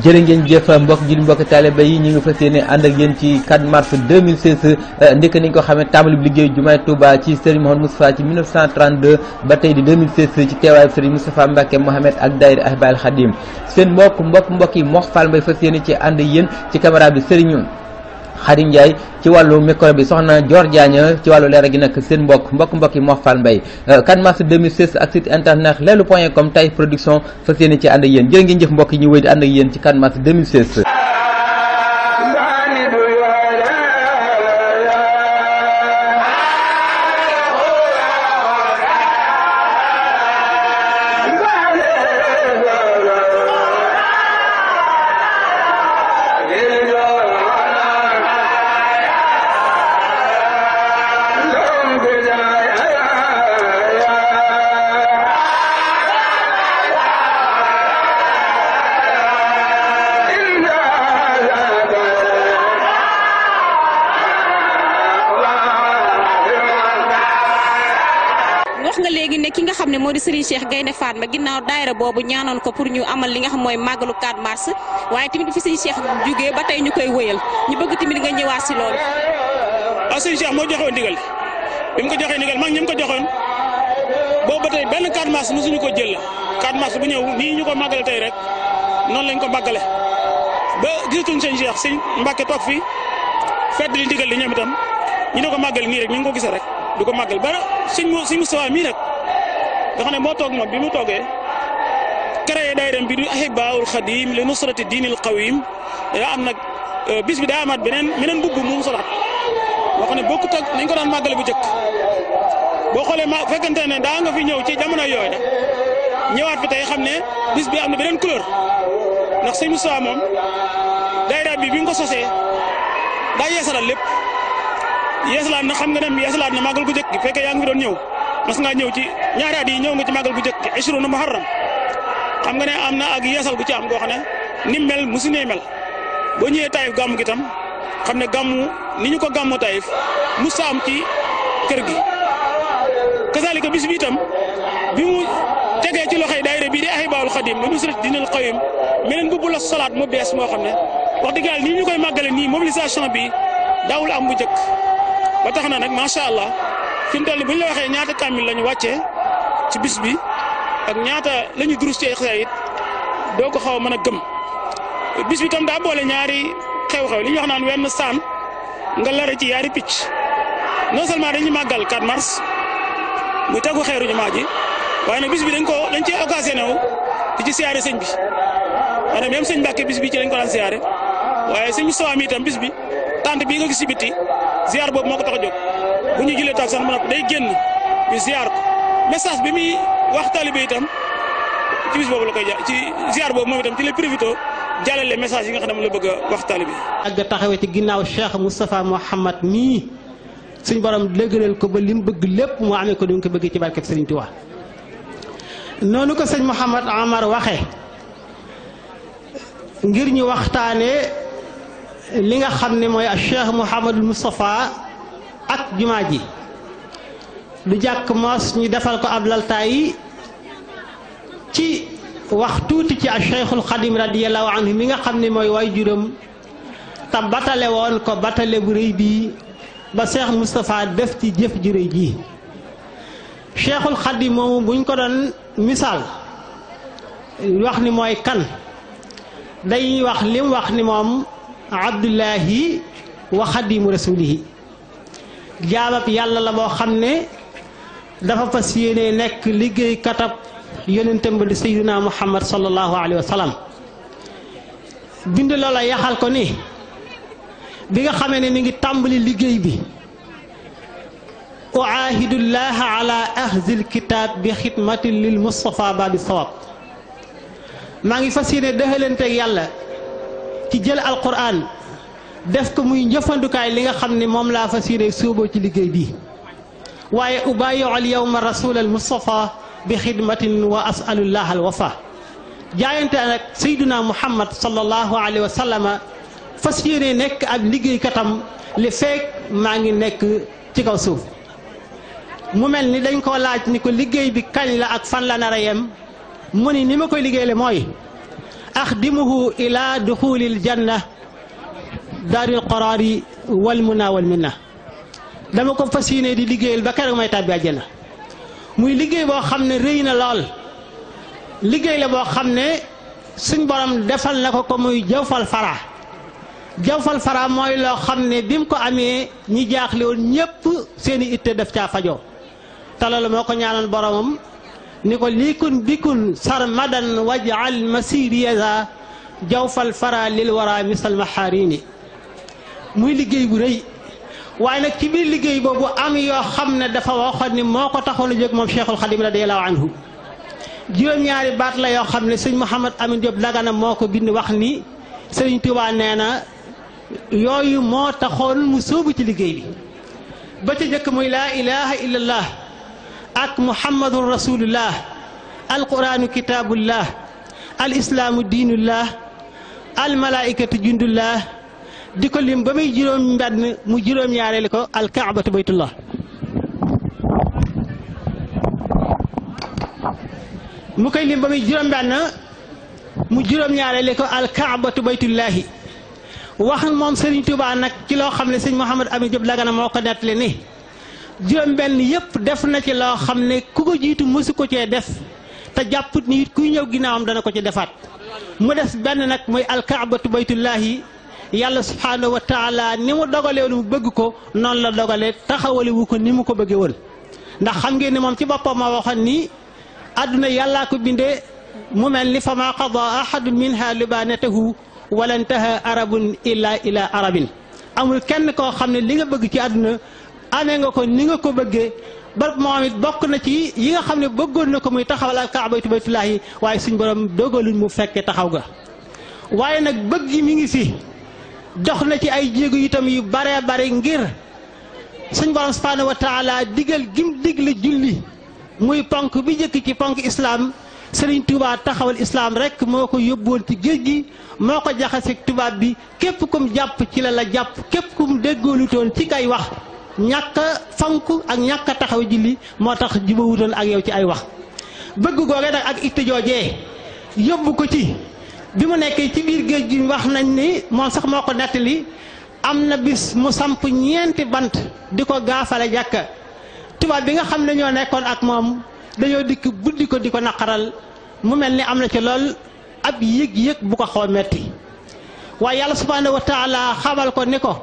jërë ngeen jëf mbokk julli mbokk taaliba yi ñu ngi fas yéene ànd ak yéen ci 4 mars 2016 ndikk nañ ko xamee tàmbali bi liggéey jumaay Touba ci Serigne Mouhamed Moustapha ci 1932 ba tey di 2016 ci teewaayu Serigne Moustapha Mbacke Mohamed ak daayira Ahibahil Khadim seen mbokk mbokk mbokk yi Mor Fall Mbaye fas yéene ci ànd yéen ci caméra bi Serigne Xari Ndiaye ci wàllu micro bi soxna Dior Diagne ci wàllu leer gi nag seen mbokk mbokk mbokk yi Mor Fall Mbaye 4 euh, mars 2016 ak site internet leelu point com tay production fas yéene ci ànd ak yéen jërë ngeen ñu wéy ànd ak ci 4 mars 2016 Gaynde ma ginnaw daaira bobu ñaanon ko pour ñu amal li nga xam moy maglu 4 mars waye timit fi sëñ Cheikh jugge ba tay ñukay koy ñu bëgg timit nga ñëwaat ci lool a ah, sëñ Cheikh mo joxe woon ndigal bi ko joxe ndigal mag ñim ko joxoon boobu ba tey benn 4 mars mosuñu ko jël 4 mars bu ñew ni ñu ko màggale tey rek non lañ ko màggale ba gisatuñ sëñ Cheikh sëñ Mbacke tok fi fedd li ndigal li ñam tam ñu ko magal ni rek ñu ko gisee rek du magal ba seigne mo seigne Moustapha mi nag يخني موتوك ما بيموتوك كره دايرن بيدو احباء الخديم لنصره الدين القويم يا امنا بيس بي دامات بنين منن بوب موم صلات وخني بوكو تك نينكو دان ماغال بو جيك بو خولي ما فكانتني داغا في نييو تي جامونا يوي دا نيوات في تاي خامني بيس بي امنا بنين كولور ناخ سي موسى موم دايرا بي بي نكو سوسي دا يسرال ليب يسلان mas ngaa ñëw ci ñaari yi ñëw nga ci màggal bu jëkk ishruna muharram xam nga ne am na ak yeesal bu ci am goo xam ne ni mel musu nee mel boo ñëwee Taïf gàmm gi tam xam ne gàmmu ni ñu ko gàmmu Taïf mu saam ci kër gi. ko bis bi itam bi mu tegee ci loxoy daayira bii di Ahibahul Khadim lu nusrat dinil qawim meneen bu la solaat mu bees moo xam ne wax dëgg yàlla ñu koy màggale nii mobilisation bi daawul am bu jëkk ba tax na nag macha allah. fi mu toll bu ñu la waxee ñaata kaamil la ñu wàccee ci bis bi ak ñaata lañu ñu durus ci ay xasaayid doo ko xaw a mën a gëm bis bi tam daa boole ñaari xew-xew li ñuy wax naan wenn saan nga lare ci yaari picc non seulement dañuy màggal 4 mars muy tegu xeeru jumaa ji waaye na bis bi dañ ko dañ cee occasionné wu di ci siyaare bi sëñ Mbàkke bis bi ci lañ ko daan siyaare waaye sëñ bi soo am itam bis bi tànt bii nga gis si biti boobu moo ko tax a buñu jëlé tax takkusaan ba day génn ñu ziar ko message bi mi wax talibé itam ci bis bobu la koy ja ci ziar bobu moom itam ci privito jalé jàllale message yi nga xamné mo la bëgg wax talibé ak da taxawé ci ginnaw Cheikh Moustapha mohammed mi suñ borom lëgëral ko ba lim bëgg lépp mu amé ko ni bëgg ci barké Serigne Touba nonu ko serigne mohammed Amar waxe ngir ñu waxtane li nga xamne moy Cheikh mohammed Moustapha. ak jumaa ji lu jàkk moos ñu defal ko ab laltaay ci wax tuuti ci ab Cheikhul Xadim radiyallahu anhu mi nga xam ne mooy way juróom te batale woon ko batale bu rëy bii ba Cheikh Moustapha def ci jëf ju rëy ji Cheikhul Xadim moomu buñ ko doon misaal wax ni mooy kan dañuy wax lim wax ni moom Abdullahi wa Xadimu Rasulihi jaabab yàlla la boo xam ne dafa fas yéene nekk liggéey katab yonentam ba di sayyidina muhammad sallallahu alayhi wa sallam bind loola yaxal ko ni bi nga xamee ne mi ngi tàmbali liggéey bi uaahidullaha ala ahzil kitaab bi xidmatin lil mustafa baabi sawab maa ngi fas yéene dëxalanteeg yàlla ci jël alquran def ko muy njëfandukaay li nga xamni mom la fasire soobo ci liggéey bi waye ubayyu al yawma rasul al mustafa bi khidmatin wa as'alu allah al wafa jaayante nak sayduna muhammad sallallahu alayhi wa sallama fas yéene nekk ab liggéeykatam li fek ma ngi nek ci kaw suuf mu melni dañ ko laaj ni ko liggéey bi kañ la ak fan la nara yem muni nima koy liggéeyle moy akhdimuhu ila dukhulil janna دار القرار والمنا والمنا دام كو فاسيني دي ليغيل باكار ماي تاب اجينا موي ليغي بو خامني رينا لال ليغي لا بو خامني سن بروم ديفال نكو كو موي جوفال فرا جوفال فرا موي لو خامني بيم كو امي ني جاخلي ون نييب سيني ايت ديف تا فاجو تالال موكو نيالان بروم نيكو ليكون بيكون سار مدن وجعل مسيريا جوفال فرا للورى مثل محاريني muy liggey bu rëy waaye nag ci biir liggey bobu am yo xamne dafa waxoon ni moo ko taxoon a Cheikhul Khadim radiyallahu anhu jiro naari bat la yo xamne ne mohammed Amin Diop lagana moko bind wax ni sëñ Tuubaa neena na mo moo mu sóobu ci liggey bi ba ci jek muy la ilaha illallah ak muhammadur rasulullah القران كتاب الله الاسلام دين الله الملائكه جند الله di ko lim ba muy juróom mbenn mu juróom ñaareeli ko alkaabatu baytullah mu koy lim ba muy juróom mbenn mu juróom ñaareeli ko alkaabatu baytullahi wax moom Serigne Touba nag ci loo xam ne sëñ Mouhamed Amine Diop Dagana moo ko ni juróom benn yëpp def na ci loo xam ne ku ko jiitu mësu ko cee def te jàpput ni kuy ñëw ginnaawam dana ko ci defaat mu des benn nag mooy alkaabatu baytullahi yàlla subhaanahu wa taala ni mu dogalee lu bëgg ko noonu la dogalee taxawalewu ko ni mu ko bëggee woon ndax xam ngeen ne moom ci boppam ma waxoon ni àdduna yàllaa ko bindee mu mel ni fa maa qada ahadun minha libanatahu wala ntaha arabun illa ila arabin amul kenn koo xam ne li nga bëgg ci àdduna amee nga ko ni nga ko bëggee ba moom it bokk na ci yi nga xam ne bëggoon na ko muy taxawal al kaabaytu baytullahi waaye suñ borom dogaluñ mu fekkee taxaw ga waaye nag bëgg mi ngi fi dox na ci ay jéego itam yu bare bare ngir suñ borom subhaanahu wa taala digal gim digle julli muy ponk bi njëkk ci ponk islaam Sëriñ Tuubaa taxawal islaam rekk moo ko yóbboon ci géej gi moo ko jaxaseeg tubaab bi képp kum jàpp ci la la jàpp képp kum déggoolutoon ci kay wax ñàkk fonk ak ñàkk a taxaw julli moo tax jubawutoon ak yow ci ay wax bëgg googee nag ak itte joojee yóbbu ko ci bi mu nekkee ci biir géej gi wax nañ ni moom sax moo ko nettali am na bis mu samp ñeenti bant di ko gaafale jàkka tubaab bi nga xam ne ñoo nekkoon ak moom dañoo dikk buddi ko di ko naqaral mu mel ni am na ci lool ab yég yëg bu ko xaw metti waaye yàlla subhaanahu wa taala xamal ko ni ko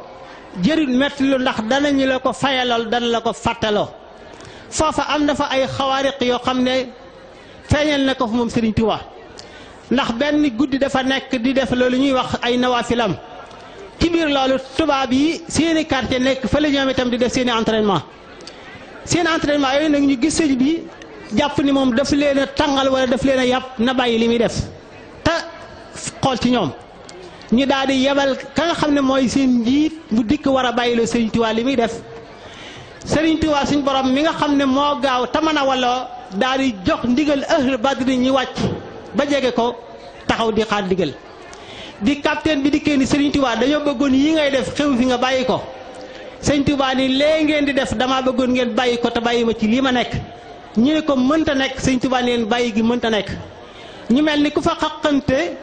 jëriñ metti lu ndax danañu la ko fayalal dana la ko fàttaloo foofa am na fa ay xawaariq yoo xam ne feeñal na ko fu moom Sëriñ Tuubaa ndax benn guddi dafa nekk di def loolu ñuy wax ay nawafilam ci biir loolu tubaab yi seeni quartier nekk fële ñoom itam di def seeni entraînement seen entraînement yooyu nag ñu gis sëñ bi jàpp ni moom daf leen a tàngal wala daf leen a yàpp na bàyyi li muy def te xool ci ñoom ñu daal di yebal ka nga xam ne mooy seen njiit mu dikk war a bàyyiloo sëriñ Tuubaa li muy def sëriñ Tuubaa suñ borom mi nga xam ne moo gaaw tamana wala daal di jox ndigal ahlu badri ñi wàcc ba jege ko taxaw di xaar digal di capitaine bi dikkee ni Serigne Touba dañoo bëggoon yi ngay def xew fi nga bàyyi ko Serigne Touba ni lee ngeen di def damaa bëggoon ngeen bàyyi ko te bàyyi ma ci lii ma nekk ñu ne ko mënta nekk Serigne Touba ni leen bàyyi gi mënta nekk ñu mel ni ku fa xaqante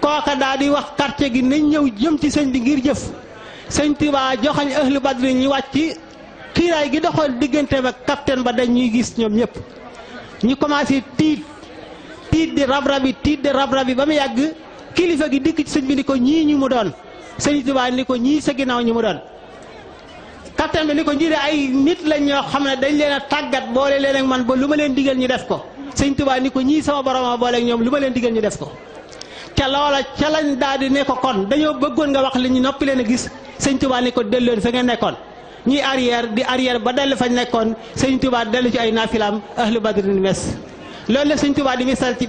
kooka daal di wax quartier gi nañ ñëw jëm ci sëñ bi ngir jëf Sëñ Tuubaa joxañ ahlu badri ñu wàcc xiiraay gi doxoon diggante ba capitaine ba dañ ñuy gis ñoom ñëpp ñu commencé tiit tiit di rab rabi tiit di rab rabi ba mu yàgg kilifa gi dikk ci sëñ bi ni ko ñii ñu mu doon sëñ Tuubaa ni ko ñii sa ginnaaw ñu mu doon. kattan bi ni ko ñii de ay nit lañ ñoo xam ne dañ leen a tàggat boole leen ak man ba lu ma leen digal ñu def ko sëñ Tuubaa ni ko ñii sama boroma boole ñoom lu ma leen digal ñu def ko. ca loola ca lañ daal di ko kon dañoo bëggoon nga wax li ñu noppi leen a gis sëñ Tuubaa ni ko delloon fa nga nekkoon. ñuy arrière di arrière ba dellu fañ nekkoon sëñ Tuubaa dellu ci ay naafilaam ahlu badrin لولا سنتو بعد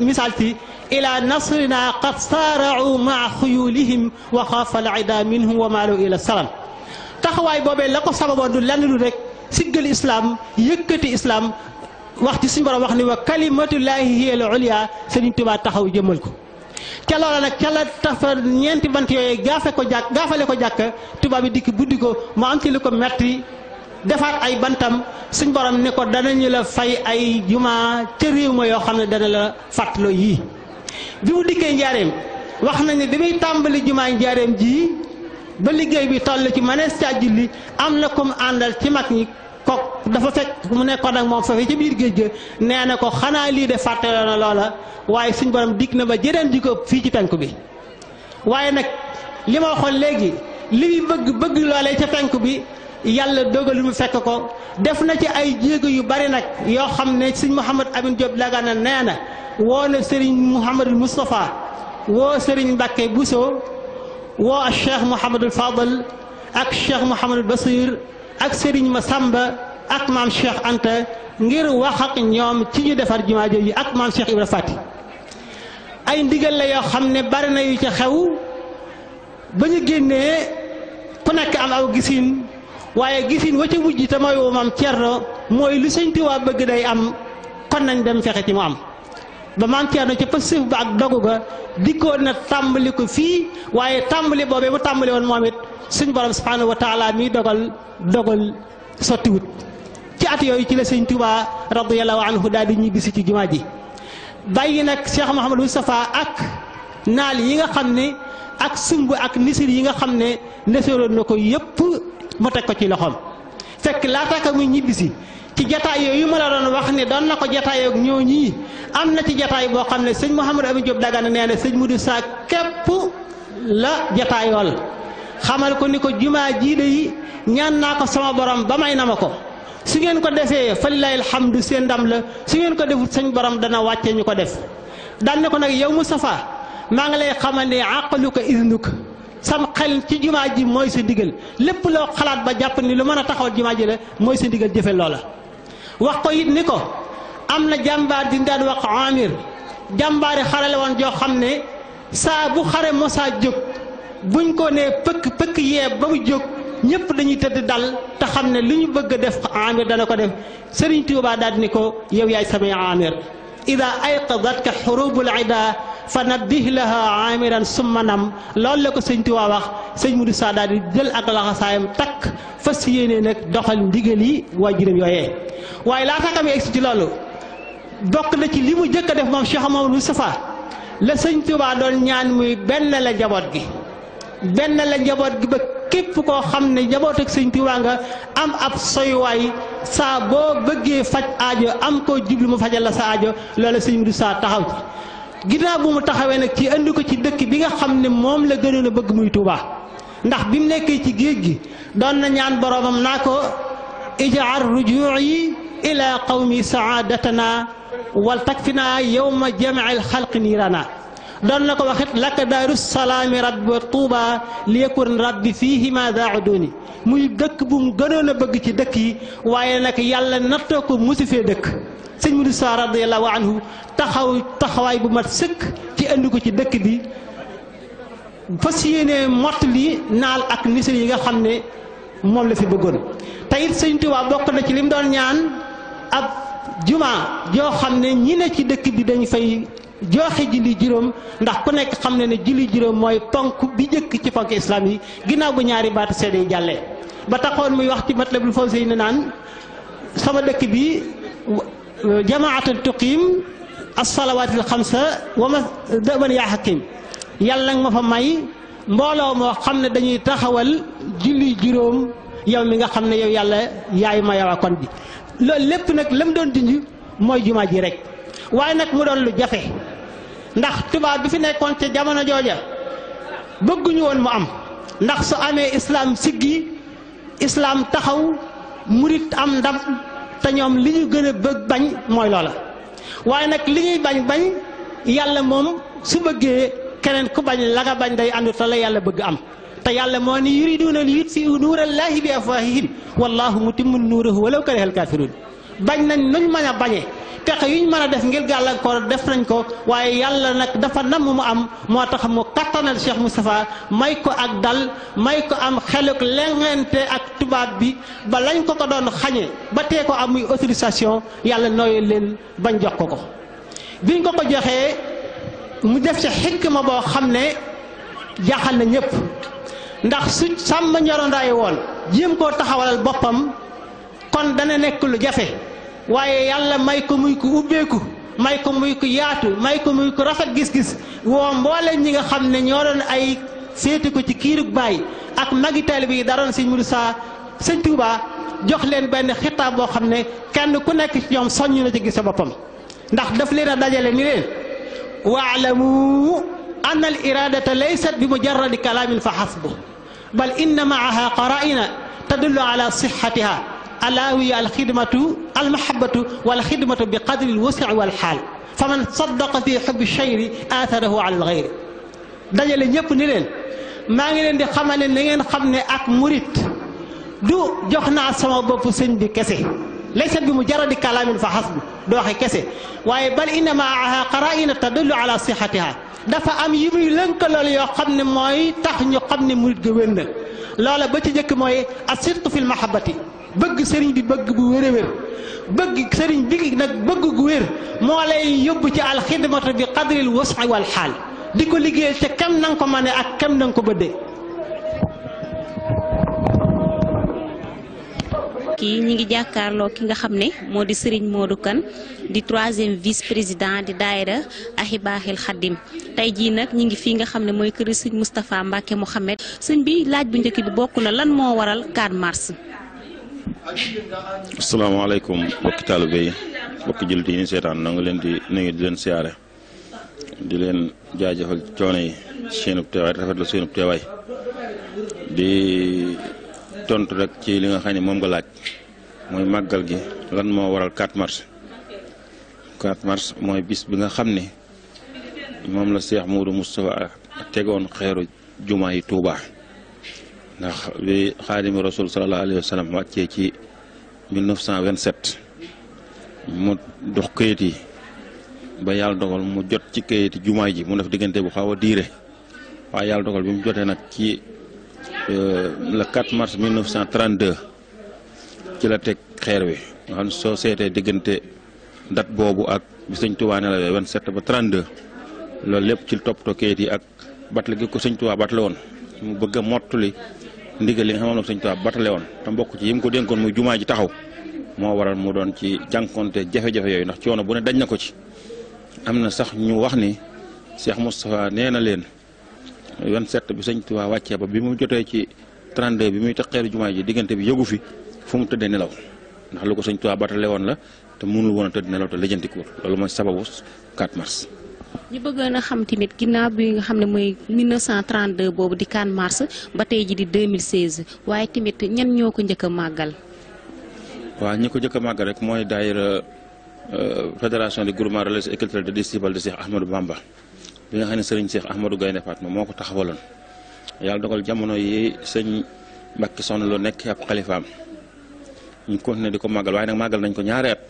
مثالتي إلى نصرنا قد صارعوا مع خيولهم وخاف العدا منهم ومالوا إلى السلام تخواي بابا لقو سببا دول لنو رك سجل الإسلام يكت الإسلام وقت سنبرا وقت وكلمة الله هي العليا سنتو بعد تخواي جمالكو كلا أنا كلا تفر نينتي بنتي غافة كجاك غافة لكو جاك تبابي ديك بوديكو ما أنتي لكو ماتري defaat ay bantam suñ borom ni ko danañu la fay ay jumaa ca réew ma yoo xam ne dana la fàttaloo yii bi mu dikkee njaareem wax nañ ne bi muy tàmbali jumaa njaareem ji ba liggéey bi toll ci manees caa julli am na kum àndal ci mag ñi ko dafa fekk mu nekkoon ak moom foofee ca biir géej ga nee na ko xanaa lii de fàtte na loola waaye suñ borom dig na ba jëneen ji ko fii ci penk bi waaye nag li ma waxoon léegi li muy bëgg bëgg loolee ca penk bi yàlla dogal mu fekk ko def na ci ay jéego yu bari nag yoo xam ne sëñ Mouhamad Amin Diop Dagana nee na woo na sëriñ Mouhamadul Moustapha woo sëriñ Mbacke Bousso woo ak cheikh Mouhamadul Fadal ak cheikh Mouhamadul Basir ak sëriñ Massamba ak maam cheikh Anta ngir wax ak ñoom ci ñu defar jumaa jooju ak maam cheikh Ibra Fati ay ndigal la yoo xam ne bari na yu ca xew ba ñu génnee ku nekk am aw gisin waaye gisin wa ca mujj te mooy wu moom Cerno mooy lu sëñ Tuubaa bëgg day am kon nañ dem fexe ci mu am ba maam Cerno ca pësif ba ak dogu ga dikkoon na tàmbali ko fii waaye tàmbali boobee mu tàmbali woon moom it suñ borom subhaanahu wa dogal dogal sottiwut ci at yooyu ci la sëñ Tuubaa radiyallahu anhu daal di ñibbisi ci jumaa ji bàyyi nag Cheikh Mouhamadou Moustapha ak naal yi nga xam ne ak sumb ak nisir yi nga xam ne neseroon na ko yëpp mu teg ko ci loxoom fekk laata ko muy ñibbisi ci jataay yu ma la doon wax ne doon na ko jataayoo ak ñoo ñii am na ci jataay boo xam ne sëñ Mouhamadou Amine Diop Dagana nee na sëñ Modou Sa képp la jataayool xamal ko ni ko jumaa jii yi ñaan naa ko sama borom ba may na ma ko su ngeen ko defee xam du seen ndam la su ngeen ko defut sëñ borom dana wàcce ñu ko def daan ko nag yow Moustapha maa ngi lay xamal ne àqalu ko iznuka sam xel ci jumaa ji mooy sa ndigal lépp loo xalaat ba jàpp ni lu mën a taxaw jumaa ji la mooy sa ndigal jëfe loola wax ko it ni ko am na jàmbaar di daan wax amir jàmbaari xare woon joo xam ne saa bu xare mosaa jóg buñ ko nee pëkk pëkk yee ba mu jóg ñëpp dañuy tëdd dal te xam ne lu ñu bëgg a def amir dana ko def Sëriñ Tuubaa daal di ni ko yow yaay samay amir إذا أيقظتك حروب العداء فنبه لها عامرا ثم نم لول لكو سيدي واخ سيدي مودي سادات ديل اك لاخ سايم تاك فاسيينه نك دوخال ديغلي واجيرم يوي واي لا تاكامي اكس تي لولو دوك لا تي ليمو جيك ديف موم شيخ محمد مصطفى لا سنتي نيان موي بن لا benn la njaboot gi ba képp koo xam ne njaboot ak sëñ Tuubaa nga am ab soywaay saa boo bëggee faj aajo am ko jublu mu fajal la sa aajo loola sëñ Mudu Saa taxaw ci ginnaaw bu mu taxawee nag ci andi ko ci dëkk bi nga xam ne moom la gënoon a bëgg muy Tuubaa ndax bi mu nekkee ci géej gi doon na ñaan boroomam naa ko ijaar rujuuyi ila qawmi saadatana wal takfina yawma jamci alxalqi niirana دون كو وخيت لك دار السلام رب طوبى ليكون ربي فيه ما داعدوني مي دك بوم غنونا بغ سي دك يي يالا نتوكو موسيفي دك سيغ موسى رضي الله عنه تخاو تخواي بو مات سك تي انديكو سي دك دي فاسيينه موت لي نال اك نيسر ييغا خامني موم لا في بغون تايت سيغ توبا بوك نا نيان اب جمعه جو خامني ني نا سي دك فاي joxe julli juróom ndax ku nekk xam ne ne julli juróom mooy ponk bi jëkk ci fonk islam yi ginnaaw bu ñaari baatu seede jàlle ba taxoon muy wax ci matlabul fawzi ne naan sama dëkk bi jamaatan tuqiim assalawaatil xamsa wa ma dëban yaa xakim yàlla nga ma fa may mbooloo moo xam ne dañuy taxawal julli juróom yow mi nga xam ne yow yàlla yaay ma yow kon bi loolu lépp nag lam doon dindi mooy jumaa ji rek waaye nag mu doon lu jafe ndax tuba bi fi nekkon ci jamono jojja bëggu ñu won mu am ndax su amé islam siggi islam taxaw murit am ndam ta ñom li ñu gëna bëgg bañ moy loola waye nak li ñuy bañ bañ yàlla mom su bëggé keneen ku bañ la nga bañ day àndu ta la yàlla bëgg am ta yàlla mo ni yuriduuna li yutfiu nuurallaahi bi afwahihim wallahu mutimmu nuruhu walaw karihal kafirun bañ nañ nuñ mën a bañe pexe yuñ mën a def ngir gàllankoor def nañ ko waaye yàlla nag dafa nam mu am moo tax mu kattanal Cheikh Moustapha may ko ak dal may ko am xeluk lengente ak tubaab bi ba lañ ko ko doon xañe ba tee ko amuy autorisation yàlla nooyu leen bañ jox ko ko biñ ko ko joxee mu def ci ma boo xam ne jaaxal na ñëpp ndax su sàmm ñorondaayu woon jéem koo taxawalal boppam kon dana nek lu jafe waye yàlla may ko muy ko ubbe ko may ko muy ko yaatu may ko muy ko rafet gis-gis wo mbolé ñi nga xamné ño doon ay sété ko ci kiirug bay ak magi taalibe yi daroon sëñ Moussa seigne Touba jox leen ben khitab bo xamné kenn ku nek ci ñom soñu na ci gis bopam ndax daf leena dajale ni leen wa'lamu ان الاراده ليست بمجرد كلام فحسب بل ان معها قرائن تدل على صحتها ألا الخدمة المحبة والخدمة بقدر الوسع والحال فمن صدق في حب الشير آثره على الغير دجال نيب نيلن ما نين دي خمال نين خمن اك مريد دو جوخنا سما بوب دي كسي ليس بمجرد كلام فحسب دوخي كسي واي بل انما عها قرائن تدل على صحتها دفا ام يمي لنك لول يو موي تخ ني مريد گوندل لولا بتي جك موي الصدق في المحبه bëgg sëriñ bi bëgg bu wér bëgg sëriñ bi nag bëgg gu wér moo lay yóbbu ci alxidmatu bi qadril wasi wal xaal di ko liggéeyal ca kam na nga ko mane ak kam na nga ko bëddee. kii ñi ngi jàkkaarloo ki nga xam ne moo di sëriñ Modou Kane di troisième vice président di daayira Ahibahil Khadim tey jii nag ñi ngi fii nga xam ne mooy kër Serigne Moustapha Mbacke Mouhamed sëñ bi laaj bu njëkk bi bokk na lan moo waral 4 mars. asalaamaaleykum mbokki taalibe yi mbokki jullit yi ñu seetaan na leen di nuyu di leen siyaare di leen jaajëfal coono yi seen teewaay rafetlu seen teewaay di tontu rek ci li nga xam ni moom nga laaj mooy màggal gi lan moo waral 4 mars 4 mooy bis bi nga xam ni moom la Cheikh Moudou Moustapha tegoon xeeru jumaa yi Touba. ndax bi xaadimu rasul sallallahu alayhi wa sallam wàccee ci 1927 mu dox kayit yi ba yàlla dogal mu jot ci kayit jumaa ji mu def diggante bu xaw a diire waa yàlla dogal bi mu jotee nag ci euh, le 4 mars 1932 ci la teg xeer wi nga xam soo seetee diggante date boobu ak bi sëñ Tuubaa ne la 27 ba 32 loolu lépp ci toppatoo kayit yi ak batle gi ko sëñ bat batle woon mu bëgg a mottali ndigal li nga xam ne sëñ Tuubaa woon te mbokk ci yi mu ko dénkoon muy jumaa ji taxaw moo waral mu doon ci jànkonte jafe-jafe yooyu ndax coono bu ne dañ na ko ci am na sax ñu wax ni Cheikh Moustapha nee na leen 27 bi sëñ Tuubaa wàccee ba bi mu jotee ci 32 bi muy taqeelu jumaa ji diggante bi yëgu fi fu mu tëddee nelaw ndax lu ko sëñ Tuubaa batale woon la te mënul woon a tëdd nelaw te lijjanti ko loolu mooy sababu 4 mars ñu bëggoon a xam tamit ginnaaw bii nga xam ne mooy 1932 boobu di 4 mars ba tey ji di 2016 waaye tamit ñan ñoo ko njëkk a màggal. waaw ñi ko njëkk a màggal rek mooy daayira euh, fédération des groupements religieux et culturels de disciples de Cheikh Ahmadou Bamba bi nga xam ne sëriñ Cheikh Ahmadou Gaynde Fatma moo ko taxawaloon yàlla dogal jamono yi sëñ Mbàkke Soxna Lo nekk ab xalifaam ñu continué di ko màggal waaye nag màggal nañ ko ñaari at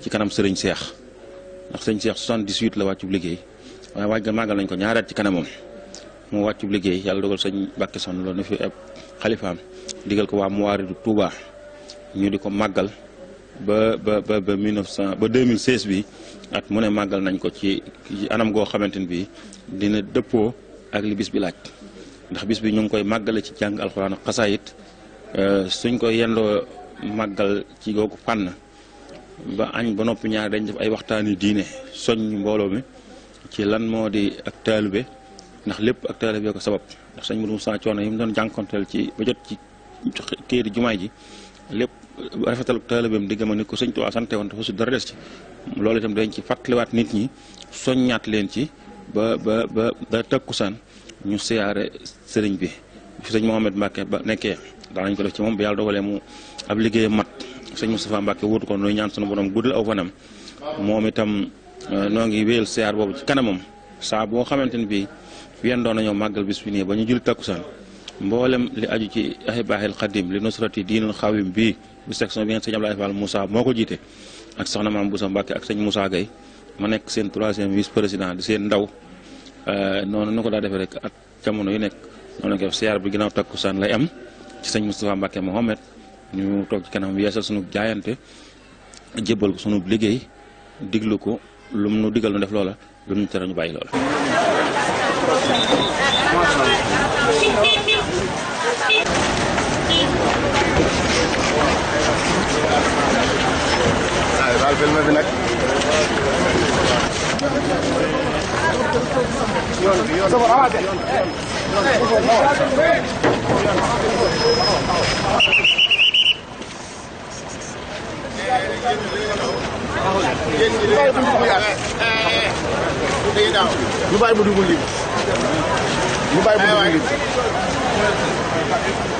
ci kanam sëriñ Cheikh. ndax sëñ Cheikh 78 la wàccub liggéey waaye waaj ga màggal nañ ko ñaaraat ci kanamam mu wàccub liggéey yàlla dogal sëñ Mbàkke Soxna Lo nu fi ab xalifaam digal ko waa Muwaaridu Touba ñu di ko màggal ba ba ba ba 1900 ba 2016 bi at mu ne màggal nañ ko ci anam goo xamante ni bii dina dëppoo ak li bis bi laaj ndax bis bi ñu ngi koy màggale ci jàng alxuraan ak xasaayit euh, suñ koy yendoo màggal ci googu fànn. ba añ ba noppi ñaar dañ def ay waxtaani diine soññ mbooloo mi ci lan moo di ak taalibe ndax lépp ak taalibe ko sabab ndax sëñ Mourou Moussa coono yi mu doon jànkonteel ci ba jot ci téeri jumaay ji lépp rafetal taalibeem diggam ak ni ko sëñ Tuubaa sante woon dafa su dara des ci loolu itam dañ ci fàttaliwaat nit ñi soñ ñaat leen ci ba ba ba ba takkusaan ñu siyaare sëriñ bi fi sëñ Mohamed Mbacke ba nekkee daanañ ko def ci moom ba yàlla dogalee ab liggéey sëñ Moustapha Mbacke wuutu ko nooy ñaan sunu borom guddal aw fanam moom itam euh, noo ngi wéyal siyaar boobu ci kanamam saa boo xamante ni bii yéen doon nañoo màggal bis bi nii ba ñu jul takkusaan mboolem li aju ci ahibahil xadim li nusrati diinul xawim bii bu section bi ngeen sëñ Abdoulaye Fall Moussa moo ko jiite ak soxna maam Boussa Mbacke ak sëñ Moussa Gueye ma nekk seen troisième vice président seen ndaw euh, noonu nu ko daa defee rek at jamono yu nekk noonu ko def siyaar bi ginnaaw takkusaan lay am ci sëñ Moustapha Mbacke Mohamed ñu tok ci kanam yeesal suñu jaayante jébbal ko suñu liggéey diglu ko lu mu digal nu def loola lu mu tere ñu bayyi loola. ñu bàyyi mu dugg lii ñu bàyyi mu dugg lii eh,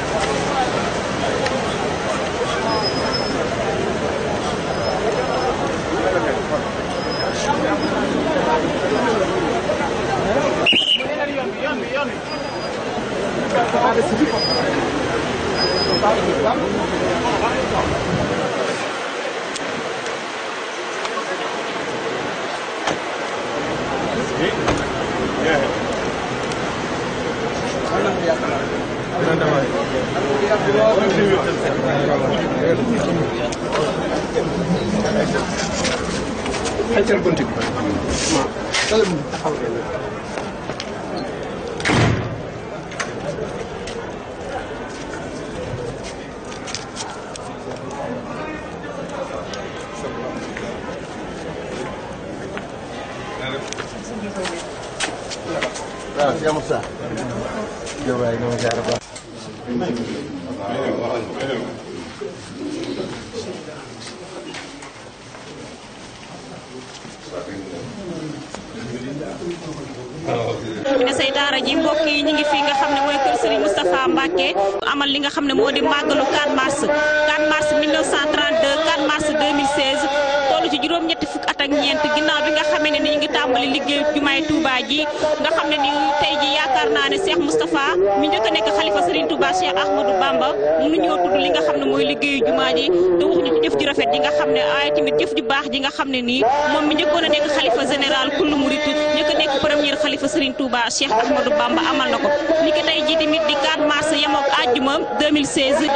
xam ne nii moom mi njëkkoon a nekk xalifa général kullu murit njëkk a nekk premier xalifa Serigne Touba Cheikh Ahmadou Bamba amal na ko ni ki tey ji tamit di 4 mars yemook àjjuma 2016 yi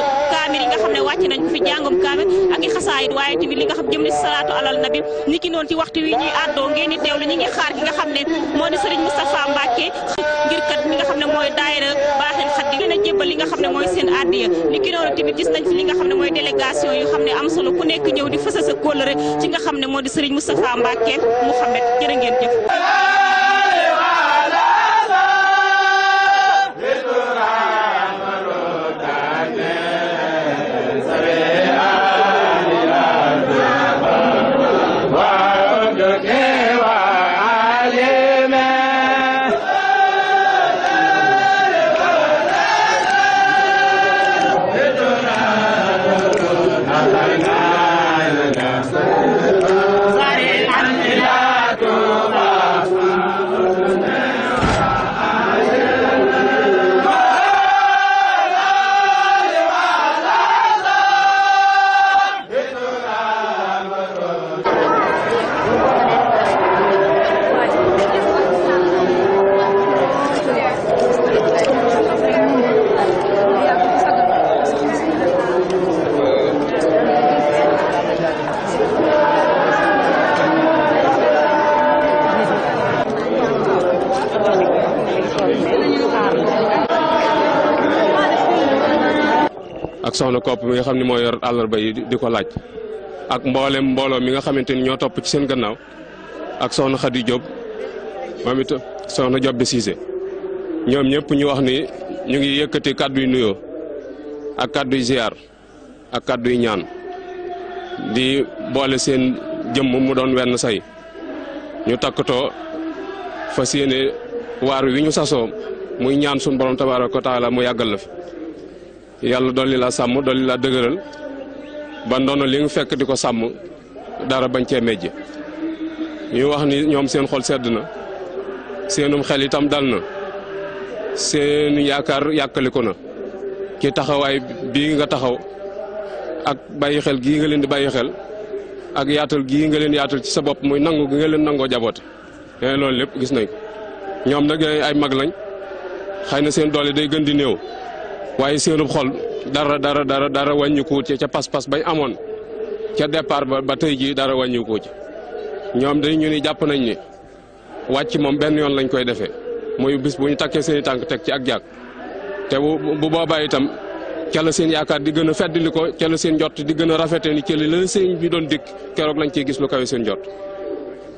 nga xam ne wàcc nañ fi jàngum kaamil ak i xasaayit waaye tamit li nga xam jëm ni salaatu alal nabi ni ki noonu ci waxtu wi ñuy àddoo ngeen di teewlu ñi ngi xaar ki nga xam ne moo di Serigne Moustapha dina jébbal li nga xam ne mooy seen addiya ni ki noonu tamit gis nañ fi li nga xam ne mooy délégation yu xam ne am solo ku nekk ñëw di fësa sa kóllëre ci nga xam ne moo di Serigne Moustapha Mbacké Mouhamed jërë ngeen jëf wala Kopp mi nga xamni mo yor àllarba yi di ko laaj ak mboolem mbolo mi nga xamanteni ño top ci seen gannaaw ak Soxna khadi job mamit it Soxna job bi Cissé ñoom ñu wax ni ñu ngi yëkëti kaddu yu nuyoo ak kaddu yu ziar ak kaddu yu ñaan di bolé seen jëm mu doon wenn say ñu takkato fasiyene yéene wi ñu sasoo muy ñaan sun borom tabaaraku taala mu yagal la yàlla dolli laa sàmm dolli laa dëgëral ba ndono li nga fekk di ko sàmm dara bañ cee mejje ñu wax ni ñoom seen xol sedd na seenum xel itam dal na seen yaakaar yàkkaliku na ki taxawaay bii nga taxaw ak bàyyi xel gii nga leen di bàyyi xel ak yaatal gii nga leen yaatal ci sa bopp muy nangu gi nga leen nangoo jaboote eh, loolu lépp gis nañ ko ñoom nag ay mag lañ xëy na seen doole day gën di néew waye seenub xol dara dara dara dara wàññikuwu ci ca pass pass bay amone ca départ ba tay ji jii dara wàññikuwu ci ñom dañ ñu ni japp nañ ni wacc mom ben yoon lañ koy defé moy bis buñu takké takkee seen i tànk ci ak jak té bu boba itam ci la seen yaakaar di gëna a ko la seen jot di gëna rafété ni ca la seen bi doon dik kérok lañ ci gis lu kawé seen jot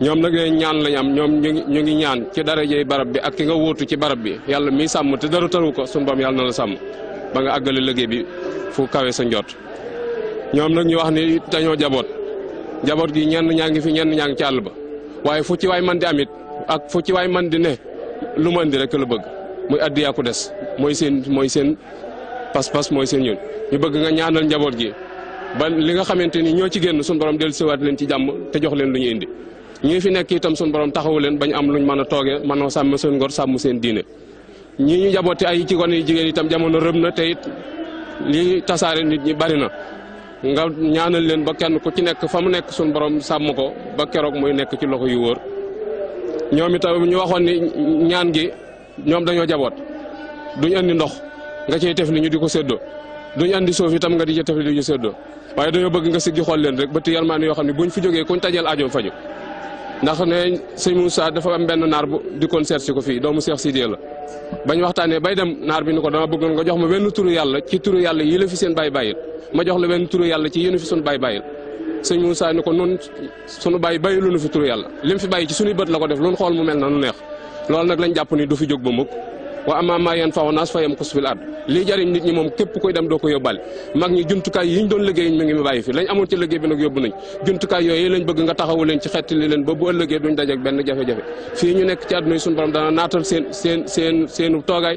nak lay ñaan lañ am ñom ñu ngi ñaan ci jey barab bi ak ki nga wootu ci barab bi yalla mi sam te dara taru ko sun bam yalla na la sam ba nga àggale liggéey bi fu kawe sa njoot ñoom nag ñu wax ni dañoo jaboot jaboot gi ñenn ñaa ngi fi ñenn ñaa ngi ci àll ba waaye fu ci waay man di amit ak fu ci waay man di ne lu mën di rek la bëgg muy addiyaa ku des mooy seen mooy seen pas-pas mooy seen yoon ñu bëgg nga ñaanal njaboot gi ba li nga xamante ni ñoo ci génn suñu borom dellusiwaat leen ci jàmm te jox leen lu ñu indi ñi fi nekk itam suñu borom taxawu leen bañ am luñ mën a toogee mën a sàmm seen ngor sàmm seen diine ñi ñu yi ay ci gone yu jigéen itam jamono rëb na te lii tasaare nit ñi bari na nga ñaanal leen ba kenn ku ci nekk fa mu nekk suñu borom sàmm ko ba keroog muy nekk ci loxo yu wóor ñoom itam ñu waxoon ni ñaan gi ñoom dañoo jaboot duñ andi ndox nga cey tef li ñu di ko séddoo duñ andi suuf itam nga di ca tef li ñu séddoo waaye dañoo bëgg nga siggi xool leen rek ba ti yalmaan yoo xam ne buñ fi jógee kuñ tajal aajoom faju ndax ne sëñ Moussa dafa am benn naar bu dikkoon seet si ko fii doomu Cheikh Sidiya la bañ waxtaanee bay dem naar bi ni ko dama bëggoon nga jox ma wenn turu yàlla ci turu yàlla yi la fi seen bay bàyyil ma jox la wenn turu yàlla ci yéen fi sunu bay bàyyil sëñ Moussa ni ko nun sunu bàyyi bàyyi lu nu fi turu yàlla lim fi bàyyi ci suñuy bët la ko def lu nu xool mu mel na nu neex loolu nag lañ jàpp ni du fi jóg ba mukk waa amma ma yanfa'u nas fa yamkus fil ard lii jëriñ nit ñi moom képp koy dem doo ko yóbbaale mag ñi jumtukaay yi ñu doon liggéey mi ngi mu fi lañ amoon ci liggéey bi nag yóbbu nañ jumtukaay yooyu lañ bëgg nga taxawu leen ci leen ba bu ëllëgee duñ dajeek benn jafe-jafe nekk ci àdduna yi suñu borom dana naatal seen seen seen seenu toogaay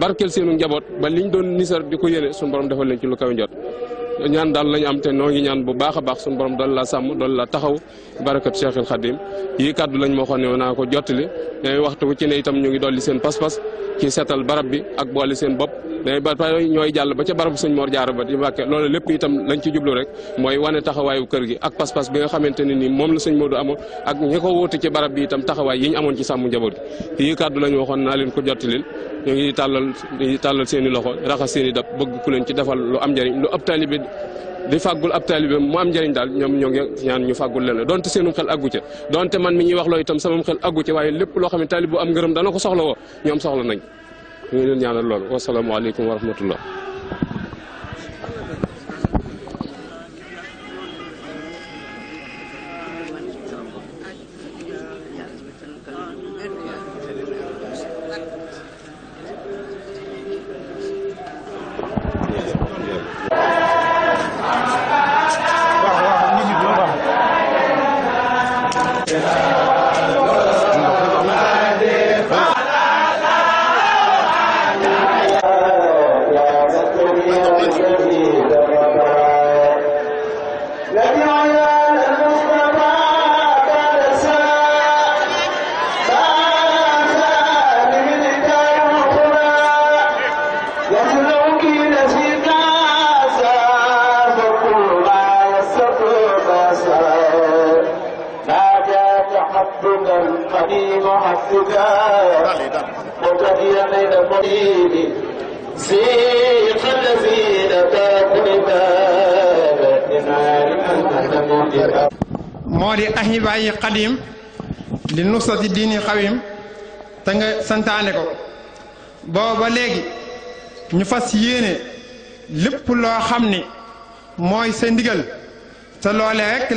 barkeel seenu njaboot ba liñ doon nisar di ko yéene suñu borom defal leen ci lu kawe njot ñaan daal lañ am te noo ngi ñaan bu baax baax suñu borom doon la sàmm doon la taxaw barakat Cheikhul Khadim yi kaddu lañ moo xam naa ko jottali ñu ngi dolli seen loxo raxas seen dab bëgg ku ci defal lu am njëriñ lu ab taalibe di fàggul ab taalibeem mu am njëriñ daal ñoom ñoo ngi ñaan ñu fàggul leen donte seenum xel àggu ca donte man mi ñuy wax loo itam samam xel àggu ca waaye lépp loo xam ne taalib bu am ngërëm dana ko soxla woo ñoom soxla nañ ñu ngi leen ñaanal loolu wasalaamualeykum wa rahmatullah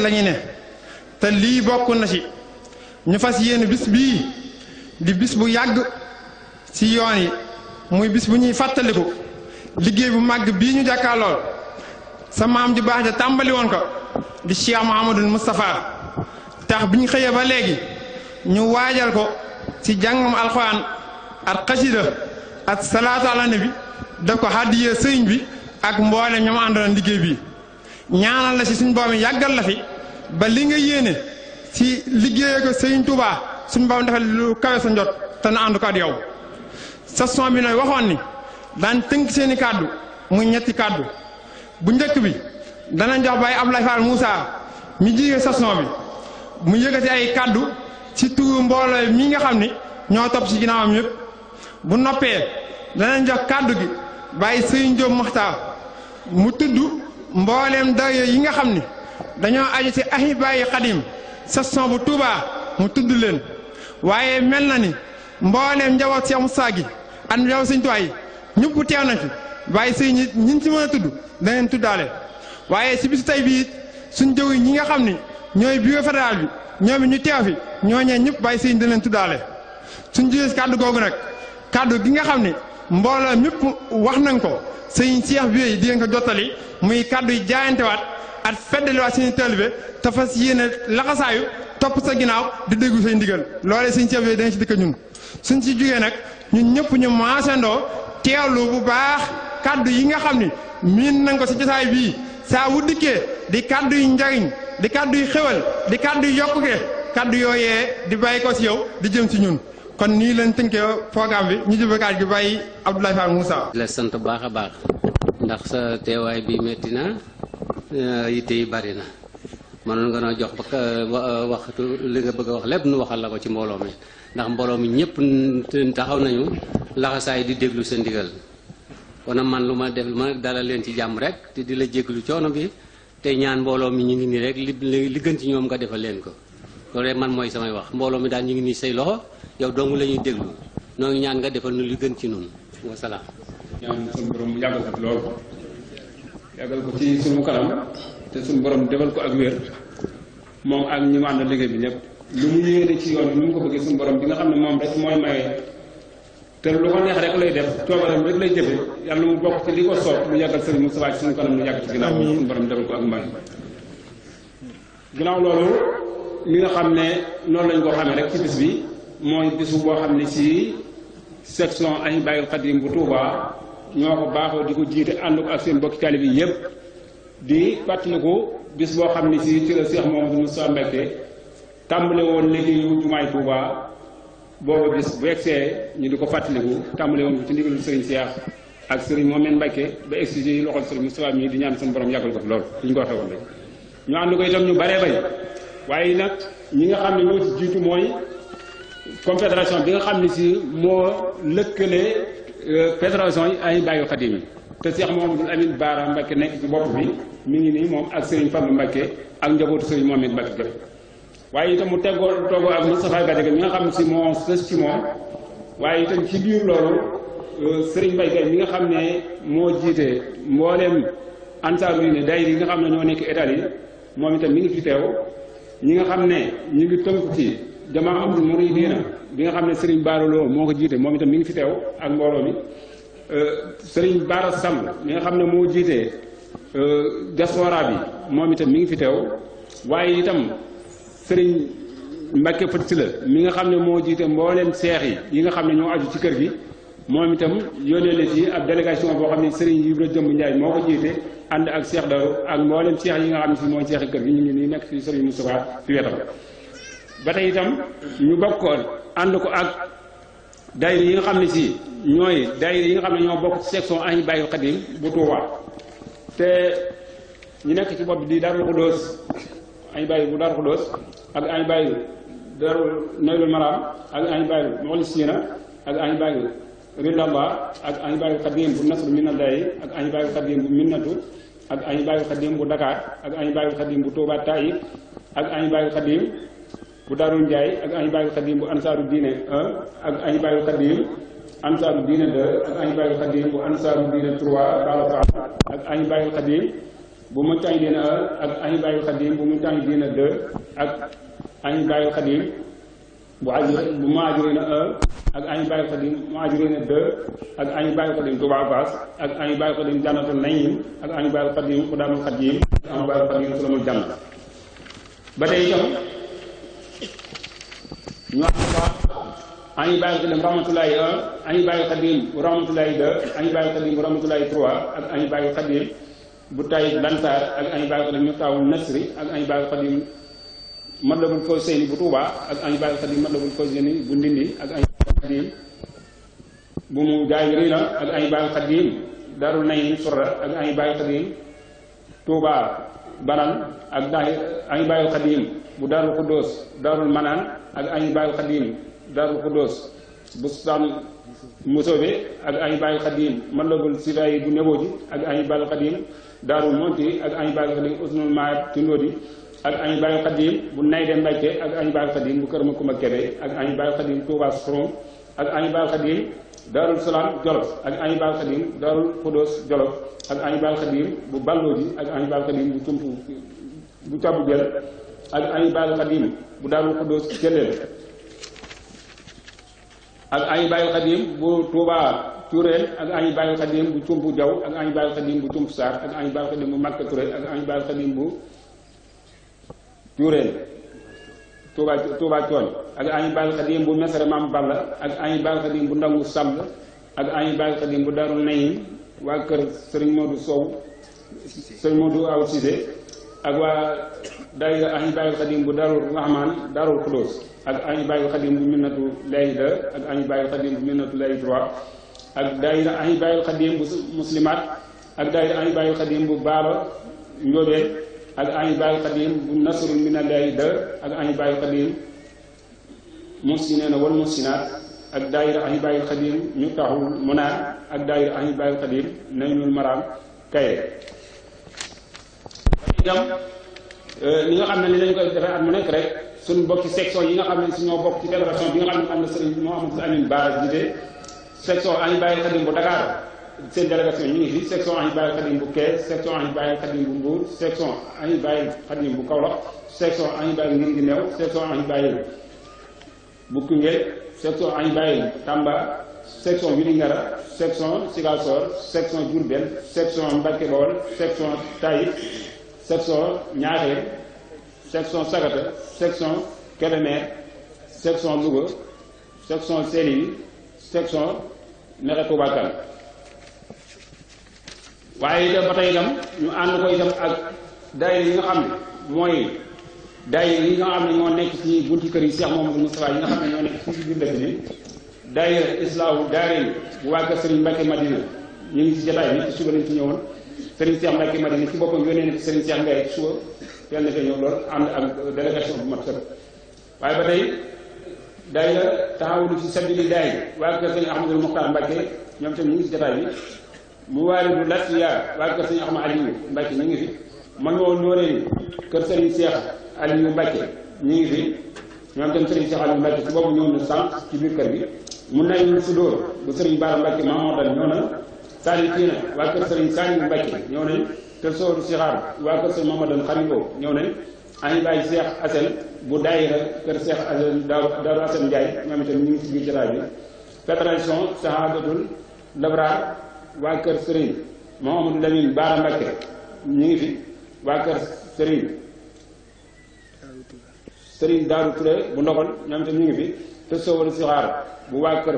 rek ne te lii bokk na ci ñu fas yéene bis bii di bis bu yàgg ci yoon yi muy bis bu ñuy fàttaliku liggéey bu màgg bii ñu jàkkaarlool sa maam di baax ja tàmbali woon ko di Cheikh Mouhamadul Moustapha tax bi ñu xëyee ba léegi ñu waajal ko ci jàngam alxuraan ak xasida ak salaatu ala nabi daf ko hàddiyee sëriñ bi ak mboolem ñoom àndoon liggéey bi ñaanal la si suñ borom yàggal la fi ba li nga yéene ci liggéeyee ko Sëriñ Tuubaa suñ borom defal lu kawe sa njot te na ànd ko ak yow sa son bi nag waxoon ni daan tënk seeni kàddu muy ñetti kàddu bu njëkk bi dana jox bay Ablaye Fall Moussa mi jiite sa son bi mu yëkkati ay kàddu si turu mbooloo mi nga xam ni ñoo topp si ginnaawam yëpp bu noppee dana jox kàddu gi bàyyi Sëriñ Jóob Maxtaar mu tudd mbooleem dayo yi nga xam ni dañoo aju ci ahibaayi sa son bu Touba mu tudd leen waaye mel na ni mbooleem njaboot Cheikh Moussa gi ak Sëñ Tuubaa yi ñëpp na fi waaye si ñi ñi ci mën a tudd daneen tuddaale waaye si bisu tey bii suñ jëw ñi nga xam ni ñooy bureau fédéral bi ñoom it ñu teew fi ñooñee ñëpp bàyyi sëñ dinañ tuddaale suñ jëlee si kàddu googu nag kàddu gi nga xam ni mbooloo mépp wax nañ ko sëñ Cheikh bi di nga ko jottali muy kàddu yi jaayantewaat at feddaliwaat suñu taalibe te fas yéene laxasaayu topp sa ginnaaw di déggu say ndigal loolee sëñ Cheikh Vieux danga ci dëkk ñun suñ ci jugee nag ñun ñëpp ñu maasandoo teewlu bu baax kàddu yi nga xam ni miin nañ ko si jotaay bii saa wu dikkee di kàddu yu njariñ di kàddu yu xéwal di kàddu yu yokkuge kàddu yooyee di bàyyi ko si yow di jëm ci ñun kon nii leen tënkee programme bi ñu ci vocal gi bàyyi Abdoulaye Fall Moussa. la sant baax a baax ndax sa teewaay bi metti na euh, yitte yi bari na mënoon nga noo jox ba waxtu li nga bëgg a wax lépp nu waxal la ko ci mbooloo mi ndax mbooloo mi ñëpp taxaw nañu laxasaay di déglu sa ndigal kon man lu ma def ma dalal leen ci jàmm rek te di la jéglu coono bi te ñaan mbooloo mi ñu ngi nii rek li li ci ñoom nga defal leen ko. lolé man moy samay wax mbolo mi daal ñi ngi ni sey loxo yow dong la ñuy déglu no ngi ñaan nga defal ñu li gën ci ñun wa salaam. ñaan sun borom yagal ko lool yagal ko ci sunu kanam te sun borom defal ko ak wër mom ak ñi mu àndal bi ñep lu mu yéene ci yoon ñu ko bëgg sun borom bi nga xamne mom rek moy maye te lu ko neex rek lay def toobaram rek lay jëfé yalla mu bok ci liko sopp mu yagal sëriñ Moussa ci sunu kanam mu yàgg ci ginnaaw sun borom defal ko ak mbay ginaaw loolu li nga xam ne noonu lañ ko xamee rek ci bis bi mooy bisu boo xam ne si section Ahibahil Khadim bu tuubaa ñoo ko baaxoo di ko jiite ànd ko ak seen bokki taalibe yi yëpp di fàttaliku bis boo xam ne si ci la Cheikh Mouhamadou Moustapha Mbacké tàmbale woon liggéeyu jumaay Touba booba bis bu ñu di ko fàttaliku tàmbale woon ko ci ndigalu Serigne ak Serigne Momen Mbacké ba exige loxol Serigne Moustapha mii di ñaan suñu borom yàggal ko fi loolu li ñu ko waxee woon rek ñu ànd ko itam ñu baree bay waaye nag ñi nga xam ne moo ci jiitu mooy confédération bi nga xam ne si moo lëkkale euh, fédération yi ay bàyyi xadim yi te moom Mouhamadou Amine Baara Mbacke nekk ci bopp bi mi ngi nii moom ak Serigne Fallou Mbacke ak njabootu Serigne moom it Mbacke gëpp waaye itam mu teggoo toogoo ak Moustapha Gadiaga mi nga xam si moom sës ci moom waaye itam ci biir loolu euh, Serigne Mbaye Gaye nga xam ne moo jiite mbooleem ansaaru yi ne yi nga xam ne ñoo nekk Italie moom itam mi ngi fi teew ñi nga xam ne ñu ngi tënk ci jamaatul muridiina bi nga xam ne sëriñ Bara Lo moo ko jiite moom itam mi ngi fi teew ak mbooloo mi euh, Serigne Bara Samb mi xam ne moo jiite euh, diaspora bi moom itam mi ngi fi teew waaye itam Serigne Mbacke si la mi nga xam ne moo jiite mbooleem seex yi yi nga xam ne ñoo aju ci kër gi moom itam yónnee na ci ab délégation boo xam ne sëriñ Serigne Ibra Jëmb Ndiaye moo ko jiite. ànd ak Cheikh Darou ak mboolem seex yi nga xam ne si mooy Cheikh kër gi ñu nii nekk fii Serigne Moustapha fi wetam ba tey itam ñu bokkoon ànd ko ak daayira yi nga xam ne si ñooy daayira yi nga xam ne ñoo bokk ci section añ bàyyi xadim bu Touba te nekk ci bopp bi di Darou Khoudoss añ bàyyi bu Darou Khoudoss ak añ bàyyi Darou Naylul Maram ak añ bàyyi Moxlis Sina ak añ bàyyi Rindamba ak ak añ bàyyi xadim bu Minnatu ak añ bàyyil xadim bu Dakar ak añ bàyyil xadim bu Touba Taïf ak añ bàyyil xadim bu Darou Ndiaye ak añ bàyyil xadim bu ansaaru diine 1 ak añ bàyyil xadim bu ansaaru diine 3 bala ak añ ak añ bàyyil xadim bu mu tàñ diine 2 ak añ bàyyil xadim bu ajur bu muhajirina un ak añu bàyyi xadim muhajirina deux ak añu bàyyi xadim Touba Bass ak añu bàyyi xadim jannatu nayin ak añu bàyyi xadim xudaamul xadim ak añu bàyyi xadim sulamul jann ba tey itam ñu am ba añu bàyyi xadim rahmatulahi un añu bàyyi xadim bu rahmatulahi deux añu bàyyi xadim bu rahmatulahi trois ak añu bàyyi xadim bu tayib lansaar ak añu bàyyi xadim ñu taawul nasri ak añu bàyyi xadim Matlabul Fawzayni bu Tuubaa ak añ bàyyi xadim Matlabul Fawzayni bu Ndindi ak añ bàyyi bu mu jaay rëy na ak añ bàyyi xadim Daarul Naim Surra ak añ bàyyi xadim Tuubaa Banal ak daa añ bàyyi xadim bu Daarul Xuddoos Daarul Manaan ak añ bàyyi xadim Daarul Xuddoos bu Saan Musoobe ak añ bàyyi xadim Matlabul Sifayi bu Nebooji ak añ bàyyi xadim Daarul Monti ak añ bàyyi xadim Usnul Maab Tindóodi ak añu baayu xadim bu nay de Mbàkke ak añu baayu xadim bu kër Makumba Kebe ak añu baayu xadim Touba Sourong ak añu baayu xadim Daarul Salaam Jolof ak añu baayu xadim Daarul Xudoos Jolof ak añu baayu xadim bu Ballooji ak añu baayu xadim bu Tumpu bu Tabu Jël ak añu baayu xadim bu Daarul Xudoos Jëleel ak añu baayu xadim bu Touba Tureel ak añu baayu xadim bu Tumpu Jaw ak añu baayu xadim bu Tumpu Saar ak añu baayu xadim bu Makka Tureel ak añu baayu xadim bu Cuureen Touba Touba Coon ak Ayin Baal Xadim bu Mesara Maam Balla ak Ayin Baal Xadim bu Ndangu Sàll ak Ayin Baal Xadim bu Darul Nayin waa kër Sëriñ Modou Sow Sëriñ Modou Aw Cissé ak waa daayira Ayin Baal Xadim bu Darul Rahman Darul Xudóos ak Ayin Baal Xadim bu Minnatu Lay ak Ayin Baal Xadim bu Minnatu ak daayira Ayin Baal Xadim bu Baaba Njóobeen ak Ahibahil Qadim bu nasrun minallahi da ak Ahibahil Qadim muhsinina wal muhsinat ak daayira Ahibahil Qadim ñu taxul mu naan ak daayira Ahibahil Qadim nañul maraam kaye itam li euh, nga xam ne ni dañu koy defee at mu nekk rek suñ bokki section yi nga xam ne suñoo bokk ci fédération bi nga xam ne am na sëriñ Mouhamadou Amine Ba jiite section Ahibahil Qadim bu Dakar seen délégation ñu ngi fi section Ahibou bu Kees section Ahibou Bàyyil bu Mbuur section Ahibou Bàyyil Xadim bu Kaolack section Ahibou ngir di neew section Ahibou bu Koungheul section Ahibou Bàyyil Tamba section Vélingara section Ziguinchor section Diourbel section Mbacké Bawol section Taïf section Niakhène section Sagata section Kébémer section Louga section Sédhiou section Mérina waaye itam ba tey itam ñu ànd ko ak daayira yi nga xam ne mooy daayira yi nekk ci buntu kër yi Cheikh Mouhamadou Moustapha ñoo nekk ci biir dëkk bi daayira islaahu daayira bu waa ngi ci jotaay bi ci suba lañ ci ñëwoon Serigne Cheikh Mbacke Madina ci boppam yónnee na Serigne Cheikh Mbaye ci suba teel na fee ñëw lool ànd ak waaye ba tey daayira taxawulu ci ñoom tam ñu ngi ci jotaay bi mu waalidu lat yaar waa kër sëñ Axma Aliou Mbacke ñu ngi fi man woo Nooreyni kër sëriñ Cheikh Aliou Mbacke ñu ngi fi ñoom itam sëriñ Cheikh Aliou Mbacke ci ñëw na sànq ci biir kër bi mun na si dóor bu sëriñ Baara Mbacke Mamadou Dane ñëw na Sali Kiina waa kër sëriñ Sali Mbacke ñëw nañ kër Soor Sixaar waa kër sëriñ Mamadou Dane Xalibo ñëw nañ ay bàyyi Cheikh Assel bu daayira kër Cheikh Assel Daaru Assel Ndiaye moom ñu ngi si biir jataay bi waa kër Serigne Mouhamadou Lamine Baara Mbakke ñu ngi fi waa kër Serigne Serigne Daaru Touré bu ndogal ñoom itam ñu ngi fi te Sowal Sixaar bu waa kër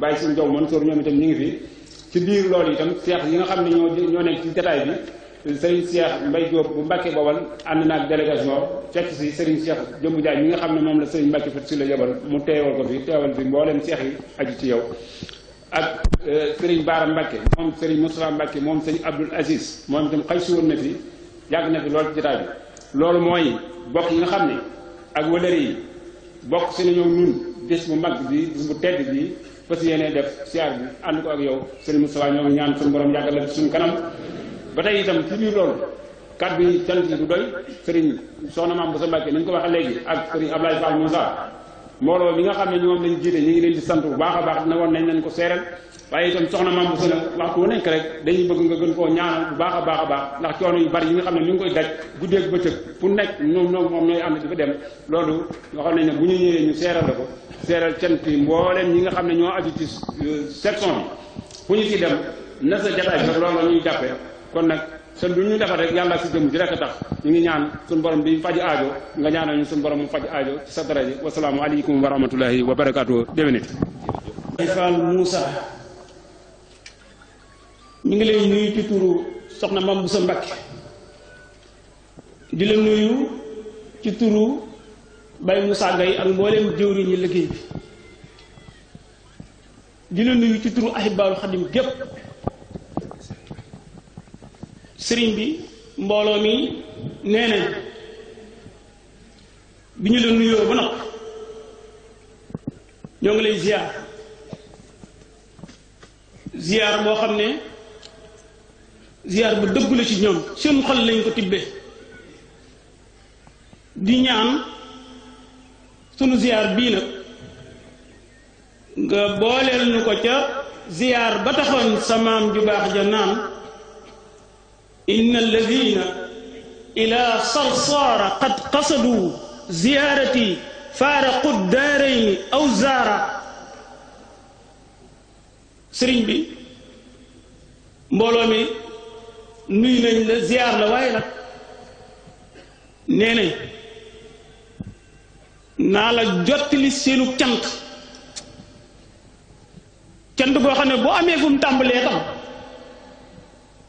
Baye Sine Diaw Mansour ñoom itam ñu ngi fi ci biir loolu itam seex yi nga xam ne ñoo ñoo nekk ci jataay bi Serigne Cheikh Mbaye Diop bu Mbakke Bawal ànd naag délégation fekk si Serigne Cheikh Jëmbu Jaay mi nga xam ne moom la Serigne Mbakke Fat si la yebal mu teewal ko fi teewal fi mbooleem seex yi aju ci yow ak euh, Serigne Baara Mbacke moom Serigne Moustapha Mbacke moom sëñ Abdoul Aziz moom itam xëy si woon na fi yàgg na fi lool ci jotaay bi loolu mooy bokk yi nga xam ne ak wëlëri yi bokk si nañoo ñun bis bu mag bi bis bu tedd bi fas yéene def siyaar bi ànd ko ak yow Serigne Moustapha ñoo ñaan suñu borom yàggal la suñ kanam ba tey itam ci biir loolu kàddu yi cant yi du doy Serigne soxna maam Boussa Mbacke ni ñu ko waxee léegi ak Serigne Ablaye Fall Moussa mbooloo mi nga xam ne ñoom lañ jiite ñu ngi leen di sant bu baax a baax dina woon nañ leen ko seeral waaye itam soxna maam bu sëna waxtu wu nekk rek dañuy bëgg nga gën koo ñaanal bu baax a baax a baax ndax coono yu bari yi nga xam ne ñu ngi koy daj guddeeg bëccëg fu nekk ñoom ñoom moom ñooy ànd di fa dem loolu waxoon nañ ne bu ñu ñëwee ñu seeral la ko seeral cant yi mbooleem ñi nga xam ne ñoo aju ci euh, section bi fu ñu ci dem na sa jataay bi loolu la ñuy jàppee kon nag te lu ñu defal rek yàlla si jëm ji rek tax ñu ngi ñaan suñu borom bi faj aajo nga ñaanal ñu suñu borom mu faj aajo ci sa daraja wasalaamu aleykum wa rahmatullahi wa barakaatu déwénit Fall Moussa ñu ngi lay nuyu ci turu soxna mam Bousso Mbacké di la nuyu ci turu mu Moussa yi ak mbooleem jëwri ñi liggéey bi di nuyu ci turu ahibaalu xadim gépp sëriñ bi mbooloo mi nee nañ bi ñu la nuyoo ba noppi ñoo ngi lay ziar ziar boo xam ne ziar bu dëggu ci ñoom seen xol lañ ko tibbee di ñaan sunu ziar bii nag nga booleel nu ko ca ziar ba taxoon sa maam ju baax ja naan إن الذين إلى صرصار قد قصدوا زيارتي فارقوا الدارين أو زارا سرين بي مولومي نوي نوي زيار لوايلا نيني نالا جوتلي سينو كانت كانت بو خاني بو امي فوم تامبلي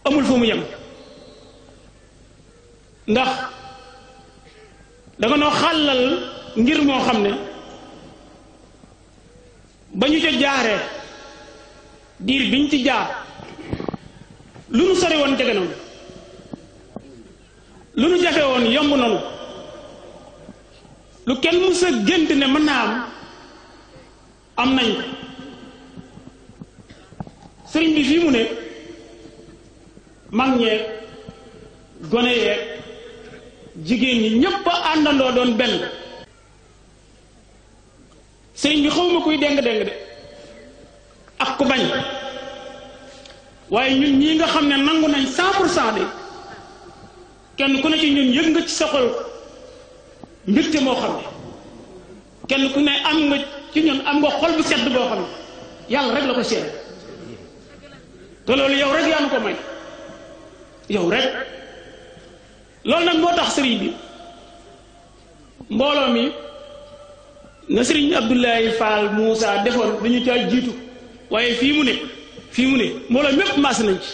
امول فوم ndax da noo xàllal ngir moo xam ne ba ñu ca jaaree diir biñ ci jaar lu nu sori woon jege nanu lu nu jafe woon yomb nanu lu kenn mu sa gént ne mën naa am am nañ ko sëriñ bi fii mu ne mag ñeeg gone yeeg jigéen ñi ñépp àndandoo doon benn sëriñ bi xawma kuy déng-déng de ak ku bañ waaye ñun ñii nga xam ne nangu nañ cent pour cent de kenn ku ne ci ñun yëg nga ci sa xol mbirte moo xam ne kenn ku ne am nga ci ñun am nga xol bu sedd boo xam ne yàlla rek la ko seet te loolu yow rek yaa ko may yow rek loolu nag moo tax sëriñ bi mbooloo mi na sëriñ Abdoulaye Fall Moussa defoon dañu caa jiitu waaye fii mu ne fii mu ne mbooloo mépp maas nañ ci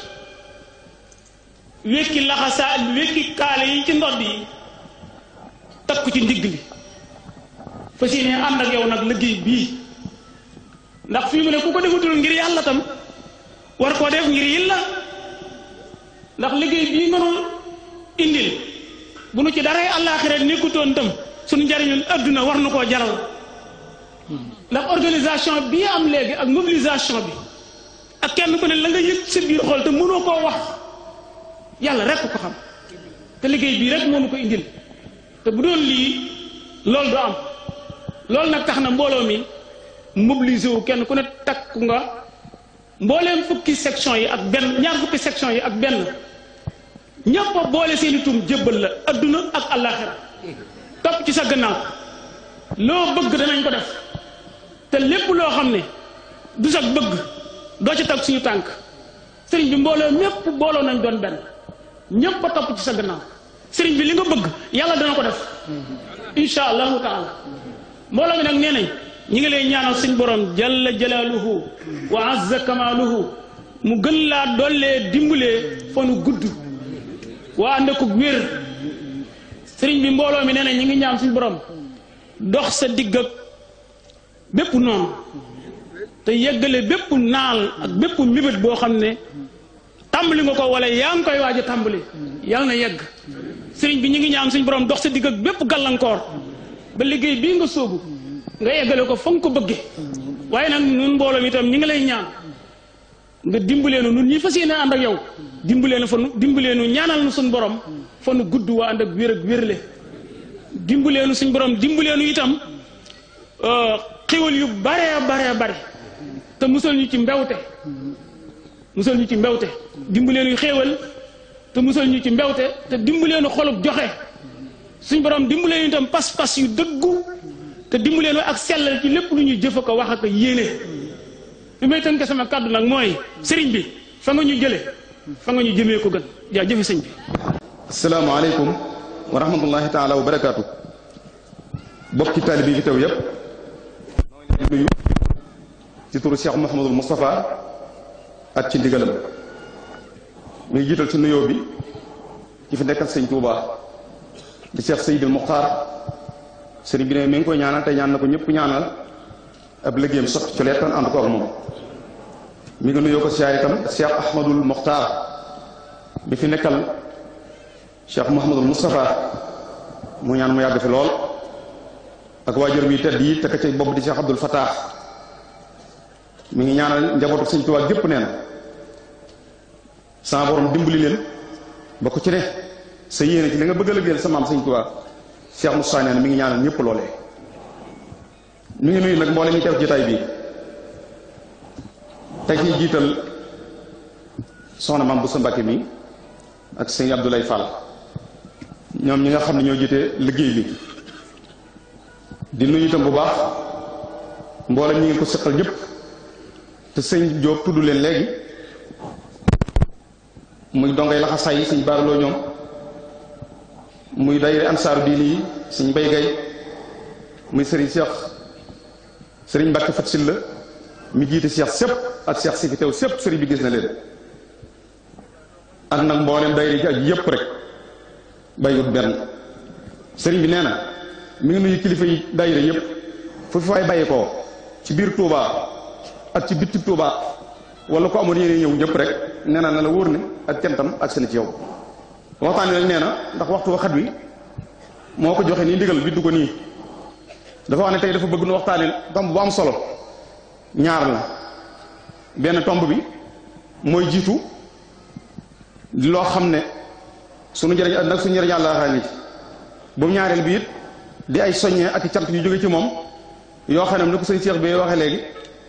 wékki laxasaa wékki kaale yi ci ndodd yi takku ci ndigg li fas yéene ànd ak yow nag liggéey bii ndax fii mu ne ku ko defutul ngir yàlla tam war koo def ngir yilla ndax liggéey bii mënul indil bu nu ci daray àllaaxira nekkutoon tam suñu njariñul adduna war nu koo jaral ndax organisation bii am léegi ak mobilisation bi ak kenn ku ne la nga yëg sa te mënoo koo wax yàlla rek ko xam te bii rek moonu ko indil te bu doon lii loolu du am loolu nag tax na mbooloo mi mobilisé wu kenn ku ne takku nga mbooleem fukki section yi ak benn ñaar fukki section yi ak benn ñépp a boole seeni tuum jébbal la adduna ak àllaaxira topp ci sa gannaaw loo bëgg danañ ko def te lépp loo xam ne du sax bëgg doo ci tag suñu tànk sëriñ bi mbooloo ñépp booloo nañ doon benn ñépp a topp ci sa gannaaw sëriñ bi li nga bëgg yàlla dana ko def insha allahu taala mbooloo mi nag nee nañ ñi ngi lay ñaanal suñ borom jalla jalaaluhu wa azza kamaaluhu mu gën laa dollee dimbalee fanu gudd wa ànd ko wir sëriñ bi mbolo mi nee ñi ngi ñaan suñu borom dox sa digg ak bepp non te yeggale bepp naal ak bepp mibet bo xamne ne nga ko wala yaa ngi koy waji tambali yalla na yegg sëriñ bi ñi ngi ñaan suñu borom dox sa digg ak bepp galankor ba liggey bi nga sóobu nga yeggale ko fa nga ko bëggee ñun mbolo mi tam ñi ngi lay ñaan nga dimbaleenu nu ñi fa yéene ànd ak yow dimbaleenu fa nu dimbaleenu ñaanal nu suñ borom fa nu gudd waa ànd ak wér ak wérle dimbaleenu suñ borom dimbaleenu itam euh, xéwal yu baree baree bare te musal ñu ci mbewte musal ñu ci mbewte dimbaleenu xéewal te musal ñu ci mbewte te dimbaleenu xolub joxe suñ borom dimbaleenu itam pas-pas yu dëggu te dimbaleenu ak sellal ci lépp lu ñuy jëf ko wax ak yéene bi may tënk sama kaddu nak moy sëriñ bi fa nga ñu jëlé fa nga ñu jëmé ko gën jaa jëfé sëñ bi alaykum wa rahmatullahi taala wa barakatuh bokki taalibe yi fi teew yeb leen di nuyu ci turu Cheikh Mouhamadul mustafa ak ci digalam ñu ngi ci nuyo bi ci fi nekkal serigne Touba di Cheikh Seydil Mokhtar serigne bi ne ngi koy ñaanal tay ñaan nako ñepp ñaanal ab liggéeyam sot ci leetan ànd ko ak moom mi ngi nuyoo ko siyaay itam cheikh ahmadul moxtaar bi fi nekkal cheikh mouhamadul moustapha mu ñaan mu yàgg fi lool ak waajur mi tedd yi tekk ci bopp di cheikh abdul fatah mi ngi ñaanal njabootu sëñ tuwaa gépp neen na sama borom dimbali leen ba ko ci ne sa yéene ci li nga bëgg a liggéeyal sa maam sëñ tuwaa cheikh moustapha neen mi ngi ñaanal ñëpp loolee ñu ngi nuyu nag mboolem ci teew jotaay bi te ci jiital soxna maam bu sa Mbàkke mi ak sëñ Abdoulaye Fall ñoom ñi nga xam ne ñoo jiite liggéey bi di nuyu itam bu baax mboolem ñi ngi ko sëqal ñëpp te sëñ Diop tudd leen léegi muy dongay laxasaay yi sëñ baaraloo ñoom muy dayre ansaaru diini yi sëñ Mbaye Gaye muy sëriñ Cheikh sëriñ Mbàkke Fat Silla mi jiite seex sépp ak seex si fi teew sépp sëriñ bi gis na leen ak nag mboolem dayri ji ak yëpp rek bayut benn sëriñ bi nee na mi ngi nuyu kilifa yi dayri yëpp fu fi waay bàyyi ko ci biir Touba ak ci bitti tuubaa wala ko amoon yéene ñëw ñëpp rek nee na na la wóor ne ak kentam ak seen ci yow waxtaan wi nag nee ndax waxtu waxat wi moo ko joxe nii ndigal bi ko nii dafa wax ne tey dafa bëgg nu waxtaanee tomb bu am solo ñaar la benn tomb bi mooy jiitu loo xam ne sunu njëriñ nag suñu njëriñ yàlla xaar ci bu ñaareel biir di ay soññee ak i cant yu jóge ci moom yoo xam ne ni ko sëñ Cheikh bi waxee léegi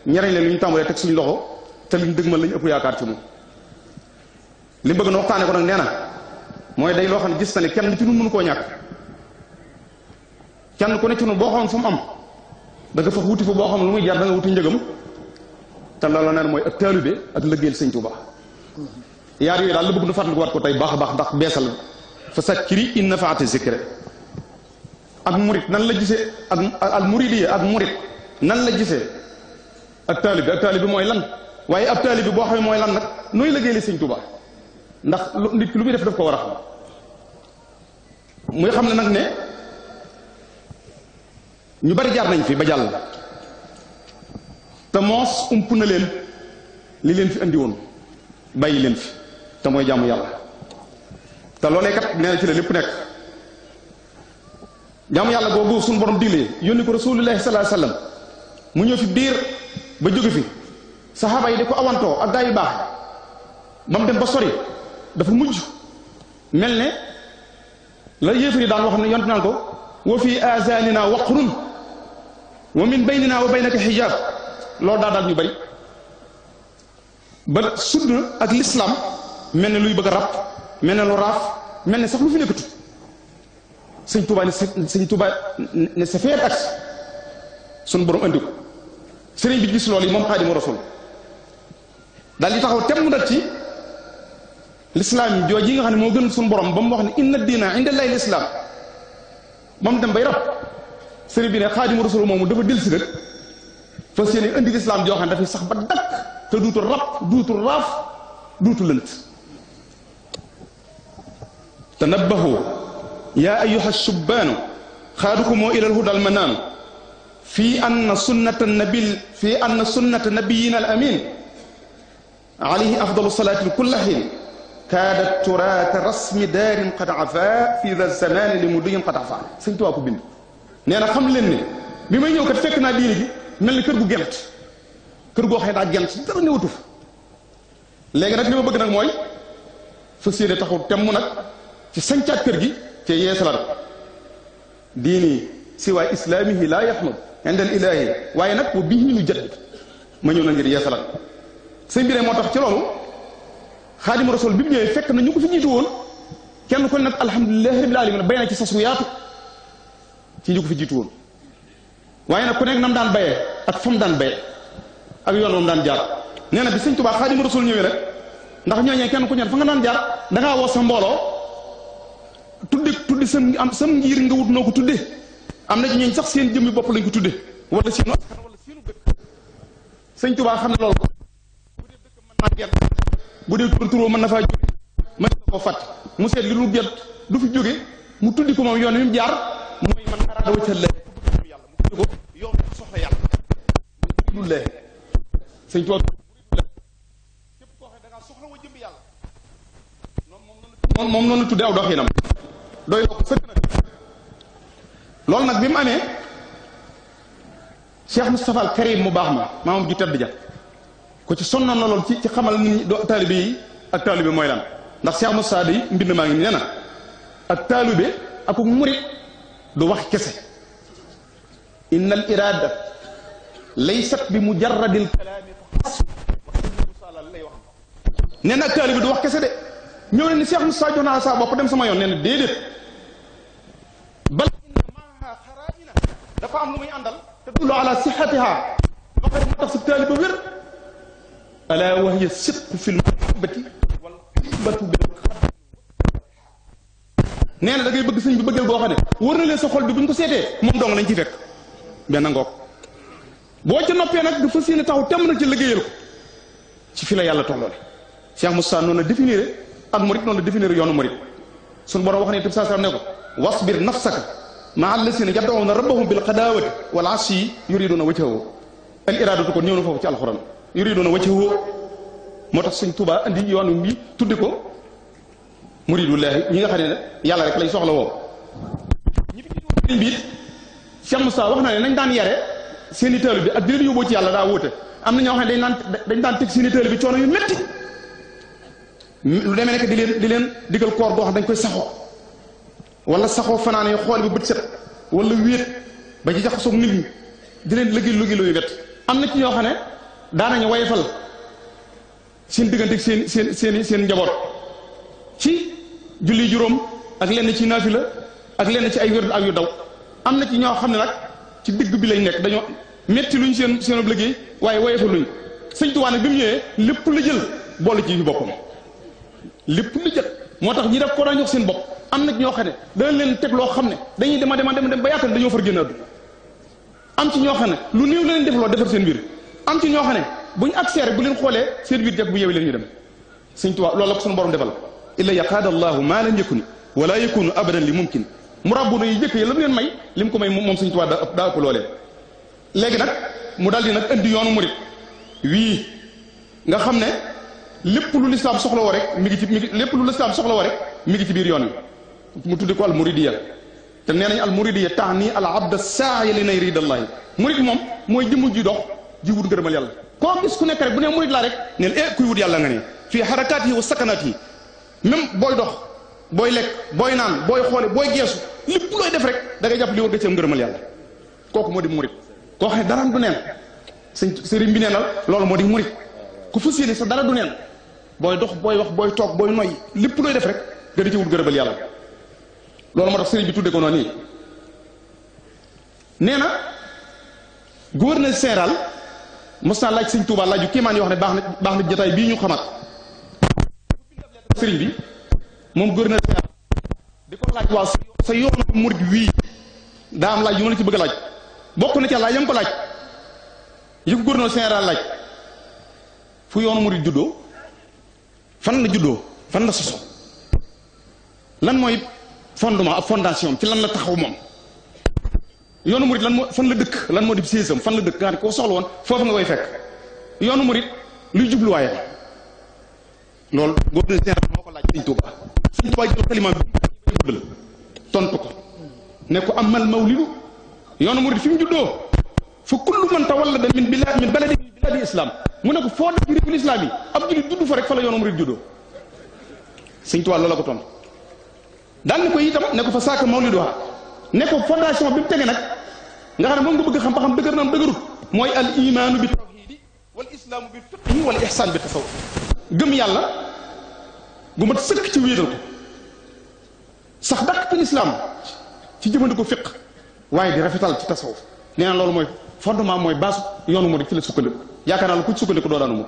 njëriñ la lu ñu tàmbalee teg suñu loxo te liñ ma lañu ëpp yaakaar ci moom. li bëgg na waxtaanee ko nag nee na mooy day loo xam ne gis na ne kenn ci ñun mënu koo ñàkk. kenn ku ne boo xamoon fu mu am da nga fa wuti fa boo xam lu muy jar da nga wuti njëgam te loolu neen mooy ak taalibe ak lëggéeyal sëñ Tuuba yaar yooyu daal la bëgg nu fàttaliku waat ko tey baax a baax ndax beesal fa sakkiri in nafaati zikre ak murit nan la gisee ak al muridiya ak murit nan la gisee ak taalibe ak taalibe mooy lan waaye ab taalibe boo xam xamee mooy lan nag nooy lëggéeyal sëñ Tuuba ndax lu nit lu muy def daf ko war a xam muy xam ne nag ne ñu bari jaar nañ fi ba jàll te moos ump na leen li leen fi andi woon bàyyi leen fi te mooy jaamu yàlla te loolee kat nee ci la lépp nekk jaamu yàlla googu suñu borom digle yónni ko rasulullahi salaa sallam mu ñëw fi bir ba jóge fi sahaba yi di ko awantoo ak daay yu baax ba mu dem ba sori dafa mujj mel ne la yéefar daan wax ne ko wa fi azanina waqrun wa min baynina wa baynaka xijaab loolu daa daal ñu bari ba sunna ak lislaam mel ni luy bëgg a ràpp mel ne lu raaf mel ni sax lu fi nekkatu sëñ Tuubaa ne sëñ Tuubaa ne sa feet ak suñu borom andi ko sëriñ bi gis loolu yi moom xaadimu rasul daal di taxaw temm nag ci lislaam jooju yi nga xam ne moo gën suñu borom ba mu wax ne inna diina inda llaahi lislaam moom dem bay rab سيري بينا خادم رسول الله مومو دا فا ديل اندي الاسلام جو دا فاي صاح با داك تا دوتو راب دوتو راف دوتو تنبهوا يا ايها الشبان خادكم الى الهدى المنان في ان سنه النبي في ان سنه نبينا الامين عليه افضل الصلاه لكل حين كادت تراث رسم دار قد عفا في ذا الزمان لمدي قد عفا سنتوا بنت nee na xam leen ne bi may ñëw kat fekk naa diine ji mel ni kër gu gent kër goo xëy daa gent dara néewatu fa léegi nag li ma bëgg nag mooy fas yéene taxaw temm nag ci sancaat kër gi te yeesalaat ko diini siwa islaamihi laa yaxmadu indal ilaahi waaye nag wa bihi nu jadd ñëw na ngir yeesalaat bi ne moo tax ci loolu xaadimu rasul bi mu ñëwee fekk na ñu ko kenn ko nag alhamdulilahi rabbil alamin bay na ci sas gu yaatu ci ñu ko fi jiitu won waaye nag ku nek nam daan baye ak fu daan baye ak yoon moom daan jaar neena bi sëñ Tuubaa khadim rasul ñëwee rek ndax ñoy ñe kenn ku ñen fa nga daan jaar da nga wo sa mbolo tuddi tuddi sam am sam ngir nga wut noko ko tudde am na ci ñeñ sax seen jëmmi bop lañ ko tudde wala ci no wala seenu dëkk sëñ Tuubaa xam ne lool bu dé bëkk man na gert bu dé dee turturoo man na fa jëm mën na koo fàtt mu sét li lu gert du fi joggé mu tuddi ko mom yoon yu jaar man arada wajhal laahi bëgg yàlla mu tudd ko yoon soxla yàlla mu dul lee sëñ moom noonu tuddee aw doxinam doy na ko sëkk nag loolu nag bi mu amee Cheikh Moustapha al Karim mu baax ma maamam ju tedd ja ko ci sonnoon na lool ci ci xamal nit ñi taalibe yi ak taalibe mooy lan ndax Cheikh Moustapha di mbind maa ngi nee na ak taalibe ak murit du wax kese inna al irada laysat bi mujarrad al kalaami xas waxsala lay wax nee na taalibi du wax kese de ñëw ne ni Cheikh Moussa jox naa saa bopp dem sama yoon nee na déedéet bal inna maaha xaraina dafa am lu muy àndal tadullu ala sixatiha waxee moo tax sa taaliba wér ala wahiya sidqu fi lmahabbati wal xibatu bil neena da ngay bëgg sëñ bi bëggel goo xane ne na leen sa xol bi buñ ko sété moom dong lañ ci fekk ben ngok bo ci noppé nak du séen taw tam na ci liggéeyal ci fi la yàlla tolloole Cheikh Moussa noonu la définir ak mourid noonu la définir yoonu mourid sun borom wax ne tib sallallahu alayhi wasallam ne ko wasbir nafsaka maa allasina yad'una rabbahum bil qadawati wal asyi yuriduna wajhahu al iradatu ko ñewnu fofu ci alquran yuriduna wajhahu motax tax sëñ Tuubaa andi yoonu mi tuddiko muridullahi ñi nga xam ne yàlla rek lay soxla woo ñi fi sëriñ bi it Cheikh Moussa na ne nañ daan yare seeni taalu bi ak di leen yóbboo ci yàlla daa wóote am na ñoo xam ne dañ daan teg seeni bi coono yu métti lu demee di leen di leen digal koor dañ koy saxoo wala saxoo fanaane xool bi set wala wéet ba ci jaxasoo nit di leen liggéey liggéey luy wet am na ci ñoo xam ne daanañu wayfal seen diggante seen seen seen seen njaboot julli juróom ak lenn ci la ak lenn ci ay wérd ak yu daw am na ci ñoo xam ne nag ci digg bi lañ nekk dañoo metti lu ñu seen ab liggéey waaye woyefa luñ sëñ Tuubaa nag bi mu lépp la jël boole ci boppam lépp moo tax ñi def ko daan jox seen bopp am na ñoo xam ne danañ leen teg loo xam ne dañuy dema dema dem ba yàttan dañoo far génn àdduna am ci ñoo xam ne lu néew la leen def loo defar seen biir am ci ñoo xam ne buñ accès bu leen xoolee seen biir def bu yeewee leen ñu dem sëñ Tuubaa loolu la ko suñu borom defal illa yaqaada allahu maa lam yakun wala yakunu abadan li mumkin mu rabbuna yi jëkk yi la mu leen may li mu ko may moom suñ tubaab daa daa ëpp loolee léegi nag mu daldi nag indi yoonu murit wii nga xam ne lépp lu lislaam soxla woo rek mi ngi ci mi ngi lépp lu lislaam soxla woo rek mi ngi ci biir yoon wi mu tuddi ko al muridiya te nee nañ al muridiya taani al abda saaya li nay ridallahi murit moom mooy jëmm ji dox ji wut ngërëmal yàlla koo gis ku nekk rek bu nee murit laa rek neel eh kuy wut yàlla nga ne fii xarakaat yi wa sakanaat yi même booy dox booy lekk booy naan booy xoole booy geesu lépp looy def rek da ngay jàpp li war nga ci ngërëmal yàlla kooku moo di murit koo xam ne daraam du neen sëñ sëriñ bi nee na loolu moo di murit ku fas yéene sa dara du neen booy dox booy wax booy toog booy noyyi lépp looy def rek nga di ci wut ngërëmal yàlla loolu moo tax sëriñ bi tudde ko noonu nii nee na gouverneur général mos naa laaj sëñ Tuubaa laaj yu kéemaan yoo xam ne baax na baax na jotaay bii ñu xamat Sering bi moom gouverneur di ko laaj waaw sa yoonu murid wi daa am laaj yu ma la ci bëgg a laaj bokk na ca laaj yam ko laaj yi gouverneur général laaj fu yoonu murid juddoo fan la juddoo fan la soso lan mooy fondement ak fondation ci lan la taxaw moom yoonu murid lan moo fan la dëkk lan moo di siisam fan la dëkk nga xam soxla woon foofu nga fekk luy loolu gouverneur général moo ko laaj Sëriñ Tuuba Sëriñ Tuuba jël xalima bi la tontu ko ne ko amal mawlidu yoonu murid fi mu juddoo fa kullu man tawallada min bilad min baladi biladi islam mu ne ko foo def réewul islam yi ab jullit judd fa rek fa la yoonu murid juddoo Sëriñ Tuuba loolu la ko tontu daan ne ko itam ne ko fa saaka mawliduha ne ko fondation bi mu tege nag nga xam ne moom nga bëgg xam ba xam dëgër naam dëgërut mooy al imaanu bi tawhidi wal islaamu bi fiqhi wal ihsaan bi tasawuf gëm yàlla gu mat sëkk ci wéetal ko sax dàq ci lislaam ci jëfandiku fiq waaye di rafetal ci tasawuf nee na loolu mooy fondement mooy base yoonu murid ci la sukkandiku yaakaar naa la ku ci sukkandiku doo daanu mu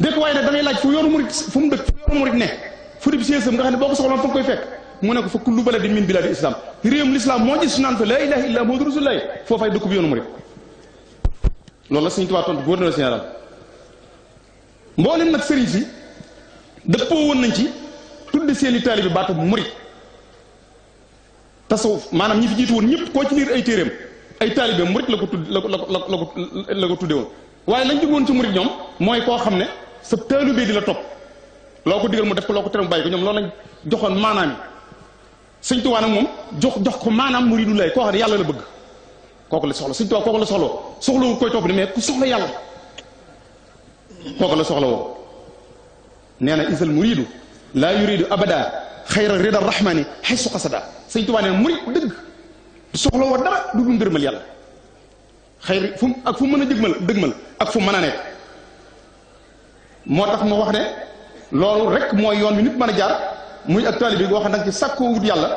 déet waaye nag da ngay laaj fu yoonu murid fu mu dëkk fu yoonu murid ne fu dib séesam nga xam ne boo ko soxloon fa nga koy fekk mu ne ko fukk lu bale di min biladi islam réewum l'islam moo gis naan fa laa ilaha illa muhammadu rasulullah foofay mboolem nag sëriñ si dëppoo woon nañ ci tudd seeni taalibe baatu murit tasawuf maanaam ñi fi jiitu woon ñëpp koo ci liir ay téeréem ay taalibe murit la ko tudd la ko la ko la ko la ko tudde woon waaye lañ jubloon ci murit ñoom mooy koo xam ne sa taalibe di la topp loo ko digal mu def ko loo ko tere mu bàyyi ko ñoom loolu lañ joxoon maanaam yi sëñ Tuubaa nag moom jox jox ko maanaam muridu lay koo xam ne yàlla la bëgg kooku la soxla sëñ Tuubaa kooku la soxla soxla koy topp ni mais soxla yàlla kooku la soxla wo neena isal muridu la yuridu abada khayra rida rahmani xaysu qasada sëñ tubaa nee murid dëgg du soxla wo dara du dum ndërmal yàlla khayr fu ak fu meuna deugmal deugmal ak fu meuna a motax mo wax ne lolou rek moy yoon bi nit meuna jaar muy ak taalibe boo xam ne ci sakko wut yàlla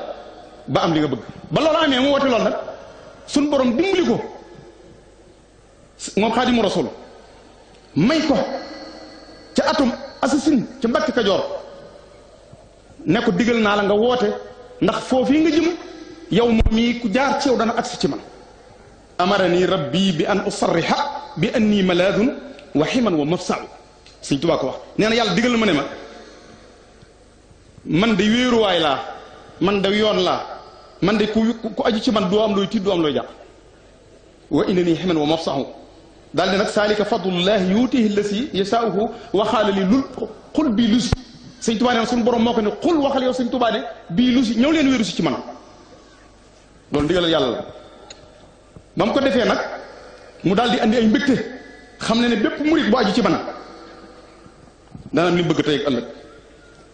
ba am li nga bëgg ba lolou amé mu woote lolou nak suñ borom dimbali ko moom khadimu rasul may ko ca atum assasin ca Mbàkke Kajoor ne ko digal naa la nga woote ndax foofii nga jëm yow moom mii ku jaar ci yow dana agsi ci man amarani rabbi bi an usarriha bi anni malaadun wa ximan wa mafsau Sëñ Tuubaa ko wax nee na yàlla digal ma ne ma man de wéeruwaay laa man de yoon laa man de ku ku aju ci man doo am looy tiit doo am looy jàq wa inani ximan wa mafsau daal di nag saalika fadlullahi yuutihi lasi yasaauhu waxaala li lul xul bii lusi sëñ tubaa ne suñu borom moo ko ne xul waxal yow sëñ tubaa ne bii lusi ñëw leen wéru si ci man loolu ndigal yàlla la ba mu ko defee nag mu daal di andi ay mbégte xam ne ne bépp murit bu aju ci man dana am li mu bëgg tey ak ëllëg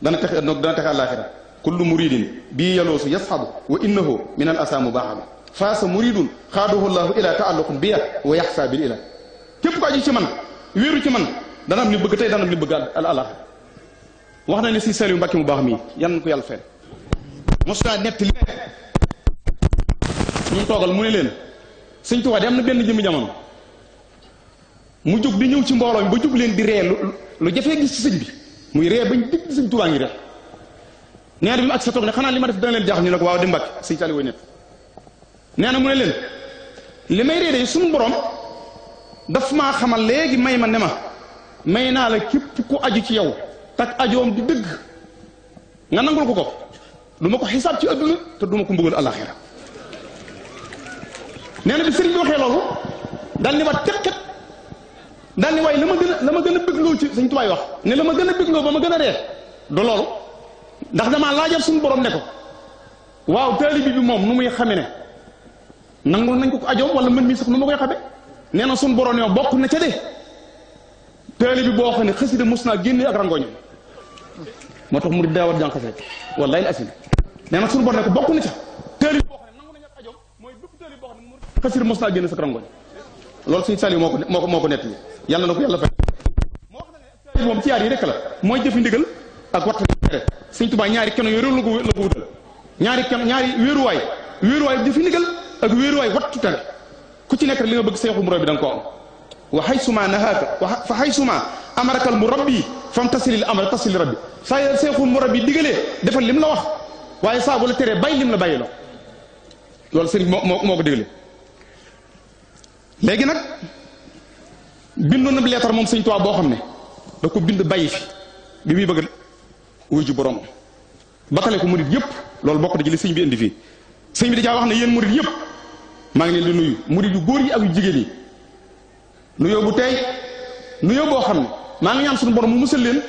dana texe ëllëg dana texe àllaaxira kullu muridin bii yaloosu yasxabu wa innahu min al asaa mubaaxama faasa muridun xaaduhu llahu ila taalluqun biya wa yaxsa bil ila kep ko aji ci man wiru ci man da na am li bëgg tay da na am li bëgg al ala wax na ni si sel yu mu bax mi yan ko yalla fay mos net li ñu togal mu ne len sëñ tuwaa dem na benn jëm jamon mu juk di ñew ci mbolo mi ba jóg leen di ree lu jafé gis ci sëñ bi muy ree bañ digg sëñ tubaa ngi ree nee na bi mu ak sa tok ne xana li ma def da na len jax ñu nak waaw di mbàkk sëñ tali way net neena mu ne len limay may ree suñu borom daf maa xamal léegi may ma ne ma may naa la képp ku aju ci yow tak ajoom di dëgg nga nangul ko ko du ma ko xisaab ci adduna te du ma ko mbugal alaxira nee na bi sëriñ bi waxee loolu daal ni ma waaye la ma gën a la ma gën a bégloo ci sëñ tubaay wax ne la ma gën a bégloo ba ma gën a ree du loolu ndax damaa laajal suñu boroom ne ko waaw taalibi bi moom nu muy xame ne nangul nañ ko ko ajoom wala mën mii sax nu ma koy xame nee na suñ borom yow bokk na ca de tëëli bi boo xam ne xasida mos naa génne ak rangoñam moo tax mu daa war jàng xasida wallaay la asim na suñ borom ne bokk na ca tëëli bi mooy bépp tëëli boo xam ne murid xasida mos naa génne sa rangoñ loolu suñu moo ko moo ko moo ko nett yi yàlla na ko yàlla fay moo xam ne tëëli moom ci yaar yi rek la mooy jëfi ndigal ak watt rek ñaari keno yooyu la ko la ko wutal ñaari keno ñaari wéeruwaay wéeruwaay jëfi ndigal ak wéeruwaay wattu tere ku ci nekk rek li nga bëgg seexu murabbi da nga ko am wa xaysuma nahaaka wa fa xaysuma amarakal murabbi fam tasilil amar tasili rabbi saa yéen seexu murabbi digalee defal lim la wax waaye saa bu la teree bay lim la bàyyi loo loolu sëriñ moo moo moo ko digalee léegi nag bindoon na leetar moom sëñ Tuubaa boo xam ne da ko bind bàyyi fi bi muy bëgg wuy ji boroomam batale ko murit yëpp loolu bokk na ci li sëñ bi indi fii sëñ bi dajaa wax ne yéen murit yëpp ma ngi leen di nuyu murid yu góor yi ak yu jigéen yi nuyoo bu tey nuyoo boo xam ne maa ngi ñaan suñu borom mu musal leen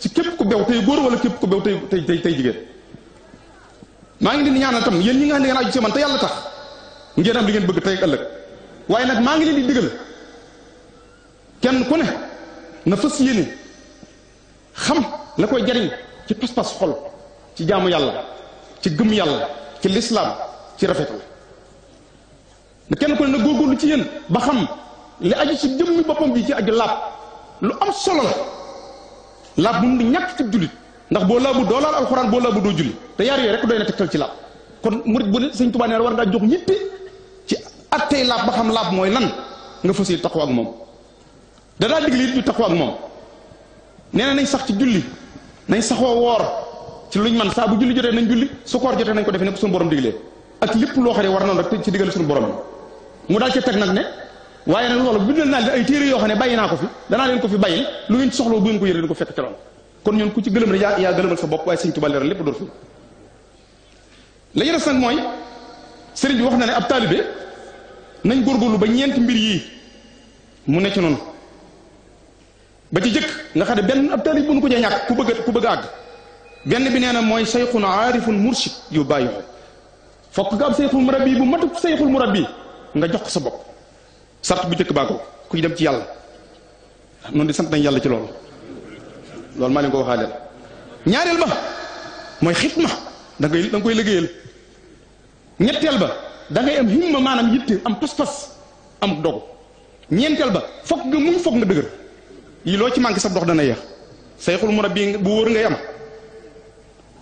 ci képp ku bew tey góor wala képp ku bew tey tey tey jigéen maa ngi leen di ñaanal tam yéen ñi nga xam ne ngeen aju ci man te yàlla tax ngeen am li ngeen bëgg tey ak ëllëg waaye nag maa ngi leen di digal kenn ku ne na fas yéene xam la koy jariñ ci pas-pas xol ci jaamu yàlla ci gëm yàlla ci lislaam ci rafetal kenn ko ne na góorgóorlu ci yeen ba xam li aji ci jëmmi bopam bi ci aji laab lu am solo la laab mun ni ñak ci julit ndax boo laabu doo laal alxuraan boo laabu do julit te yar yooyu rek doyna tektal ci laab kon murid bu seigne touba nee war nga jox ñitte ci attey lab ba xam laab moy lan nga fas yéene ak mom da digle digli ñu taxaw ak mom neena nañ sax ci julli nañ saxo wor ci luñ man sa bu julli jotee nañ julli su koor jotee nañ ko defee ne ko borom diglee ak lepp lo xari war na rek ci digal suñu borom mu daal ca teg nag ne waaye nag loolu bindal naa leen ay téere yoo xam ne bàyyi naa ko fi danaa leen ko fi bàyyil lu ngeen soxloo bu ngeen ko yëre leen ku ci gëlëm rek yaa yaa gëlëmal sa bopp waaye sëñ Tuubaa leeral lépp dootu fi la ñu des mooy sëriñ bi wax na ne ab taalibe nañ góorgóorlu ba ñeenti mbir yii mu ne ci noonu ba ci jëkk nga xam ne benn ab taalibe bu nu ko jee ñàkk ku bëgg ku bëgg àgg benn bi nee na mooy sayxun aarifun mursid yu bàyyi fokk nga am sayxul murabbi bu matu sayxul murabbi nga jox sa bopp sart bu njëkk baa ko kuy dem ci yàlla noonu di sant nañ yàlla ci loolu loolu maa leen ko waxaaleel ñaareel ba mooy xitma da ngay da koy liggéeyal ñetteel ba da ngay am am pas-pas ba foog nga nga dëgër yi loo ci manqué sa dox dana yéex sayxul murabbi bu wóor ngay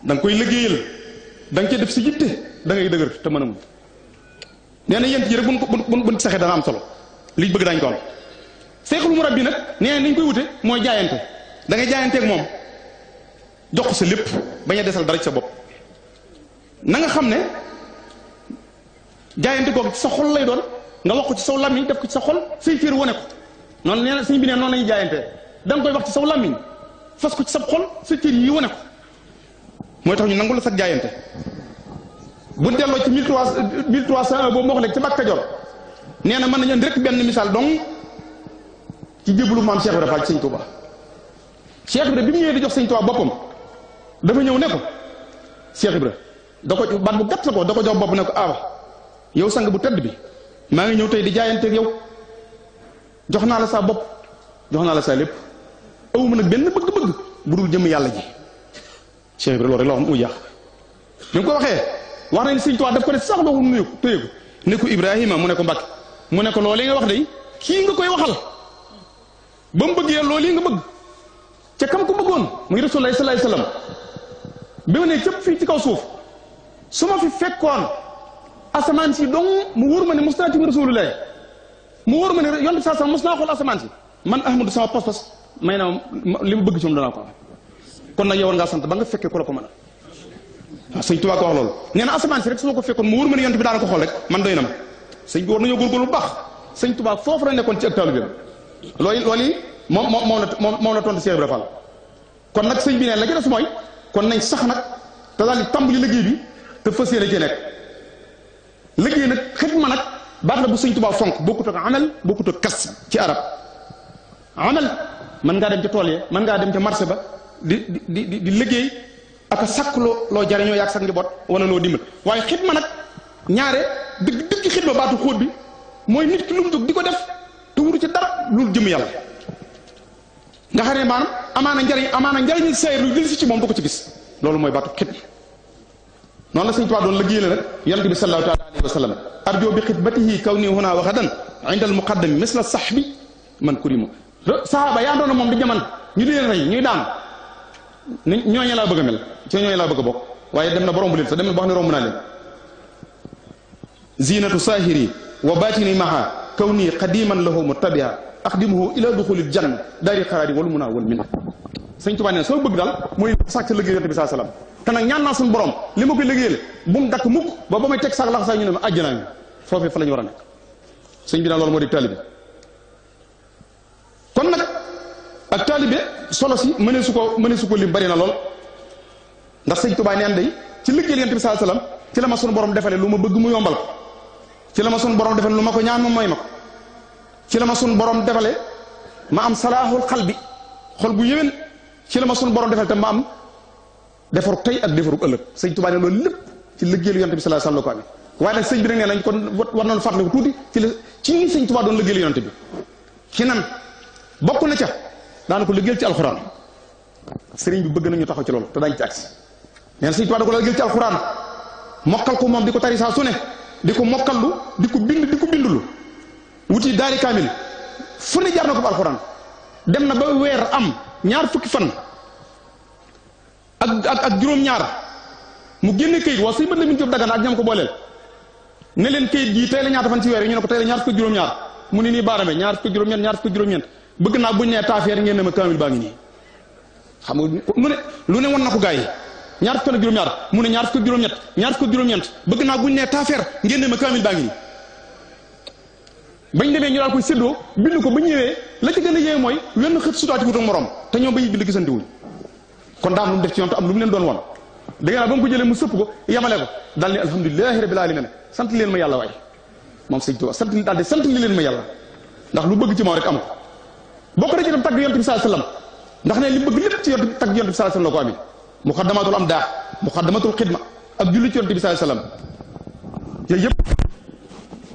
da nga koy liggéeyal def si yitte da dëgër te mën a muñ nee na yent yi rek buñ ko buñ buñ saxee dana am solo liñ bëgg dañ ko am seexul murabbi nag nee na niñ mooy jaayante da ngay jaayanteeg moom jox ko lépp bañ a desal dara ci na nga xam ne jaayante googu ci sa xol lay doon nga wax ko ci saw làmmiñ def ko ci sa xol noonu nee na sëñ noonu lañuy jaayantee da koy wax ci saw fas ko ci sab xol sa cër yi wane ko mooy tax ñu nangul la sa jaayante bu delloo ci mille trois mille trois cent un boobu moo ko nekk ci Mbàkke Kajoor nee na mën nañu andi rek benn misaal donc ci jébbalu maam Cheikh Ibra Fall ci Sëñ Tuuba Cheikh Ibra bi mu ñëwee di jox Sëñ Tuuba boppam dafa ñëw ne ko Cheikh Ibra da ko baat bu gàtt la ko da ko jox bopp ne ko awa yow sang bu tedd bi maa ngi ñëw tey di jaayanteeg yow jox naa la saa bopp jox naa la saa lépp awuma nag benn bëgg-bëgg bu dul jëm yàlla ji Cheikh Ibra loolu rek loo xam mu jaax bi mu ko waxee. wax nañ sëñ daf ko def sax doxul nuyu ko ko ne ko Ibrahima mu ne ko Mbàkke mu ne ko loolee nga wax day kii nga koy waxal ba mu bëggee loolee nga bëgg ca kam ko bëggoon muy Rasulullaahi sallallahu alayhi wasallam sallam bi ma ne cëpp fii ci kaw suuf su ma fi fekkoon asamaan si dong mu wóor ma ne mos naa mu wóor ma ne yonent sa sama mos naa xool asamaan si man Ahmadu sama pas-pas may naa li ma bëgg ci moom danaa ko am kon nag yow war ngaa sant ba nga fekkee ko la ko mën a sëñ Tuubaa ko wax loolu nee asman asamaan si rek su ma ko fekkoon mu wóor ma ne yonent bi daana ko xool rek man doy na ma sëñ bi war nañoo góorgóorlu bu baax sëñ Tuubaa foofu la nekkoon ci ak taalibeem loolu loolu yi moom moom moom la moom la tontu Cheikh Ibra Fall kon nag sëñ bi neen la ca des mooy kon nañ sax nag te daal di tàmbali liggéey bi te fas ci nekk liggéey nag xëj ma nag bu sëñ Tuubaa fonk bokkut ak amal bokkut ak kas ci arab amal mën ngaa dem ca tool ya mën dem ca marché ba di di di liggéey aka sakk loo loo jariñoo yaag sa njaboot wana noo dimbal waaye xidma nag ñaare dëgg dëgg xidma baatu xóot bi mooy nit ki lu mu jóg di ko def te wuru ci dara loolu jëm yàlla nga xam ne maanaam amaana njariñ amaana njariñ sayr lu jël si ci moom du ko ci gis loolu mooy baatu xidma noonu la Sëñ Tuubaa doon liggéey la nag yonent bi sallallahu wa sallam arjo bi xidmatihi kaw nii huna wa man kurima sahaaba yaa ndoona moom di jaman ñu di leen rey ñuy daan ni la bëgg mel ci ñooñu la bëgg bok waye dem na borom bu leen sax dem na ba xam ne romb naa leen zinatu sahiri wa batini maha kawni qadiman lahu muttabi'a axdimuhu ila dukhulil janna dari xaraari wal munaw wal minna sëñ Tuubaa ne so bëgg dal moy sàkk sa liggéey yonte bi saa salaam te nag ñaan na sun borom li ma koy liggéeyal bu mu dak mukk ba ba may teg saak lax saa ñu ne aljana fofé fa lañu wara nek a sëñ bi daal lool mo di talibi kon nak ak taalibe solo si mënee su ko mënee su ko lim bari na lool ndax sëñ Tuubaa neen day ci liggéeyal yonent bi ci la ma sunu borom defale lu ma bëgg mu yombal ci la ma sunu borom defale lu ma ko ñaan moom mooy ma ci la ma sunu borom defale ma am salaaxul xal bi xol bu yéwén ci la ma sunu borom defale te ma am defarug tey ak defarug ëllëg sëñ Tuubaa ne loolu lépp ci liggéeyal yonent bi sallallahu alayhi wasallam la ko amee waaye nag sëñ bi nag nee nañ kon war nañu fàttaliku tuuti ci la ci ñi sëñ Tuubaa doon liggéeyal yonent bi ci nan bokk na ca dan ko liggel ci alquran serigne bi bëgg nañu taxaw ci lolu te dañ ci aksi ñen serigne tuba da ko liggel ci alquran mokal ko mom diko tari sa su diko mokal lu diko bind diko ko bindulu wuti dari kamil fu ne jaar na ko alxuraan dem na ba wër am ñaar fukki fan ak ak ak juróom-ñaar mu génne kay wa sey bët min ci dagana ak ñam ko bolel ne len kay gii tay la ñaata fan ci wër ñu ne ko tay la ñaar fukki juroom ñaar mu ni nii baarame ñaar fukki juroom ñeent ñaar fukki juroom ñeent bëgg naa buñ nee taafeer ngeen ne ma kaamil baa ngi nii xam nga lu ne lu ne wan na ko gars yi ñaar fukk ak juróom-ñaar mu ne ñaar fukk juróom-ñett ñaar fukk bëgg naa buñ nee taafeer ngeen a ma kaamil baa ngi nii bañ demee ñu daal koy séddoo bind ko ba ñëwee la ci gën a yee mooy wenn xët sutaati wut ak te ñoom ba ñuy bind gisantiwuñ kon daam lu mu def ci ñoom te am lu mu leen doon won da nga naa ba mu ko jëlee mu sëpp ko yemale ko daal ni alhamdulilahi sant leen ma yàlla waay moom sëñ Tuubaa sant daal di sant li leen ma yàlla ndax lu bëgg ci moom rek am bokk na ci dem tagg yonent bi sallallahu ndax ne li bëgg lépp ci yonent tagg yonent bi sallallahu alayhi wasallam la ko amee muqaddamatul am daax muqaddamatul xidma ak julli ci yonent bi sallallahu alayhi wasallam yooyu yëpp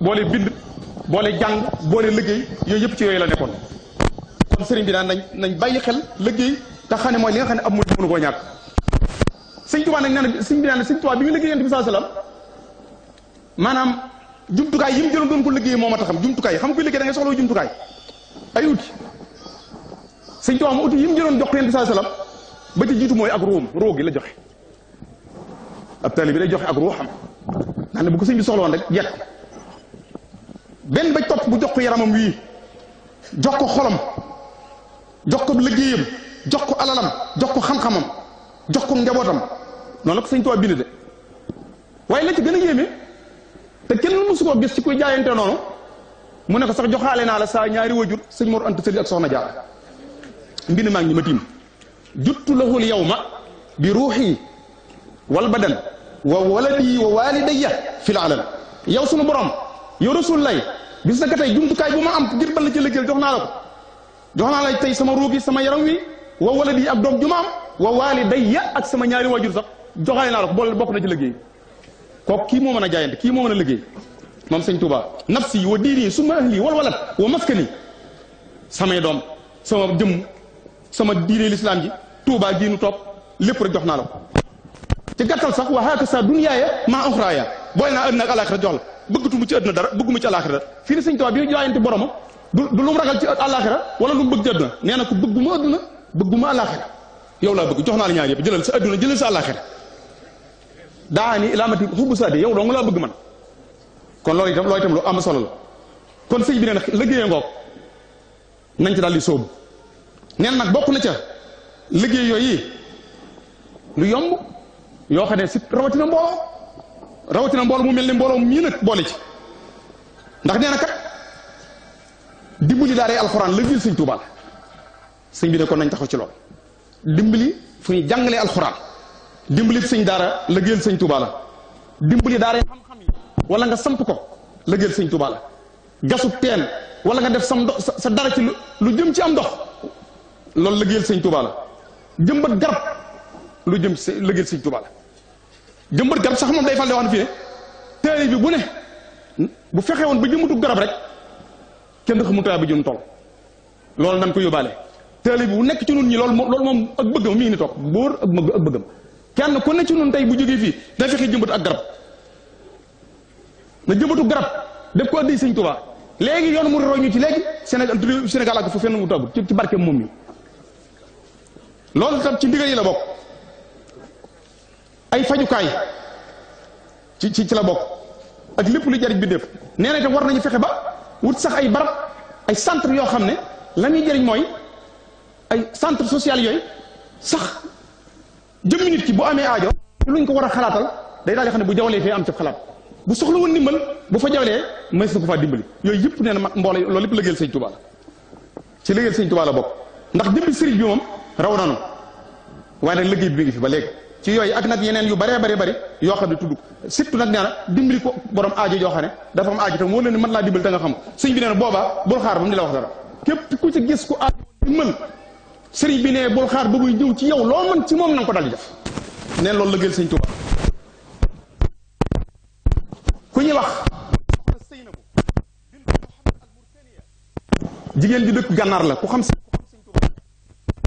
boole bind boole jàng boole liggéey yooyu yëpp ci yooyu la nekkoon kon sëriñ bi naan nañ nañ bàyyi xel liggéey te xam ne mooy li nga xam ne am murid mënu koo ñàkk sëñ Tuubaa nag nee na sëñ bi naan sëñ Tuubaa bi mu liggéey yonent bi sallallahu alayhi wasallam maanaam jumtukaay yi mu jëloon doon ko liggéey moo ma jumtukaay xam nga koy liggéey da ngay soxla jumtukaay ay outil sëñ Tuubaa oto yi mu jëloon jox yonent bi saa salaam ba ci jiitu mooy ak ruum ruu gi la joxe ab taalibe bi day joxe ak ruuxam naa ne bu ko sëñ bi soxla woon rek yet benn ba topp bu jox ko yaramam wii jox ko xolam jox ko liggéeyam jox ko alalam jox ko xam-xamam jox ko njabootam noonu la ko sëñ Tuubaa bind de waaye la ci gën a yéeme te kenn mësu koo gis ci kuy jaayante noonu mu ne ko sax joxaale naa la saa ñaari wajur sëñ Mor Anta Sali ak Soxna Jaara mbind maa ngi ma tiim juttu lahul yawma bi ruuxi wal badan wa waladi wa walidayya fil alal yow sunu borom yow rasul lay bis naka tey jumtukaay bu ma am ngir ban la ci liggéeyal jox naa la ko jox naa la tey sama ruugi sama yaram wi wa waladi ak doom ju ma am wa walidayya ak sama ñaari waajur sax joxaay naa la ko boole bokk na ci liggéey kooku kii moo mën a jaayante kii moo mën a liggéey moom sëñ Touba nafsi wa diini suma ahli wal walat wa maskani samay doom sama jëmm sama diine l'islam ji touba gi nu top lepp rek jox naa la ci gattal sax wa haaka sa dunya ya ma ukhra ya naa àddina ak alaaxira jox la bëggatu mu ci adna dara beugumu ci alaaxira fi ni seigne sëñ Tuubaa bi jaayante boromam du lu mu ragal ci alaaxira wala lu mu bëgg ci àddina nee na ko bëgguma àddina bëgguma alaaxira yow la beug jox naa la ñaar yeb jeelal sa aduna jeelal sa alaaxira daani ila ilaamati hubu sadi yow dong la beug man kon loy tam loy tam lu am solo la kon seigne bi nee liggey ngok nañ ci dal li sóobu neen nag bokk na ca yoy yi lu yomb xane ci rawati na mbolo rawati na mbolo mu melni mbolo mi nak nag ci ndax nee kat dimbali daaree alxuraan liggéeyal sëñ seigne touba seigne bi ne ko nañ taxaw ci loolu dimbali fu ñu jàngalee alxuraan dimbali dara daara liggéeyal seigne touba la dimbali daaree xam-xam yi wala nga samp ko liggéeyal seigne touba la gasu teen wala nga def sa dara ci lu jëm ci am ndox loolu liggéeyal sëñ Tuubaa la jëmbat garab lu jëm si liggéeyal sëñ Tuubaa la jëmbat garab sax moom day fal de wax na fii ne téere bi bu ne bu fexe woon ba garab rek kenn xamul tawaay ba jëm tool loolu nan ko yóbbaale téere bi bu nekk ci nun ñi loolu moom loolu moom ak bëggam mi ngi ni toog bóor ak mëgg ak bëggam kenn ku ne ci nun tey bu jógee fii day fexe jëmbatu ak garab na jëmbatu garab def ko addi sëñ Tuubaa léegi yoon mu ñu ci léegi Sénégal Sénégal ak fu fenn mu tàggu ci barke moom mi loolu tam ci ndigal yi la bokk ay fajukaay ci ci ci la bokk ak lépp lu jariñ bi bindeef nee na te war nañu fexe ba wut sax ay barab ay centre yoo xam ne la ñuy jariñ mooy ay centre social yooyu sax jëmmi nit ki bu amee aajo luñ ko war a xalaatal day daal di xam ne bu jawalee fee am ci xalaat bu soxla woon ndimbal bu fa jawalee mës na ko faa dimbali yooyu yëpp nee na mbooloo loolu lépp lëggeel sëñ Tuubaa la ci lëggeel sëñ Tuubaa la bokk ndax jëmmi sëriñ bi moom raw nanu waaye nag liggéey bi mi ngi fi ba léegi ci yooyu ak nag yeneen yu bëree bëri bëri yoo xam ne tudd surtout nag nee na dimbali ko borom aajo joo xam ne dafa am aajo tam wóor na mën laa dimbali te nga xam sëñ bi nee na xaar ba mu di la képp ku ci gis ku aajo dimbal sëriñ bi ne bul xaar ba muy ci yow loo mën ci moom na ko dal di def nee loolu lëggeel sëñ Tuubaa ku ñuy wax jigéen di dëkk gànnaar la ku xam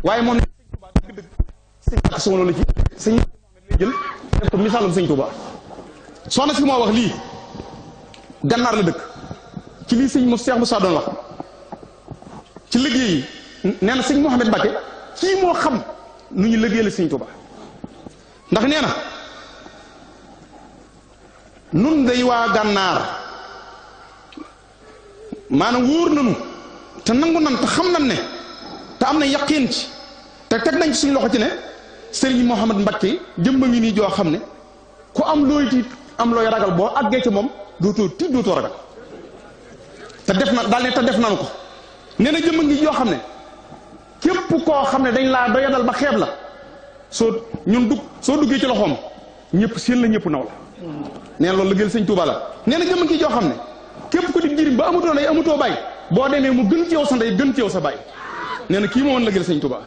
waaye moom dëgg-dëgg sëñ ak solo la ci sëñ lay jël def ko misaalum sëñ Tuuba si moo wax lii gannaar la dëkk ci lii sëñ mu Seex Musaa doon wax ci liggéey yi nee na sëñ Mouhamed Mbacke kii moo xam nu ñu liggéey la sëñ Tuuba ndax nee na nun day waa gànnaar maanaam wóor nanu te nangu nan te xam nan ne am na yaqin ci te teg nañ ci suñu loxo ci ne sëriñ Mouhamad Mbacké jëmba ngi nii joo xam ne ku am looy tiit am looy ragal boo àggee ci moom dootoo tiit dootoo ragal te def na daal ne te def nanu ko nee na jëmba ngi joo xam ne képp koo xam ne dañ laa doyadal ba xeeb la soo ñun dugg soo duggee ci loxoom ñëpp seen la ñëpp naw la nee na loolu liggéeyal sëñ Touba la nee na jëmba ngi joo xam ne képp ko di jirim ba amutoo ndey amutoo bàyyi boo demee mu gën ci yow sa ndey gën ci yow sa bàyyi nee na kii moo woon la gël sëñ neena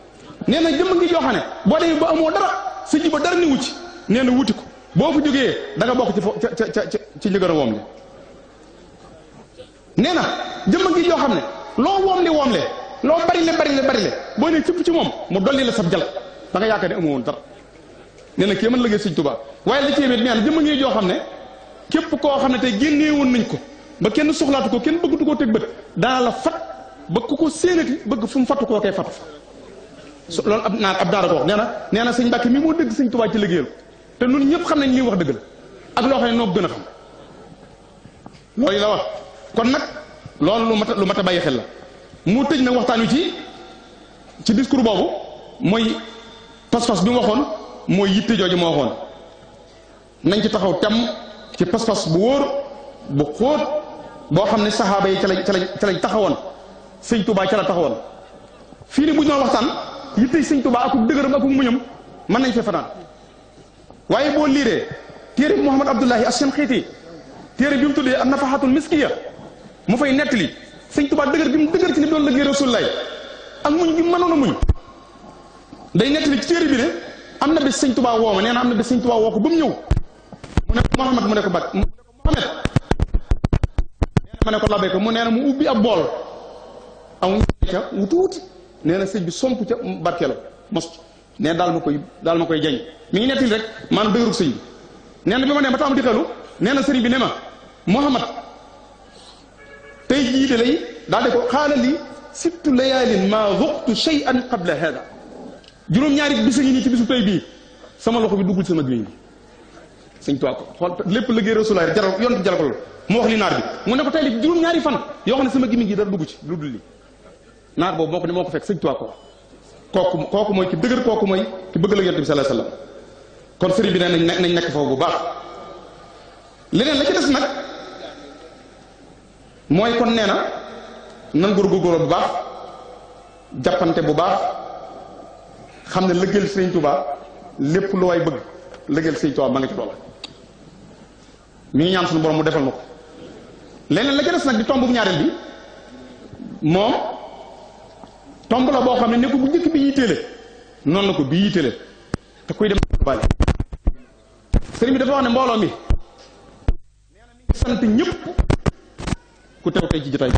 nee na jëmm ngi yoo xam ne boo demee ba amoo dara sa ji dara ni wucc nee na wuti ko boo fa jógee da bokk ci fo ca ci njëgër a woom le nee na jëmm yoo xam ne loo woom le woom le loo bari le bari le boo ne cëpp ci moom mu dolli la sab jal da nga yaakaar ne amoo woon dara nee na kii mën liggéey sëñ Tuubaa waaye li ci yémet nee na jëmm ngi joo xam ne képp koo xam ne tey génnee woon nañ ko ba kenn soxlaatu ko kenn bëggatu koo teg bët daa la fat bëgg ku ko séenati bëgg fu mu fattu koo koy fattu fa loolu ab naan ab daara ko wax nee na nee na sëñ Mbàkke mi moo dëgg sëñ Tuubaa ci liggéeyal te nun ñëpp xam nañ li wax dëgg la ak loo xam ne noo gën a xam loolu nag loolu lu mat lu mat a xel la mu tëj nag waxtaan wi ci ci discours boobu mooy pas-pas bi mu waxoon mooy yitte jooju ma waxoon nañ ci taxaw tem ci pas bu wóor bu xóot boo xam ne saxaaba yi ca lañ ca lañ ca lañ taxawoon sëñ Touba ca la taxawoon fii ne bu ñu doon waxtaan yittey sëñ Touba akub ak akub muñam mën nañ fee fanaan waaye boo liiree téere bi Mouhamad Abdullahi Ash-Shanqiti téere bi mu tuddee an-Nafahatul Miskiya mu fay nettali sëñ Touba dëgër bi mu dëgër ci ni doon liggéey Rasulullaay ak muñ bi mu a muñ day nettali ci téere bi ne am na bés sëñ Touba woo ma nee na am na bés sëñ Touba woo ko ba mu ñëw mu ne ko mu ne ko Bak mu ne ko Mouhamad nee na ma ne ko labbe mu nee mu ubbi ab bool. amuñ ca wu tuuti nee na sëñ bi somp ca barke la mos ne daal ma koy daal ma koy jañ mu ngi nettali rek maanaam dëgërub sëñ bi nee na bi ma nee ba tax di xelu nee na sëriñ bi ne ma Muhammad tey jii de lay daal di ko xaala li sittu layaalin maa waqtu shay'an qabla hada juróom-ñaari bis a ngi nii ci bisu bii sama loxo bi duggul sama gémmiñ bi sëñ tuwaa ko xool lépp liggéey rasulaay jaral yonte jaral ko loolu mu wax li naar bi mu ne ko tey li juróom-ñaari fan yoo xam ne sama gémmiñ gi dara dugg ci lu dul naar boobu moo ko ne moo ko fekk sëñ tuwaa ko kooku kooku mooy ki dëgër kooku mooy ki bëgg la yonte bi sallallahu alayhi wasallam kon sëriñ bi nee nañ nañ nekk foofu bu baax leneen la ci des nag mooy kon nee na nan góorgóorloo bu baax jàppante bu baax xam ne lëggeel sëriñ Tuubaa lépp lu way bëgg lëggeel sëriñ Tuubaa ma nga ci loola mi ngi ñaan suñu borom mu defal ma ko leneen la ci des nag di tombu ñaareel bi moom tomb la boo xam ne ne ko bu njëkk bi yitteele noonu la ko bi yitteele te kuy dem bale sëriñ bi dafa wax ne mbooloo mi na sant ñëpp ku ci jotaay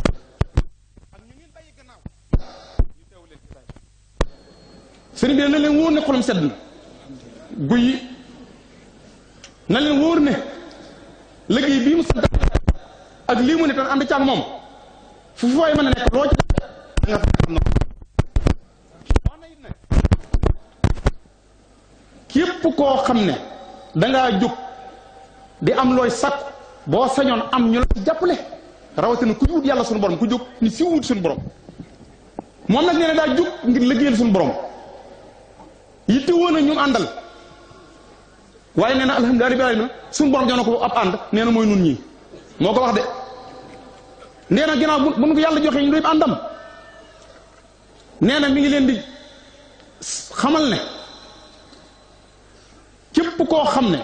sëriñ bi na leen wóor ne xolum sedd na guy na leen wóor ne liggéey bii mu sant ak lii mu ne tan ànd ci moom fu fooy mën a nekk loo ci def nga xam na képp koo xam ne dangaa jóg di am looy sakk boo sañoon am ñu la ci jàppale rawatina ku wut yàlla suñu borom ku jóg ni si wut suñu borom moom nag nee na daa jóg ngir liggéeyal suñu borom yitte woon a ñu àndal waaye nee na alhamdulilah rabbil alamin suñu borom jono ko ab ànd nee na mooy nun ñii moo ko wax de nee na ginnaaw bu nu ko yàlla joxee ñu doy àndam nee na mi ngi leen di xamal ne képp koo xam ne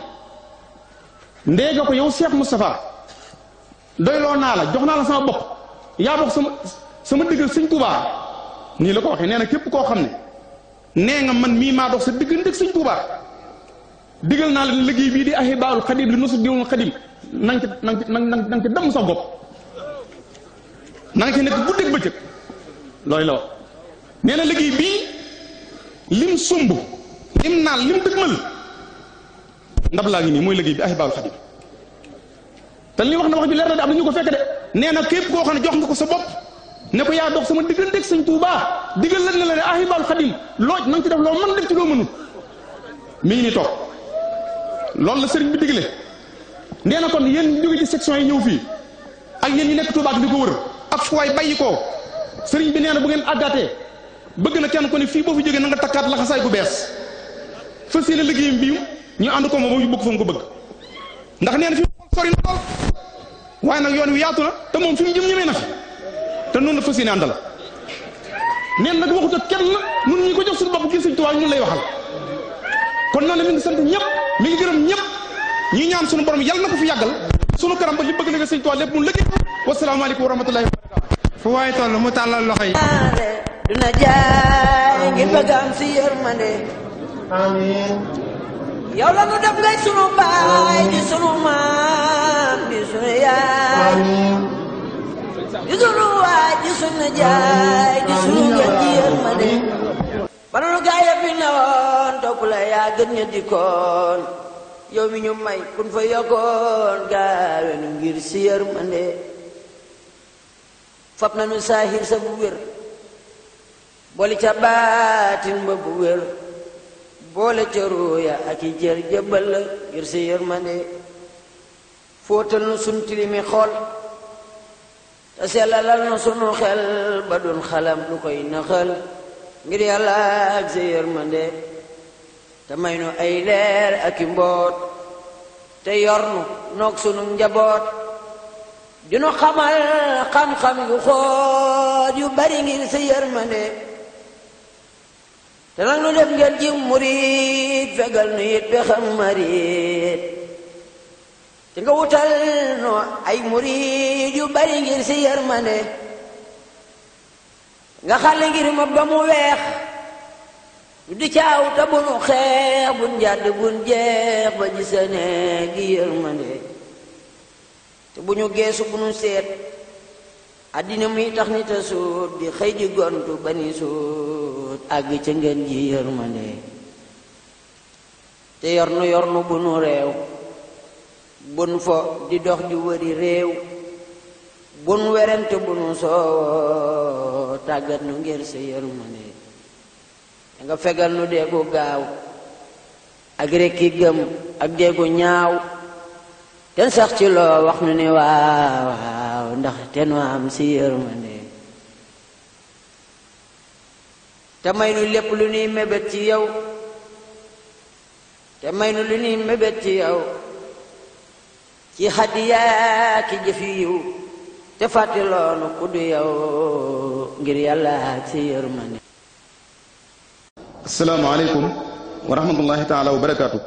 ndéega ko yow Cheikh Moustapha doyloo naa la jox naa la sama bopp yaa bokk sama sama diggal sëñ Tuubaa nii la ko waxee nee na képp koo xam ne nee nga man mii maa dox sa digganteeg sëñ Tuubaa digal naa la liggéey bii di ahibaaul xadim li nusu diwul xadim na nga ci na nga ci na nga ci sa bopp na nga ci nekk guddeeg bëccëg looy la nee na liggéey bii lim sumb lim naan lim dëgmal ndab la ngi ni moy liggey bi ahibaaru xadim tan li wax na wax bi leer na de am na ñu ko fekk de neena kepp ko koo jox nga ko sa bop ne ko ya dox sama digganteeg sëñ Tuubaa diggal la la ne ahibaaru xadim loj na ci def lo man def ci loo mënu mi ngi nii toog la seigne bi digle neena kon yeen ñu ngi ci section yi ñew fi ak yeen ñi nek touba ak ko wër ak fu waay bàyyi koo bi neena bu ngeen agaté bëgg na kenn ko ni fi bo fi joggé na nga takkat la gu ku fas yéene liggéeyam bi ñu ànd ko moom bëgg fa mu ko bëgg ndax nee na fi mu sori na yoon wi yaatu na te moom fi mu ñemee na fi te noonu la fas yéene ànd la neen nag waxut kenn nun ñi ko jox suñu bopp kii suñu tubaab lay waxal kon noonu mi ngi sant ñëpp mi ngi gërëm ñëpp ñi ñaan suñu borom yàlla na ko fi yàggal suñu karam ba li bëgg liggéey suñu tubaab lépp mu liggéey wa salaamu aleykum wa rahmatullahi fu waaye toll mu tàllal loxo yi duna jaay ngir bëgg am si yërmande amiin yow la nu def sunu baay di sunu maam di sunu yaay di sunu waay di sunu jaay di sunu gën ji yërmande ba noonu gaa yi fi newoon topp la yaa gën ña dikkoon yow mi ñu may kun fa yokkoon gaawe nu ngir si yërmande fab nañu saahir sa bu wér booli ca baatin ba bu wér boole ca ruuya ak i jër jëbbal la ngir si yërmande nu sun tilimi xool te sellalal na sunu xel ba dun xalam lu koy naxal ngir yàlla ak si yërmande te may nu ay leer ak mboot te yor nu noog sunu njaboot dinu xamal xam-xam yu xool yu bari ngir si yërmande te nag nu def ngeen ji murit fegal nu it xam marit te nga wutal no ay murit yu bari ngir si yërmande nga xale ngir ma ba mu weex du di caaw te bu nu xeex bun jàdd bun jeex ba gisane gi yërmande te bu ñu geesu bu nu seet adina mi tax nit sud, di xeyji gontu bani sud suut ci ngeen ji yërmande te yornu yornu bu nu rew bun fo di dox di wëri rew bun werante bu nu so tagat nu ngir se yërmande nga fegal nu deegu gaaw ak ki gem ak ñaaw ten sax ci loo wax nu ne waaw waaw ndax te am si yërmande te may nu lépp lu nuy mebet ci yow te may nu lu nuy mébét ci yow ci hadiyaa ki jëf yu yiw te fàtte loonu ku du yow ngir yàlla ci yërmande assalaamu aleykum wa rahmatullahi wa barakaatu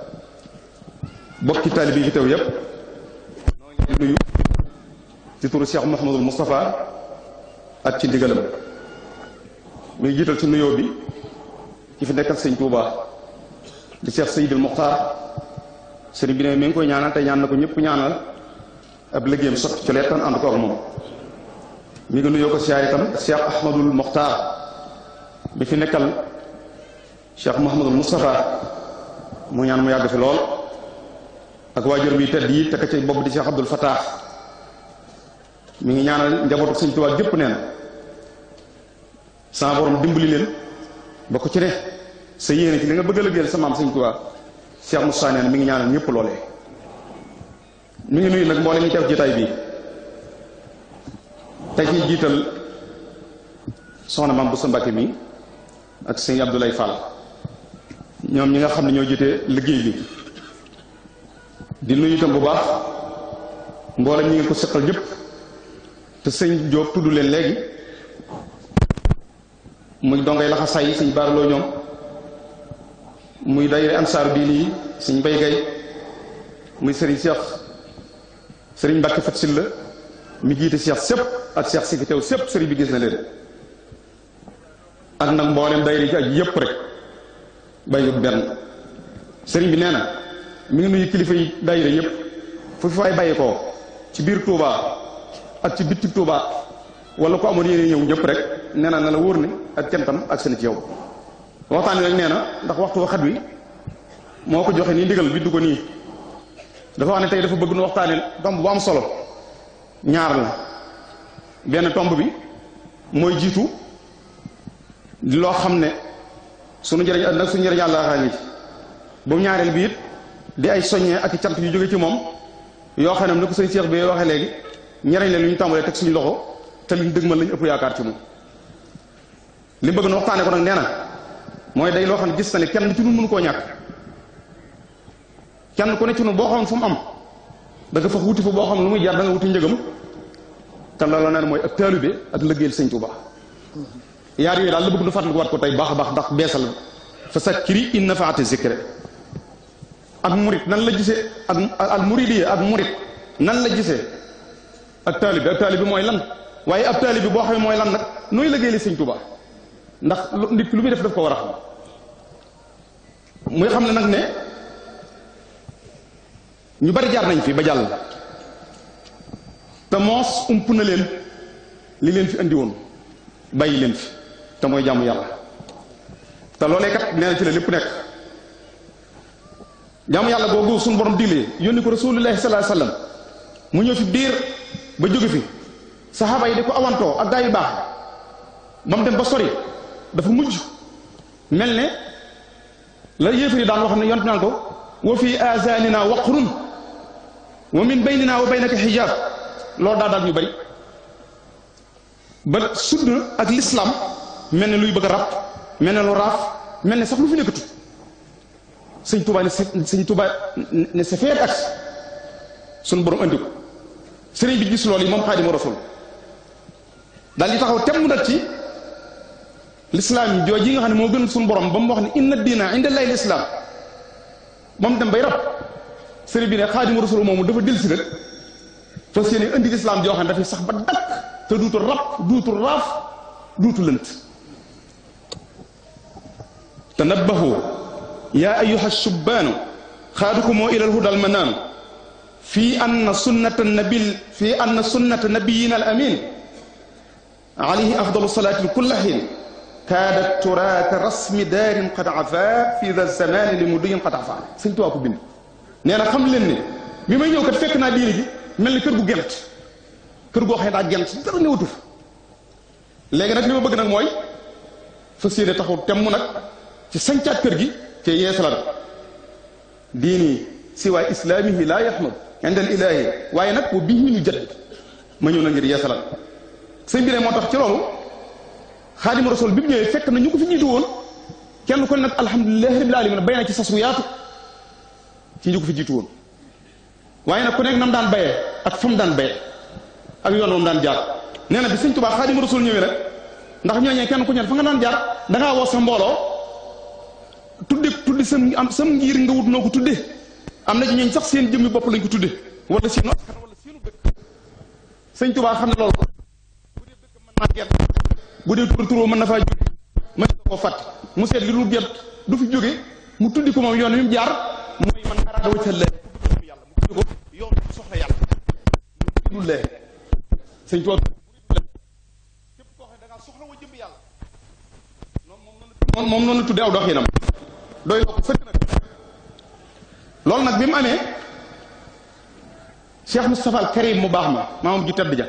bokki taalibi fi teew yépp di nuyu ci turu Cheikh ak ci ndigalam muy jiital ci nuyo bi ci fi nekkal sëñ Touba di Cheikh Seydil Mokhtar sëriñ bi ne mi ngi koy ñaanal te ñaan na ko ñëpp ñaanal ab liggéeyam sotti ci leetan ànd ko ak moom mi ngi nuyoo ko siyaar itam Cheikh Ahmadul Mokhtar bi fi nekkal Cheikh Mouhamadul Moustapha mu ñaan mu yàgg fi lool ak wajur bi tedd yi tekk ci bopp di Cheikh Abdul fatah mi ngi ñaanal njabootu Sëñ Tuubaa gépp nee na sama borom dimbali leen ba ko ci ne sa yene ci li nga bëgg a liggéeyal sa mam seigne touba Cheikh Moussa neen mi ngi ñaanal ñëpp lolé mi ngi nuyu nag mboolem ñi ci tay bi tay ci jital soxna mam bu sa Mbàkke mi ak seigne Abdoulaye Fall ñom ñi nga xamni ñoo jité liggéey bi di nuyu tam bu baax mbolam ñi ko sekkal yëpp te señ Diop tuddu len legi muy dongay la xay señ barlo ñom muy dayre ansar bi ni señ bay Gay muy señ Cheikh señ mbacke fatil la mi jité Cheikh sepp ak Cheikh si fi teew sépp sëriñ bi gis na len ak nak mbolam dayre ci aj rek bayu ben señ bi neena mi ngi nuyu kilifa yi daayira yëpp fu fi bàyyi ko ci biir Touba ak ci bitti tuubaa wala ko amoon yéene ñëw ñëpp rek nee na na la wóor ne ak cantam ak seen ci yow. waxtaan wi nag nee na ndax waxtu waxat wi moo ko joxe ni ndigal bi du ko nii dafa wax ne tey dafa bëgg nu waxtaanee tomb bu am solo ñaar la benn tomb bi mooy jiitu loo xam ne sunu njëriñ ak nag suñu njëriñ àllaaxira ci ba ñaareel bi it di ay soññee ak cant yu jóge ci moom yoo xam ne ni ko sëñ seex bi waxee léegi ñereñ leen lu ñu tàmbalee teg suñu loxo te liñ ma lañu ëpp yaakaar ci moom li bëgg na waxtaane ko nag nee na mooy day loo xam ne gis na ne kenn ci ñun koo ñàkk ku ne boo xamoon fu mu am da nga wuti fa boo xam lu muy jar da nga wuti njëgam te loolu neen mooy ak bi ak lëggéeyal sëñ Tuuba yaar yooyu daal la bëgg nu fàttaliku wat ko tey baax a baax ndax beesal fa sakkiri in na nafaati zikre ak murid nan la gisee ak al muridiya ak murid nan la gisee ak talib ak talib moy lan waye ak talib bo xamé moy lan noy la gëlé seigne touba ndax nit ki lu muy def daf ko wara xam muy xam ñu bari jaar nañ fi ba jall te mos na leen li leen fi andi won, bayi leen fi te moy jamu yalla te lolé kat néna ci la jaamu yàlla googu suñu borom diglee yónni ko sallallahu alayhi wasallam mu ñëw fi diir ba jóge fi saxaaba yi di ko awantoo ak gaa yu baax moom dem ba sori dafa mujj mel ne la yéefar yi daan wax ne yont naan wa fi azanina waqrun wa min baynina wa baynaka xijaab loolu daa daal ñu bari ba sunna ak l'islam mel luy bëgg a ràpp lu raaf mel sax lu fi nekkatu sëñ Touba ne sëñ Touba ne sa feet ak suñu borom andi ko bi gis loolu yi moom Xaadimu Rasuul daal di taxaw temm nag ci lislaam jooju yi nga xam ne moo gën suñu borom ba mu wax ne inna diina inda llaahi lislaam moom dem bay rab sëriñ bi ne Xaadimu Rasuul moom dafa dellusi nag fas yéene indi lislaam joo xam ne dafay sax ba dakk te duutu rab duutu raaf duutu lënt tanabbahu يا أيها الشبان خادكم إلى الهدى المنام في أن سنة النبي في أن سنة نبينا الأمين عليه أفضل الصلاة كل حين كادت تراث رسم دار قد عفا في ذا الزمان لمدين قد عفا سلتوا أكو بني نانا خم بما يو كت فكنا ديري جي مل كرغو جنت كرغو خيدا جنت دار نيوتو لغي نك لما بغ موي فسيري تاخو تمونك نك كرغي te yeesalaat ko diini siwa islaamihi laa yahmad indal ilaahi waaye nag bu bii ñu jët ma ñëw na ngir yeesalaat sëñ bi ne moo tax ci loolu xaadimu rasul bi mu ñëwee fekk na ñu ko fi jiitu woon kenn kon nag alhamdulilahi rabbil alamin bay na ci sas yaatu ci ñu ko fi waaye nag ku nekk nam daan bayee ak fam daan bayee ak yoon moom daan jaar nee na bi sëñ tubaa xaadimu rasul ñëwee nag ndax ñooñee kenn ku ñen fa nga daan jaar dangaa woo sa mbooloo tudde tudde sam am sam ngir nga wut noo ko tudde am na ci ñooñ sax seen jëmmi bopp lañu ko tudde wala seenu askan wala seenu dëkk sëñ Tuubaa xam ne loolu bu dee dëkk mën naa gert bu dee tur turoo na faa jóge mën na koo fàtt mu seet li dul gert du fi jóge mu tuddi ko moom yoon wi mu jaar mooy man araada waccal tuddi ko yoon bu soxla yàlla mu koo xam ne da ngaa soxla wa jëm yàlla moom moom tuddee aw doxinam doy loo ko sëkk nag loolu nag bi mu amee Cheikh Moustapha al Karim mu baax na ma maamam ju tedd ja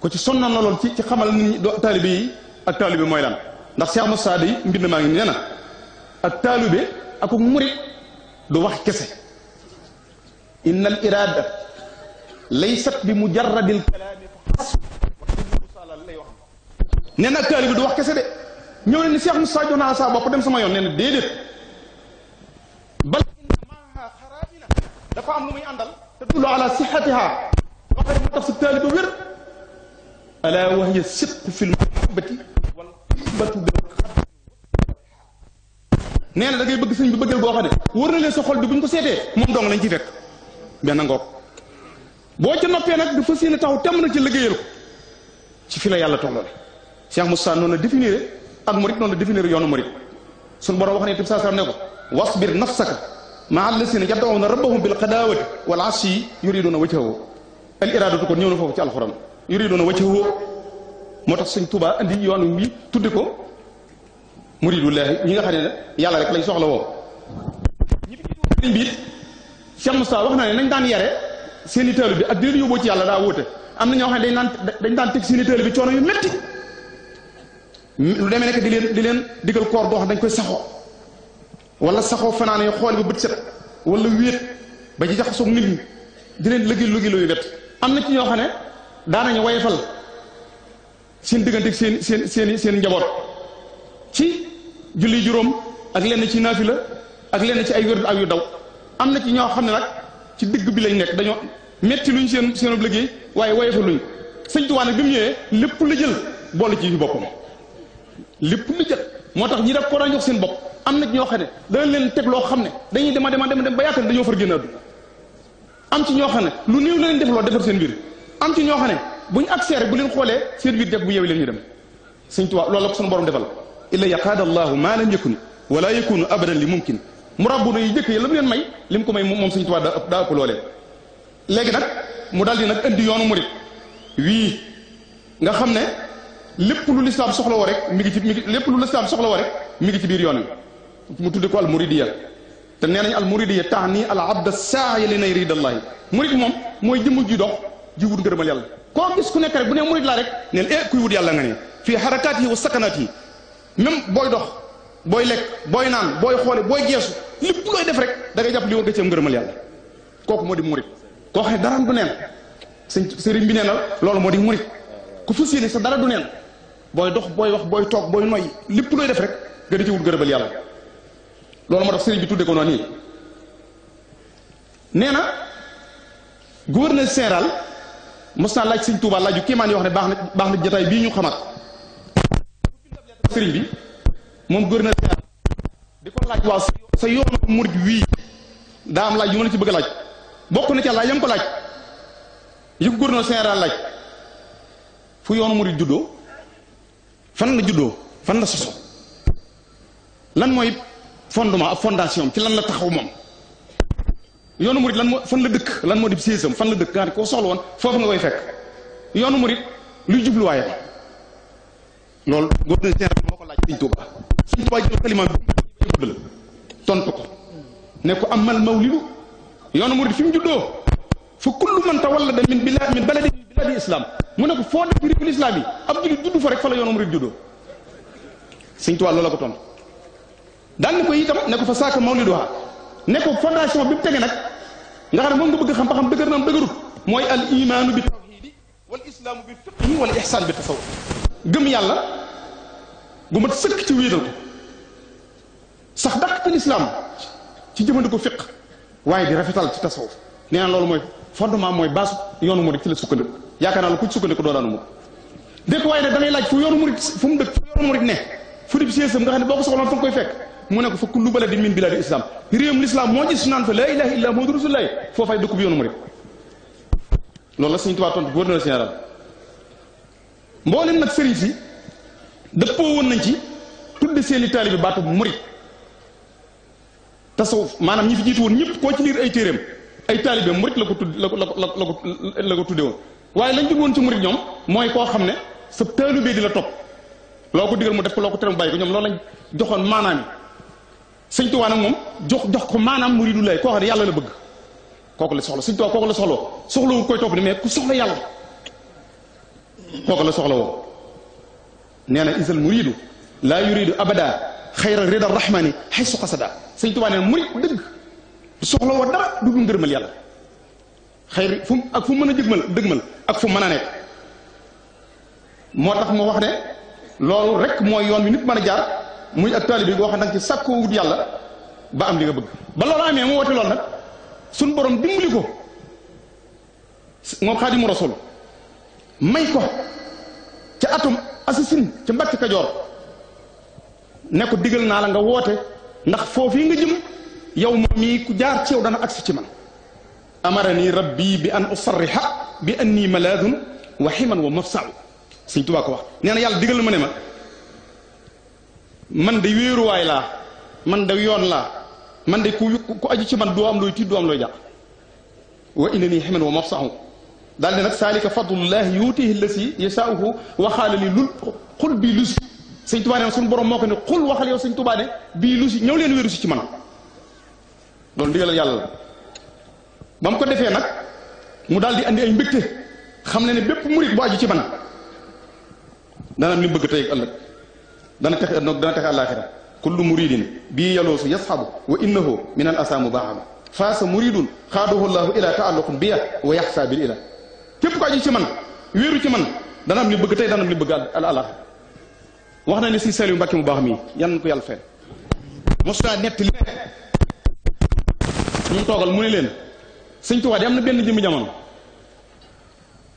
ko ci sonnoon na lool ci ci xamal ni ñi taalibe yi ak taalibe mooy lan ndax Cheikh Moustapha day mbind maa ngi nee ak taalibe ak murit du wax kese inna al irada laysat bi mujarradil kalaami lay wax nee na ak taalibe du wax kese de ñëw ne ni Cheikh Moustapha jox naa saa bopp dem sama yoon nee déedéet dafa am lu muy àndal tadullu ala sixatiha waxe mu tax sa taalibe wér ala wa hiya sidq fi lmahabati wal xibatu bil xabri nee na da ngay bëgg sëñ bi bëggeel boo xam ne wër na leen sa xol bi bu ñu ko seetee moom dong lañ ci fekk benn ngoog boo ca noppee nag dafa seen taxaw temm na ci liggéeyal ko ci fi la yàlla tolloo ne Cheikh Moussa noonu la définir ak murit noonu la définir yoonu murit suñu borom wax ne tib saa ne ko wasbir nafsaka maa allasina yad'una rabbahum bil qadaawati wal ashi yuriduna wajhahu al iradatu kon ñëw na foofu ci alxuraan yuriduna wajhahu moo tax sëñ Tuubaa andi yoon wi tudde ko muridullahi ñi nga xam ne yàlla rek lañ soxla woo sëñ bi Cheikh Moustapha wax na ne nañ daan yare seeni taalu bi ak di leen yóbboo ci yàlla daa wóote am na ñoo xam ne dañ daan dañ daan teg seeni taalu bi coono yu metti lu demee nekk di leen di leen digal koor boo xam dañ koy saxo wala saxoo fanaanee xool ba bët set wala wéet ba ci jaxasoo nit ñi di leen lëgil lëgil yu wet am na ci ñoo xam ne daanañu wayfal seen diggante seen seen seen seen njaboot ci julli juróom ak lenn ci naafila ak lenn ci ay wér ak yu daw am na ci ñoo xam ne nag ci digg bi lañ nekk dañoo metti luñ seen seen ob liggéey waaye wayfal luñ sëñ Tuubaa nag bi mu ñëwee lépp la jël boole ci boppam lépp la moo tax ñi def ko daan jox seen bopp am na ñoo xam ne danañ leen teg loo xam ne dañuy dema dema dem ba yaakaar dañoo far génn àdduna am ci ñoo xam ne lu néew la leen def loo defar seen biir am ci ñoo xam ne buñ accès bu leen xoolee seen biir def bu yeewi leen ñu dem sëñ Tuubaa loolu la ko suñu borom defal illa yaqaada allahu ma lam yakun wala yakunu abadan li mumkin mu rabbuna yi jëkk yi la mu leen may li mu ko may moom sëñ Tuubaa daa daa ëpp loolee léegi nag mu daal di nag indi yoonu murit wii nga xam ne lépp lu lislaam soxla woo rek mi ngi ci mi ngi lépp lu lislaam soxla woo rek mi ngi ci biir yoon wi mu tudde ko al muridiya te nee nañ al muridiya tax nii al abda saaya li nay ridallahi murid moom mooy jëmm ji dox ji wut ngërëmal yàlla koo gis ku nekk rek bu nee rek neen eh kuy wut yàlla nga ne fii xarakaat yi wa sakanaat yi même booy dox booy lekk booy naan booy xoole booy geesu lépp looy def rek da ngay jàpp li war nga kooku moo di murid koo xam ne dara du neen sëñ sëriñ bi nee na loolu moo di murid ku fas yéene sa dara du neen booy dox booy wax booy toog booy noyyi lépp looy def rek nga di ci wut ngërëmal yàlla loolu moo tax sëriñ bi tudde ko noonu nii nee na gouverneur général mos naa laaj sëriñ Tuubaa laaju kéemaan yoo xam ne baax na baax na jotaay bii ñu xamat sëriñ bi moom gouverneur général di ko laaj waaw sa yoonu murid wii daa am laaj yu ma la ci bëgg laaj bokk na ca laaj yam ko laaj yu ko gouverneur général laaj fu yoonu murid juddoo fan la juddoo fan la soso lan mooy fondement ak fondation ci lan la taxaw moom yoonu murit lan moo fan la dëkk lan moo di séesam fan la dëkk nga ko soxla woon foofu nga koy fekk yoonu murit luy jubluwaayam loolu gouverneur général moo ko laaj Sëñ Tuubaa Sëñ Tuubaa jël kalima tontu ko ne ko amal mawlidu yoonu murit fi mu juddoo fa kullu man tawallada min bila min baladi baladi islam mu ne ko foo def réewul islam yi ab jullit juddu fa rek fa la yoonu murit juddoo Sëñ dal ni ko itam ne ko fa saaka ha ne ko fondation bi tege nak nga xam mo nga bëgg xam xam dëgër naam dëgërut moy al iman bi tawhid wal islam bi fiqh wal ihsan bi tasawuf gëm yalla gu ma sekk ci wéetal ko sax dak ci islam ci jëfandiku fiqh way di rafetal ci tasawuf neena lool moy fondement moy base yoonu murid ci la sukkandu yaakaar naa la ku ci sukkandiku doo daanu mo dekk way ne da ngay laaj fu yoonu murid fu mu dëkk fu yoonu murid ne fu dib siesam nga xam ne boko soxla fu fa koy fekk mu ne ko fa kullu baladin min biladi islam réewum l'islam moo gis su naan fa laa ilaha illa muhammadu rasulullah foofay dëkk bi yoonu murid loolu la suñu tubaab tontu gouverneur général mboolem nag sëriñ si dëppoo woon nañ ci tudd seen i taalibi baatu murid tasawuf maanaam ñi fi jiitu woon ñëpp koo ci liir ay téeréem ay taalibe murid la ko tudd la ko la ko la ko la woon waaye lañ jublu woon ci murid ñoom mooy koo xam ne sa taalibe di la topp loo ko mu def ko loo ko tere mu bàyyi ko seigne touba nak mom jox jox ko manam muridu lay ko xam yàlla la bëgg kooku la soxla seigne touba kooku la soxlo soxlo soxlawul koy top ni mais ku soxla yàlla kooku la soxla wo neena na isal muridu la yuridu abada khayra rida rahmani xaysu qasada seigne touba ne na murid deug soxlo wo dara du du ngërëmal yàlla khayr fu ak fu meuna a deugmal ak fu meuna a motax mo wax ne lolou rek moy yoon wi nit meuna jaar muy ak taalibe goo xam ne ci sàkkoo wut yàlla ba am li nga bëgg ba loolu amee mu woote lool nag suñ borom dimbali ko moom xaadimu rasul may ko ci atum asasin ca Mbàkke Kajoor ne ko digal naa la nga woote ndax foofii nga jëm yow ma mii ku jaar ci yow dana agsi ci man amarani rabbi bi an usarriha bi anni malaadun wa himan wa mafsau Sëñ Tuubaa ko wax nee na yàlla digal ma ne ma man de wéeruwaay laa man de yoon la man de ku ku aju ci man doo am looy tiit doo am looy jàq wa inna nii xemen wa mafsahu daal ne nag saalika fadlullahi yuutihi lasi yasaauhu waxaala li lul xul bii lusi sëñ tubaa ne suñu borom moo ko ne xul waxal yow sëñ tubaa ne bii si ñëw leen wéeru si ci man loolu la yàlla ba mu ko defee nag mu daal di andi ay mbégte xam ne ne bépp murit bu aju ci man daanaam li mu bëgg tey ak ëllëg dana tax donc dana tax àllaaxira kullu muridin bii yaloosu yasxabu wa innahu min al asaamu baaxama faasa muridun xaadahu llaahu ila taalluqun biya wa yaxsa bil ila képp ko aju ci man wéeru ci man dana am li bëgg tey dana am li bëgg al àllaaxira wax na ne si Saliou Mbacke mu baax mi yan ko yàlla fay mos naa nett li ñu toogal mu ne leen sëñ Tuubaa de am na benn jëmmi jamono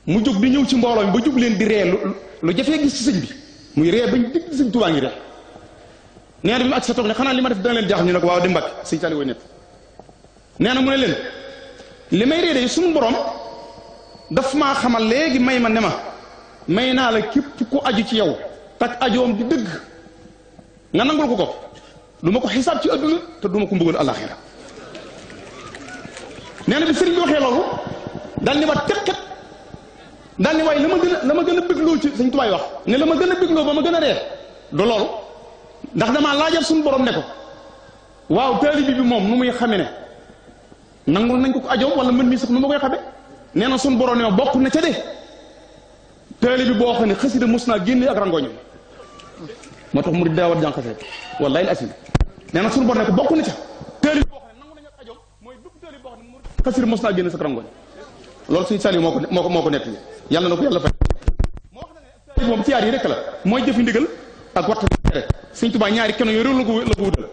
mu jóg di ñëw ci mbooloo mi ba jóg leen di ree lu lu jafee gis ci sëñ bi muy ree bañ dégg sëñ Tuubaa ngi ree nee bi mu agsi fa toog ne xanaa li ma def dana leen jaaxal ñu ne ko waaw di mbag sëñ Saaliw woy nepp nee na mu ne leen li may ree de suñu borom daf maa xamal léegi may ma ne ma may naa la képp ko aju ci yow tak ajoom bi dëgg nga nangul ko ko du ma ko xisaab ci adduna te duma ma ko mbugal alaxira nee na bi sëriñ bi waxee loolu dal ni ma tëkkat ndax ni waaye la ma gën a la ma gën a bégloo ci sëñ tubaay wax ne la ma gën a bégloo ba ma gën a reer du loolu ndax damaa laajal suñu borom ne ko waaw taalibi bi moom nu muy xame ne nangul nañ ko ko ajoom wala mën mi sax nu ma koy xame nee na suñu borom ne bokk na ca de taalibi boo xam ne xasida mos naa génne ak rangoñam moo tax murid daa war jàng xasida wallahi asim nee na suñu borom ne ko bokk na ca taalibi boo xam ne nangu nañ ak ajoom mooy bëgg taalibi boo xam ne murid xasida mos naa génne sa rangoñam loolu suñ sal yi moo ko moo ko moo ko nekk yi yàlla na ko yàlla fay moo wax na ne moom ci yaar yi rek la mooy jëfi ndigal ak wattu rek suñ tubaa ñaari keno yooyu la ko la ko wutal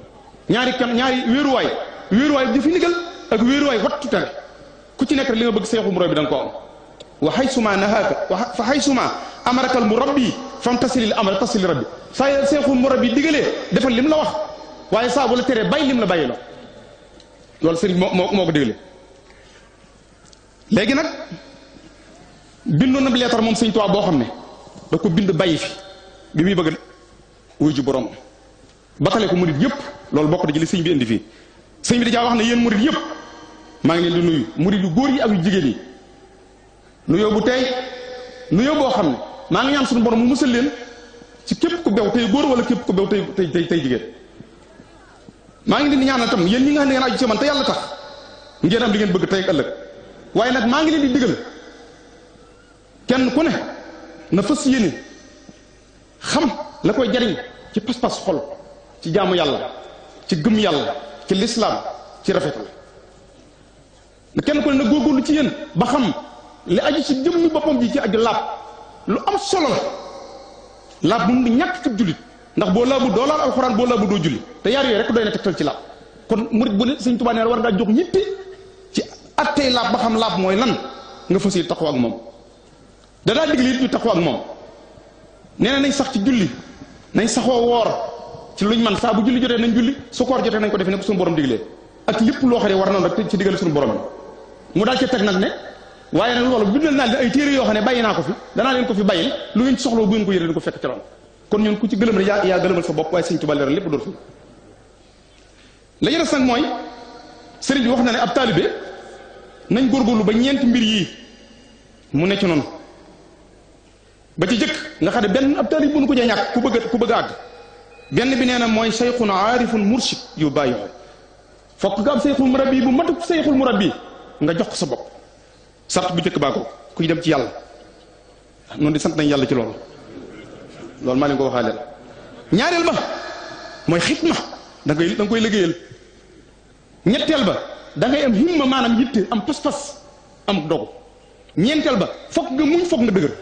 ñaari keno ñaari wéeruwaay wéeruwaay jëfi ndigal ak wéeruwaay wattu tere ku ci nekk rek li nga bëgg seexum roy bi da nga ko am wa xaysuma na wa fa xaysuma amarakal mu rabbi fam tasilil amar tasili rabbi saa yàlla seexum mu rabbi digalee defal lim la wax waaye saa la tere bay lim la bàyyi la loolu sëriñ moo moo moo ko léegi nag bindoon na leetar moom sëñ Tuubaa boo xam ne da ko bind bàyyi fi bi muy bëgg wuy ji borom batale ko murit yëpp loolu bokk na ci li sëñ fii sëñ bi dajaa wax ne yéen murit yëpp maa ngi leen di nuyu murit yu góor yi ak yu jigéen yi nuyoo bu tey nuyoo boo xam ne maa ngi ñaan suñu borom mu musal leen ci képp ku bew tey góor wala képp ku bew tey tey tey jigéen maa ngi leen di ñaanal tam yéen ñi nga xam ne ngeen aju ci te yàlla tax ngeen am li ngeen bëgg tey ëllëg waaye nag maa ngi leen di digal kenn ku ne na fas yéene xam la koy jariñ ci pas-pas xol ci jaamu yàlla ci gëm yàlla ci lislaam ci rafet na kenn ku ne na góorgóorlu ci yéen ba xam li aju ci jëmmi boppam ji ci aju laab lu am solo la laab moom du ñàkk ci jullit ndax boo laabu doo laal alxuraan boo laabu doo julli te yaar yooyu rek doy na tegtal ci laab kon murit bu ne sëñ Tuubaa nee war ngaa jox ñitti attey laab ba xam laab mooy lan nga fas yi taxaw ak moom danaa digle it ñu taxaw ak moom nee na nañ sax ci julli nañ saxoo woor ci luñ man saa bu julli jotee nañ julli su koor jotee nañ ko defee ne ko suñu borom diglee ak lépp loo xam ne war na rek ci digal suñu borom mu daal ne waaye nag loolu bindal naa leen ay téere yoo xam ne bàyyi naa ko fi danaa leen ko fi bàyyil lu ngeen soxloo bu ngeen ko yëreen ko fekk ca kon ñun ku ci gëlëm rek yaa yaa gëlëmal sa bopp waaye sëñ Tuubaa leeral lépp dootu fi la ñu des nag mooy sëriñ bi nañ gorgolu ba ñent mbir yi mu ne ci non ba ci jëkk nga xade ben ab talib bu ñu ko jee ñak ku bëgg ku bëgg àgg bi neena na shaykhun sayxun aarifun mursid yu bàyyi fokk nga shaykhul murabbi bu matu shaykhul murabbi nga jox ko sa bop sat bu jëkk ba ko ku dem ci yalla non di sant nañ yalla ci lool lool ma leen ko waxale ñaarel ba moy khitma da ngay da ngay liggeyel ñettel ba da ngay am himma manam yitte am pass pass am dogu ñentel ba fokk nga muñ fokk nga dëgër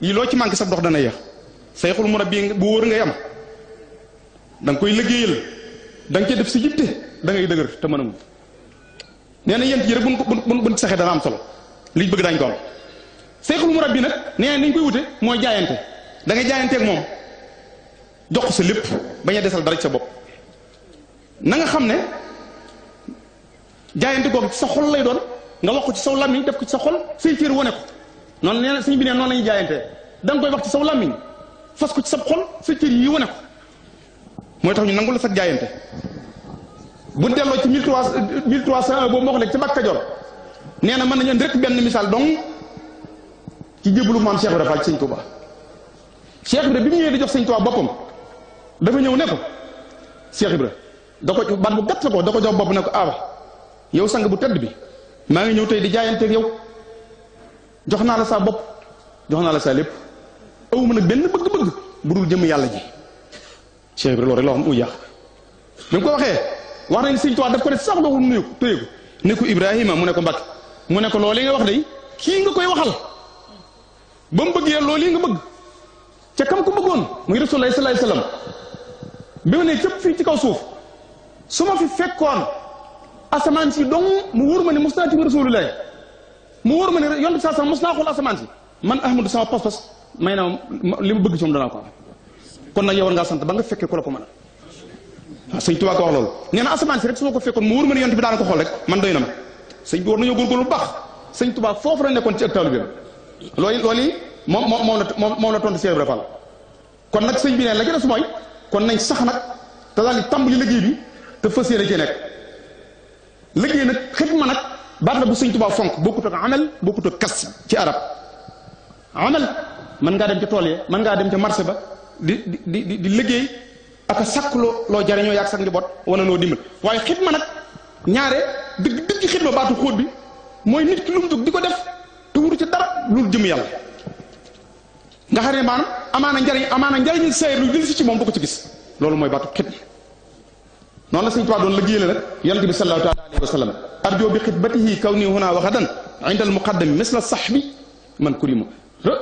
yi lo ci manki sa dox dana yeex shaykhul murabbi bu wor ngay am dang koy liggéeyal dang ci def ci yitte da ngay te manam neena yent yi rek buñ buñ buñ saxé dana am solo li bëgg dañ ko am shaykhul murabbi nak neena niñ koy wuté moy jaayante da ngay ak mom jox sa lepp baña dessal dara ci bop na nga xamne jaayante googu ci sa xol lay doon nga wax ko ci saw làmmiñ def ko ci sa xol say cër wane ko noonu nee na sëñ bi nee noonu la ñuy jaayantee koy wax ci saw làmmiñ fas ko ci sab xol sa cër yi wane ko mooy tax ñu nangu la sa jaayante bu delloo ci mille trois mille trois cent un boobu moo ko nekk nee na mën nañu andi rek benn misaal dong ci jébbalu maam Cheikh Ibra Fall ci sëñ Cheikh Ibra bi mu ñëwee di jox sëñ Tuuba boppam dafa ñëw ne ko Cheikh Ibra da ko baat bu gàtt la ko da ko jox bopp ne ko yow sang bu tedd bi maa ngi ñëw tey di jaayanteeg yow jox naa la saa bopp jox naa la saa lépp awuma nag benn bëgg-bëgg bu dul jëm yàlla ji Cheikh Ibrahima loolu rek loo xam mu yàq bi mu ko waxee wax nañ sëñ Tuubaa daf ko ne sax loolu nuyu ko téye ko ne ko Ibrahima mu ne ko Mbàkke mu ne ko loolu nga wax day kii nga koy waxal ba mu bëggee loolu yi nga bëgg ca kam ko bëggoon muy Rasulullah sallallahu alayhi wasallam bi mu ne cëpp fii ci kaw suuf su ma fi fekkoon asamaan si dong mu wóor ma ne mos naa ci rasulullahi mu wóor ma ne yonent saa sama mos naa xool asamaan si man ahmadu sama pas-pas may naa li ma bëgg ci moom danaa ko am kon nag yow ba nga fekkee ko ko mën a waaw sëñ Tuubaa ko nee si rek su ma ko fekkoon mu wóor bi daana ko xool rek man doy na ma sëñ bi war la nekkoon ci ak taalibeem loolu loolu moom moom moom la moom la tontu Cheikh Ibra Fall kon nag sëñ bi neen la su mooy kon nañ sax nag te daal di tàmbali liggéey bi te fas yéene cee nekk liggéey nag ma nag baat la bu sëñ Tuubaa fonk bokkut ak amal bokkut ak kas ci arab amal mën ngaa dem ca tool ya mën ngaa dem ca marché ba di di di di liggéey ak a sakk loo loo jariñoo yaag sa njaboot wala loo dimbal waaye ma nag ñaare dëgg dëgg xidma baatu xóot bi mooy nit ki lu mu di ko def te wuru ci dara loolu jëm yàlla nga xam ne maanaam amaana njariñ amaana njariñ sayr lu jël si ci moom du ko ci gis loolu mooy baatu xidma non la sëñ Tuubaa doon liggéeyal nak yalla tibbi sallallahu taala alayhi wa sallam arjo bi khitbatihi kawni huna wa waxadan inda al muqaddami misla sahbi man kurima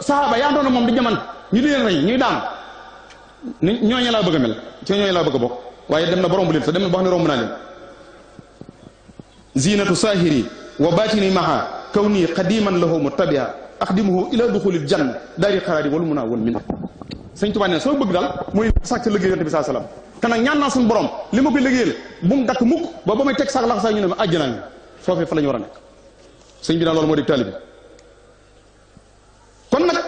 sahaba ya doon mom di jaman ñu di ray rey ñuy daan ñooñu laa bëgg mel ci ñooñu laa bëgg bok waye dem na borom bu leen te dem na bax ni ne romb naa leen zinatu sahiri wa batini maha kawni qadiman lahu muttabia axdimuhu ila dukhulil janna dari xaraari wal munawwal min seigne touba ne so bëgg dal moy sàcc liggéey yonent bi sallallahu alayhi wa sallam te nag ñaan naa suñu borom li ma koy liggéeyal bu mu dakk mukk ba ba may teg sax lax sax ñu ne ma àjjana nga foofee fa la war a nekk sëñ bi na loolu moo dégg taalibe kon nag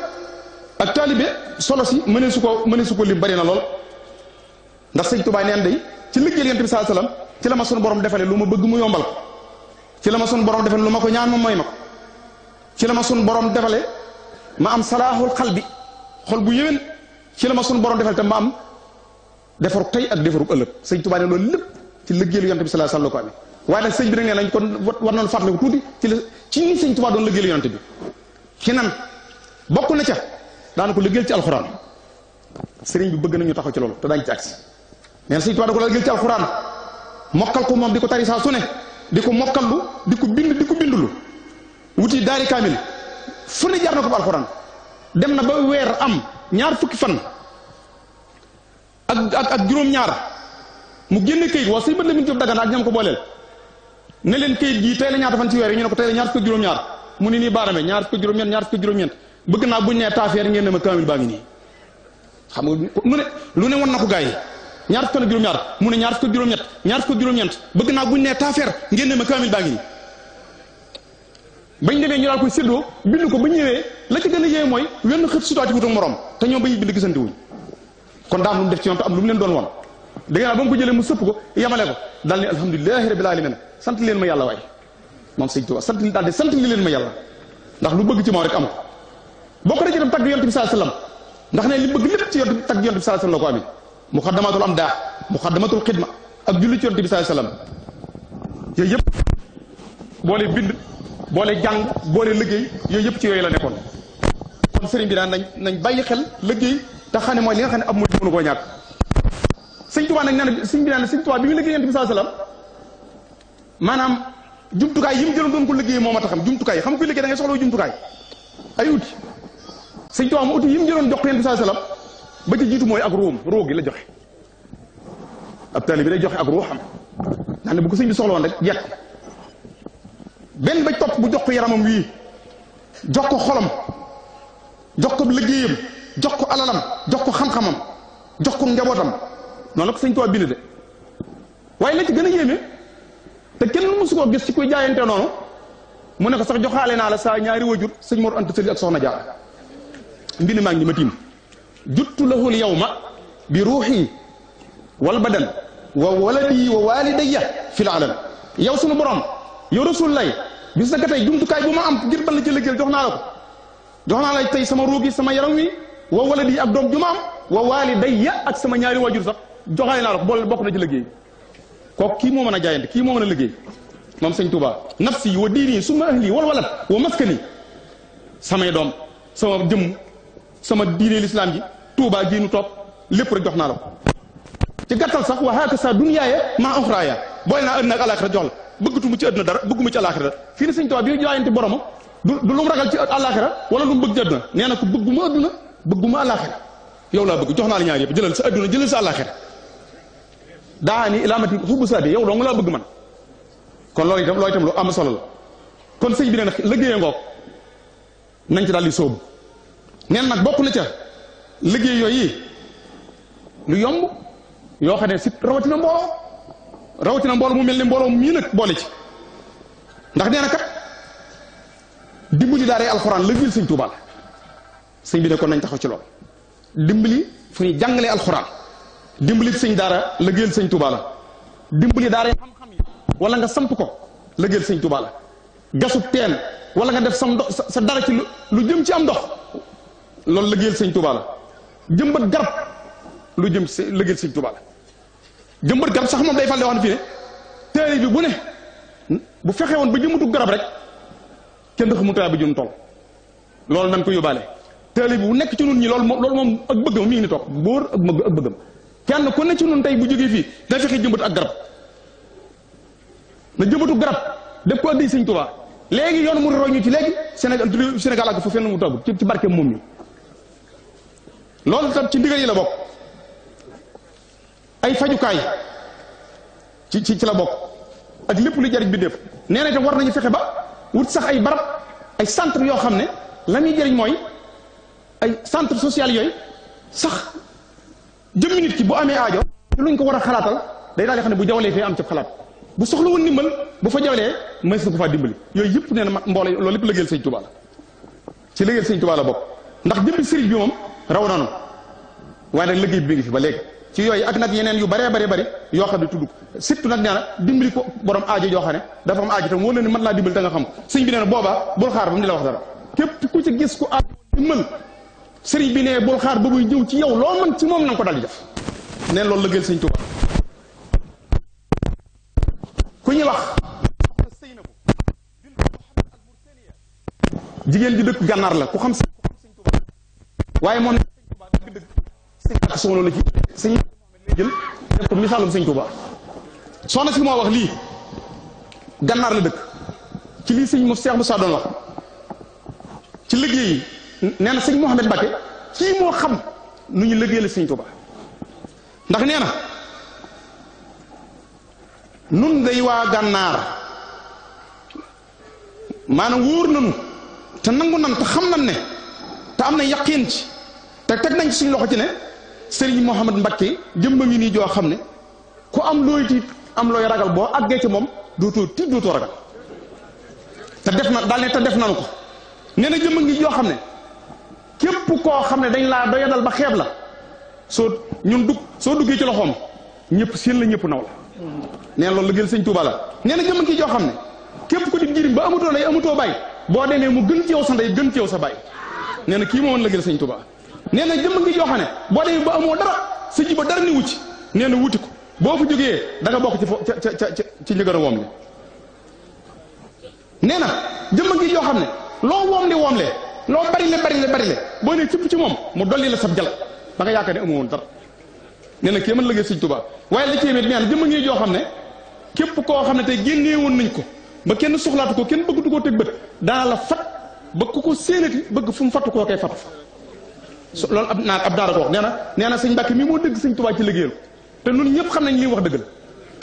ak taalibe solo si mënee su ko mënee su ko lim bari na lool ndax sëñ Tuubaa neen day ci liggéeyal yonent bi sallallahu alayhi ci la ma suñu borom defalee lu ma bëgg mu yombal ci la ma suñu borom defalee lu ma ko ñaan moom mooy ma ci la ma suñu borom defalee ma am salaaxul xal bi xol bu yéwén ci la ma suñu borom defal te ma am defarub tey ak defarub ëllëg sëñ Tuubaa ne loolu lépp ci liggéeyu yonte bi sallallahu alayhi wasallam la ko amee waaye nag sëñ bi nag nee nañ kon war nañu fàttaliku tuuti ci la ci ñi sëñ Tuubaa doon liggéeyu yonte bi ci bokk na ca daana ko liggéeyal ci alxuraan sëriñ bi bëgg nañu taxaw ci loolu te daañu ci agsi nee na sëñ Tuubaa da ko liggéeyal ci alxuraan mokkal ko moom di ko tari saa su ne di ko mokkallu di ko bind di ko bindulu wuti daari kaamil fu ne jaar na ko ba dem na ba weer am ñaar fukki fan ak ak ak juróom-ñaar mu génne kayit wa sëñ min Lamin Jóob Dagana ak ñam ko booleel ne leen kayit gi tay la ñaata fan ci weer ñu ne ko tay la ñaar ko juroom ñaar mu ni ni barame ñaar ko juroom ñeent ñaar ko juroom ñeent bëgg na buñ nee taafeer ngeen ne ma kamil baangi ni xam nga lu ne lu ne won na ko ñaar ko juroom ñaar mu ne ñaar ko juroom ñet ñaar ko juroom ñent bëgg na buñ nee taafeer ngeen ne ma kamil baangi ni bañ demee ñu dal ko séddoo bindu ko ba ñëwee la ci gëna yé moy wenn xët sutaati morom té ñoo ba bind gisante kon daa am lu mu def ci ñoom am lu mu leen doon woon da nga ba mu ko jëlee mu sëpp ko yemale ko daal ni alhamdulilahi rabil alamin sant leen ma yàlla waay moom sëñ Tuubaa sant daal di sant li leen ma yàlla ndax lu bëgg ci moom rek am ko bokk na ci itam tagg yonent bi sa alayhi wasallam ndax ne li bëgg lépp ci yonent tagg yonent bi sallallahu alayhi wasallam la ko amee muxaddamatul am daa muxaddamatul xidma ak julli ci yonent bi sallallahu alayhi wasallam yooyu yëpp boole bind boole jàng boole liggéey yooyu yëpp ci yooyu la nekkoon kon sëriñ bi daan nañ nañ xel liggéey تخاني مولي خاني أب مولي بنو غنيك سنتوا أنا نحن سنتوا أنا سنتوا أبي مولي كيان تمسال سلام ما نام جم تكاي جم جلوم دم كل كي ما تخم جم تكاي خم كل كي دعيس كلو جم تكاي أيود سنتوا أمو تيم جلوم دك كيان تمسال سلام بتي جيتو موي أغروم روغي لجوه أبتالي بيجوه أغروهم نحن بقول سنتوا سلام لك يك بن بيتوب بجوه كيرام موي جوكو خلم جوكو بلجيم جوكو علام جوكو خم خمم جوكو نجابرام نالك سنتوا بيلد وايلت جنا يمي تكلم مسكو بيسكو جاي انترنو من كسر جوكو علنا على سانياري وجود سنمر انت سريع صونا جا بيني ماني متيم جت له اليوم بروحي والبدن وولدي ووالدي في العالم يا وسم برام يا رسول الله بس نكتة يوم تكاي بوما أم تجرب لجيل جيل جهنا لك جهنا لك تي روجي سما يرامي wa waladi ak doom ju ma am wa waalidayya ak sama ñaari waajur sax joxaay naa la boole bokk na ci liggéey kooku kii moo mën a jaayante kii moo mën a liggéey moom sañ Touba nafsi wa diini suma ahli wal walad wa maskani samay doom sama jëmm sama diine lislaam ji tuubaa gii nu toog lépp rek jox naa la ko ci gàttal sax wa hakasa dunyaaya maa oxraaya booy naa àddina jox la bëggatu mu ci àddina dara bëggu mu ci alaaxira fii ne sëñ Touba bi lu mu ragal ci àllaaxira wala lu mu bëgg nee na ko bëggu ma àddina bëgguma ya alaxir yow la bëgg jox naa la ñaar yëpp jëlal sa aduna jëlal sa alaxir daani ila matin fu xubbu saadi yow dong la ya bëgg man kon loolu itam loolu itam lu am solo la kon sëñ bi ne na liggéeya ngoog nañ ci daal di sóobu neen nag bokk na ca liggéey yooyu lu yomb yoo xam ne si rawatina mbooloo rawatina mbooloo mu mel ne mbooloo mii nag boole ci ndax nee na kat dimbali daaree alxuraan ville sëñ Tuubaa la seigne bi ne ko nañ taxaw ci lool dimbali fu ñu jàngalee alquran dimbali seigne dara lëggéeyal seigne touba la dimbali dara xam-xam wala nga samp ko lëggéeyal seigne touba la gasu teen wala nga def sam ndox sa dara ci lu jëm ci am dox lool lëggéeyal seigne touba la jëmbat garab lu jëm ci lëggéeyal seigne touba la jëmbat garab sax mom day fal di fi ne fii bi bu ne bu fexe woon ba jëmbatu garab rek kenn xamul tay bu jëm tol lool nañ ko yobale taalibe bu nekk ci nun ñi loolu moom lool moom ak bëggam mi ngi ni toog góor ak mag ak bëggam kenn ku ne ci nun tey bu jógee fii na fexe jëmbatu ak garab na jëmbatu garab def ko addi sëñ Tuubaa léegi yoon mu roy ñu ci léegi Sénégal Sénégal ak fu fenn mu togg ci barke moom ñu loolu tam ci ndigal yi la bokk ay fajukaay ci ci ci la bokk ak lépp lu jariñ bi def nee na tam war nañu fexe ba wut sax ay barab ay centre yoo xam ne la muy jariñ mooy ay centre social yooyu sax jëmmi nit ki bu amee aajo luñ ko war a xalaatal day daal di xam ne bu jawalee fee am ci xalaat bu soxla woon ndimbal bu fa jawalee may su ko faa dimbali yooyu yëpp nee na mboole loolu lépp lëggeel sëñ Tuubaa la ci lëggeel sëñ Tuubaa la bokk ndax jëmmi sëriñ bi moom raw nanu waaye nag bi fi ba léegi ci yooyu ak nag yeneen yu baree bare bëri yoo xam ne tudd ko surtout nag nee na dimbali ko borom aajo yoo xam ne dafa am aajo tam wóor na ni mën laa dimbali te nga xam ko sëñ bi nee na boobaa bul xaar ba mu di la wax dara ci gis ku aajo dimbal sëriñ bi ne bul xaar ba muy ñëw ci yow loo mën ci moom na ko dal di def neen loolu la gën sëñ Tuubaa ku ñuy wax jigéen ji dëkk gànnaar la ku xam sëñ Tuubaa waaye moom dëgg-dëgg sëñ ak soxna la sëñ ko misaalum si moo wax lii gànnaar la dëkk ci lii sëñ mu Seex Musaa doon wax ci liggéey nee na sëñ Mouhamed Mbacké kii moo xam nu ñu liggéeyal sëñ Tuubaa ndax nee na nun day waa gànnaar maanaam wóor nañu te nangu nan te xam nan ne te am na yaqiin ci te teg nañ ci suñ loxo ci ne sëriñ Mouhamed Mbacké jëmbam yi nii joo xam ne ku am looy tiit am looy ragal boo àggee ci moom dootoo tiit dootoo ragal te def na daal te def nanu ko nee na jëmm ngi joo xam ne képp koo xam ne dañ laa doyadal ba xeeb la soo ñun dugg soo duggee ci loxoom ñëpp seen la ñëpp naw la nee na loolu liggéeyal sëñ Tuuba la nee na jëmm joo xam ne képp ko di ba amatoo lay amatoo bàyyi boo demee mu gën ci yow sa gën ci sa bàyyi nee na kii moo woon liggéeyal sëñ Tuuba nee na jëmm ngi joo xam ne boo demee ba amoo dara sa ji ba dara ni wucc nee na wuti ko boo fa jógee danga bokk ci fo ca ca ci a woom li nee na jëmm ngi joo xam ne loo woom li woom lee loo bari le bari le boo nee cëpp ci moom mu dolli la sab jal da nga yaakaar ne amu woon dara nee na kii mën liggéey sëñ Tuubaa waaye la ci yemee nee na jëmm ngi joo xam ne képp koo xam ne tey génnee woon nañ ko ba kenn soxlaatu ko kenn bëggatu koo teg bët daa la fat ba ku ko séenati bëgg fu mu fattu koo koy fattu fa loolu ab naa ab daara ko wax nee na nee na sëñ Mbàkke mi moo dëgg sëñ Tuubaa ci liggéeyal ko te nun ñëpp xam nañ li wax dëgg la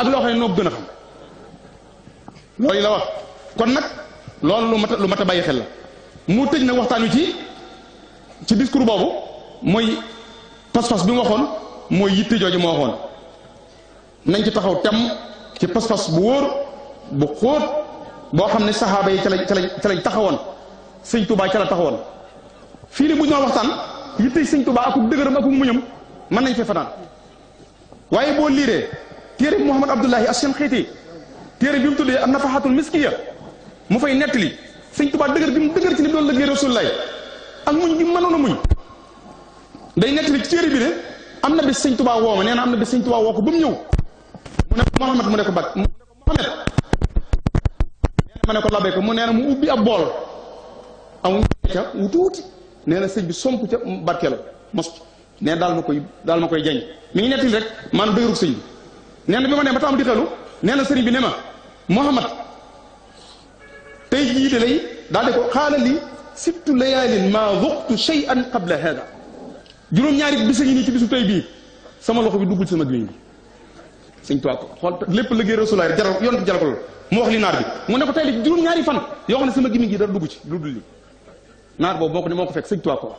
ak loo xam ne noo gën a xam loolu la wax kon nag loolu lu mat lu mat a bàyyi xel la mu tëj nag waxtaan wi ci ci discours boobu mooy pas-pas bi mu waxoon mooy yitte jooju moo waxoon nañ ci taxaw tem ci pas-pas bu wóor bu xóot boo xam ne saxaaba yi ca lañ ca lañ ca lañ taxawoon sëñ Touba ca la taxawoon fii nii bu ñu waxtaan yitte sëñ Touba akub dëgëram akub muñam mën nañ fee fanaan waaye boo liiree téere bi Mouhamad Abdullahi Assane Xeeti téere bi mu tuddee am na faxaatul miskiya mu fay nettali. sëñ Tuubaa dëgër bi mu dëgër ci li doon liggéey Rasulullaay ak muñ bi mu a muñ day nekk li ci téere bi de am na bés sëñ Tuubaa woo ma nee na am na bés sëñ Tuubaa woo ko ba mu ñëw mu ne ko Mouhamed mu ne ko Bak mu ne ko Mouhamed mu nee mu ubbi ab bool amuñ ca wu tuuti nee na sëñ bi somp ca la mos nee daal ma koy daal ma koy jañ mu ngi nettali rek maanaam dëgëru sëñ bi nee bi ma nee ba taam di xelu nee sëriñ bi ne ma Mouhamed tey jii de ko xaala li sittu layaalin maa waqtu shay an qabla hada juróom-ñaari bis a ngi ci bisu tey bii sama loxo bi duggul sama gémmiñ bi sëñ tuwaa ko lépp liggéey rasulaay jaral yonent bi jaral ko loolu wax li naar mu ne ko tey de ñaari fan yoo xam ne sama gémmiñ gi dara dugg ci dul li naar moo ko ne moo ko fekk sëñ tuwaa ko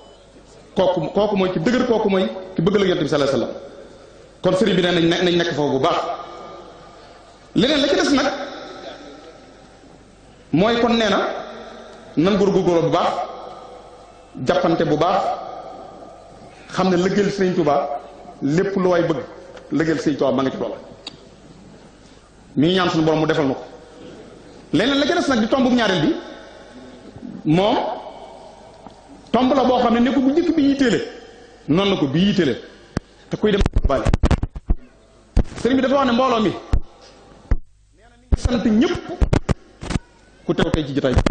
kooku kooku mooy ki dëgër kooku mooy ki bëgg la yonent bi sallallahu alayhi wasallam kon sëriñ bi ne nañ nekk foofu bu baax leneen la ci des nag mooy kon nee na nan góorgóorlu bu baax jàppante bu baax xam ne lëggeel sëñ Tuubaa lépp lu waay bëgg lëggeel sëñ Tuubaa ba nga ci loola ñu ñaan mu defal na ko leneen la ca des nag di tombu ñaareel bi moom tomb la boo xam ne ne ko bu njëkk bi yitteele noonu la ko bi yitteele te kuy dem bale sëriñ bi dafa wax ne mbooloo mi nee na mi ngi sant ñëpp ku teew tey ci jotaay bi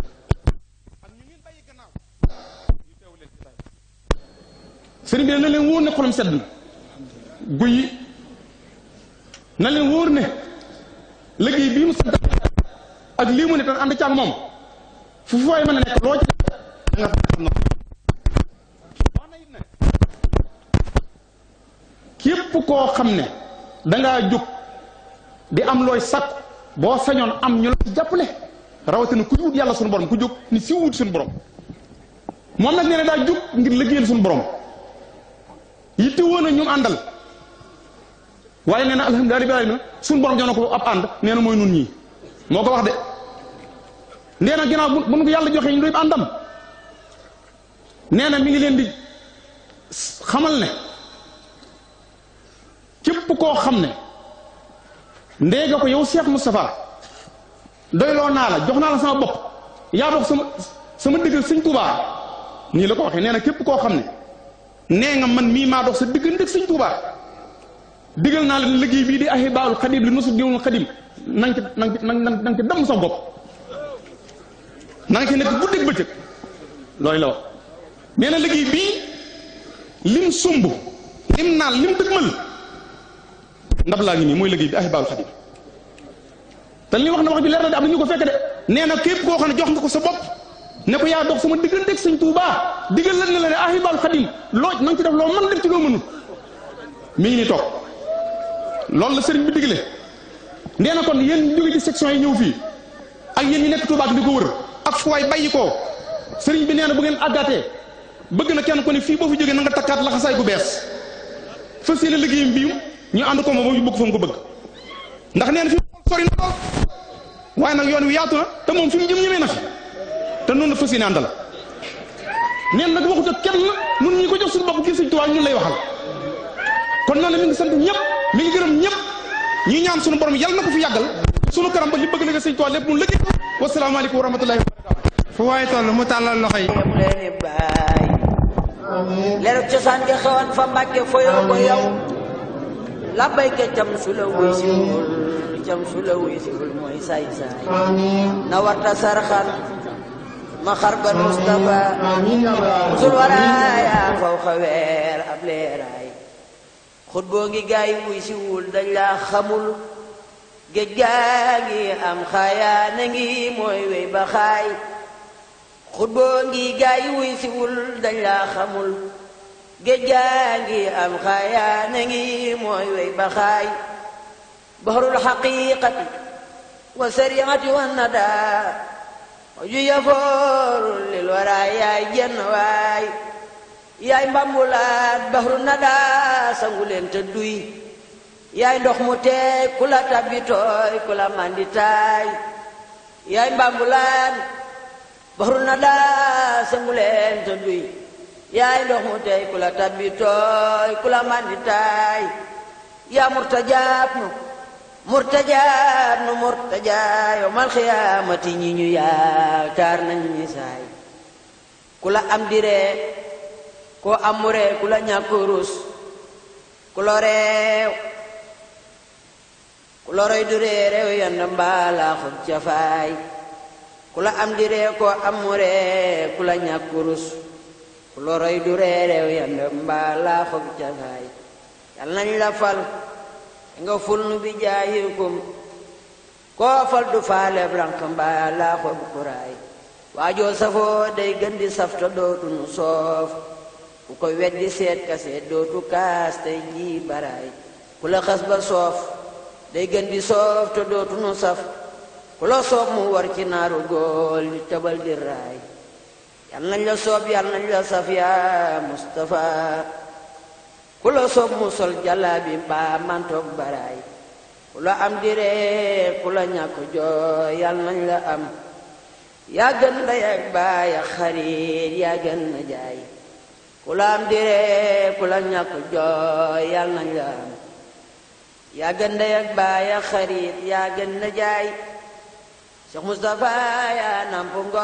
sëriñ bi ne na leen wóor ne xolam sedd na guy na leen wóor ne liggéey bii mu sedd ak lii mu ne tan ànd ci ak moom fu fooy mën a nekk loo ci def nga xam na képp koo xam ne dangaa jóg di am looy sakk boo sañoon am ñu la ci jàppale rawatina ku wut yalla suñu borom ku jóg ni fi wut suñu borom moom nak nee da daa ngir liggeel suñu borom yitte wona a ñu àndal waaye nee na alhamdulilah rabbil alamin suñu borom jox na ko ab ànd nee na nun ñi moko wax de neena ginaaw bu ngi yalla joxe ñu andam neena mi ngi leen di xamal ne képp koo xam ne ndee nga ko yow Cheikh Moustapha doyloo naa la jox naa la sama bopp yaa bokk sama sama diggal sëñ Tuubaa nii la ko waxee nee na képp koo xam ne nee nga man mii maa dox sa diggal ndig sëñ Tuubaa diggal naa la liggéey bii di ahibaaul xadim li nusu diwul xadim na nga ci na nga ci na nga ci dem sa bopp ci nekk guddeeg bëccëg looy la wax nee na liggéey bii lim sumb lim naan lim dëgmal ndab laa ngi nii mooy liggéey bi ahibaaul xadim te li wax na wax bi leral da am ñu ko fekk de neena kepp ko xamne jox nga ko sa bop ne ko ya dox suma digënde ak señ Touba digël lan la ne ahibal khadim loj na ci def lo man def ci do mënu mi ngi ni toog loolu la señ bi digle neena na kon yéen jóge ci section yi ñew fi ak yeen ñi nek Touba ak di ko wër ak fu waay bàyyi koo bi neena bu ngeen agaté bëgg na kenn ko ni fi bo fi joggé na nga la laxasaay gu bees fas yéene bi ñu and ko mo bu bëgg fa mu ko bëgg ndax neena fi sori na lool waaye nag yoon wi yaatu na te moom fi mu jëm ñemee na fi te noonu la fas yéene la neen nag waxut kenn nun ñi ko jox suñu bopp gi Sëñ Tuubaa lay waxal kon noonu mi ngi sant ñëpp mi ngi gërëm ñëpp ñi ñaan suñu borom yàlla na ko fi yàggal suñu karam ba li bëgg la Sëñ Tuubaa lépp mu lëggee wasalaamaaleykum wa rahmatullahi wa barakatu fu waaye toll mu tàllal loxo yi leeru cosaan labbayka jamsu la wuy siwul jamsu la wuy siwul mooy saay saay na warta sarxan ma xarban Mustafa sul waraaya faw xaweer ab leeraay xut boo ngi gaay wuy siwul dañ laa xamul géej gaa ngi am xaayaana ngi mooy wey ba xaay xut boo ngi gaay wuy siwul dañ laa xamul géej gaa ngi am xaayaana ngi mooy wey ba xaay baxrul xaqiqati wa sariati wa nada ju yafooru lil waraay yaay jenn waay yaay mbambulaat baxru nada sangu leen te duy yaay ndox mu teey ku la tabitooy ku yaay mbambulaat baxru nada sangu leen te duy yaay ndox mu tey ku la tabbi tooy ku la yaa murtajaab nu murtajaab nu murtajaa yowmal xiyaamati ñi ñu yaakaar nañ ñi saay ku la am diree koo amuree ku la ñàkk rus ku la reew ku du ree reew yand mbaalaa xub cafaay ku am diree koo amuree ku la ñàkk rus ku loroy du reereew yandam mbaa laa foog casaay yal nañ la fal nga ful nu bi jaayikum koo fal du faaleeb rank mbaa laa foog kuraay waajoo safoo day gën di safta dootu nu soof ku ko weddi seet kaseet dootu kaas tey jii baraay ku la ba soof day gën di soof te dootu nu saf ku la soof mu war ci naaru góol di tabal di raay yal nañ la soob yal nañ la saf yaa Mustafa ku soob mu sol jàllaabi mbaa mantoog baraay ku am di ree ku la jooy yal nañ la am yaa gën ndey ak baay ak xarit gën na jaay ku am di ree ku la jooy yal nañ la am yaa gën ndey ak baay ak xarit gën na jaay Cheikh Moustapha yaa namp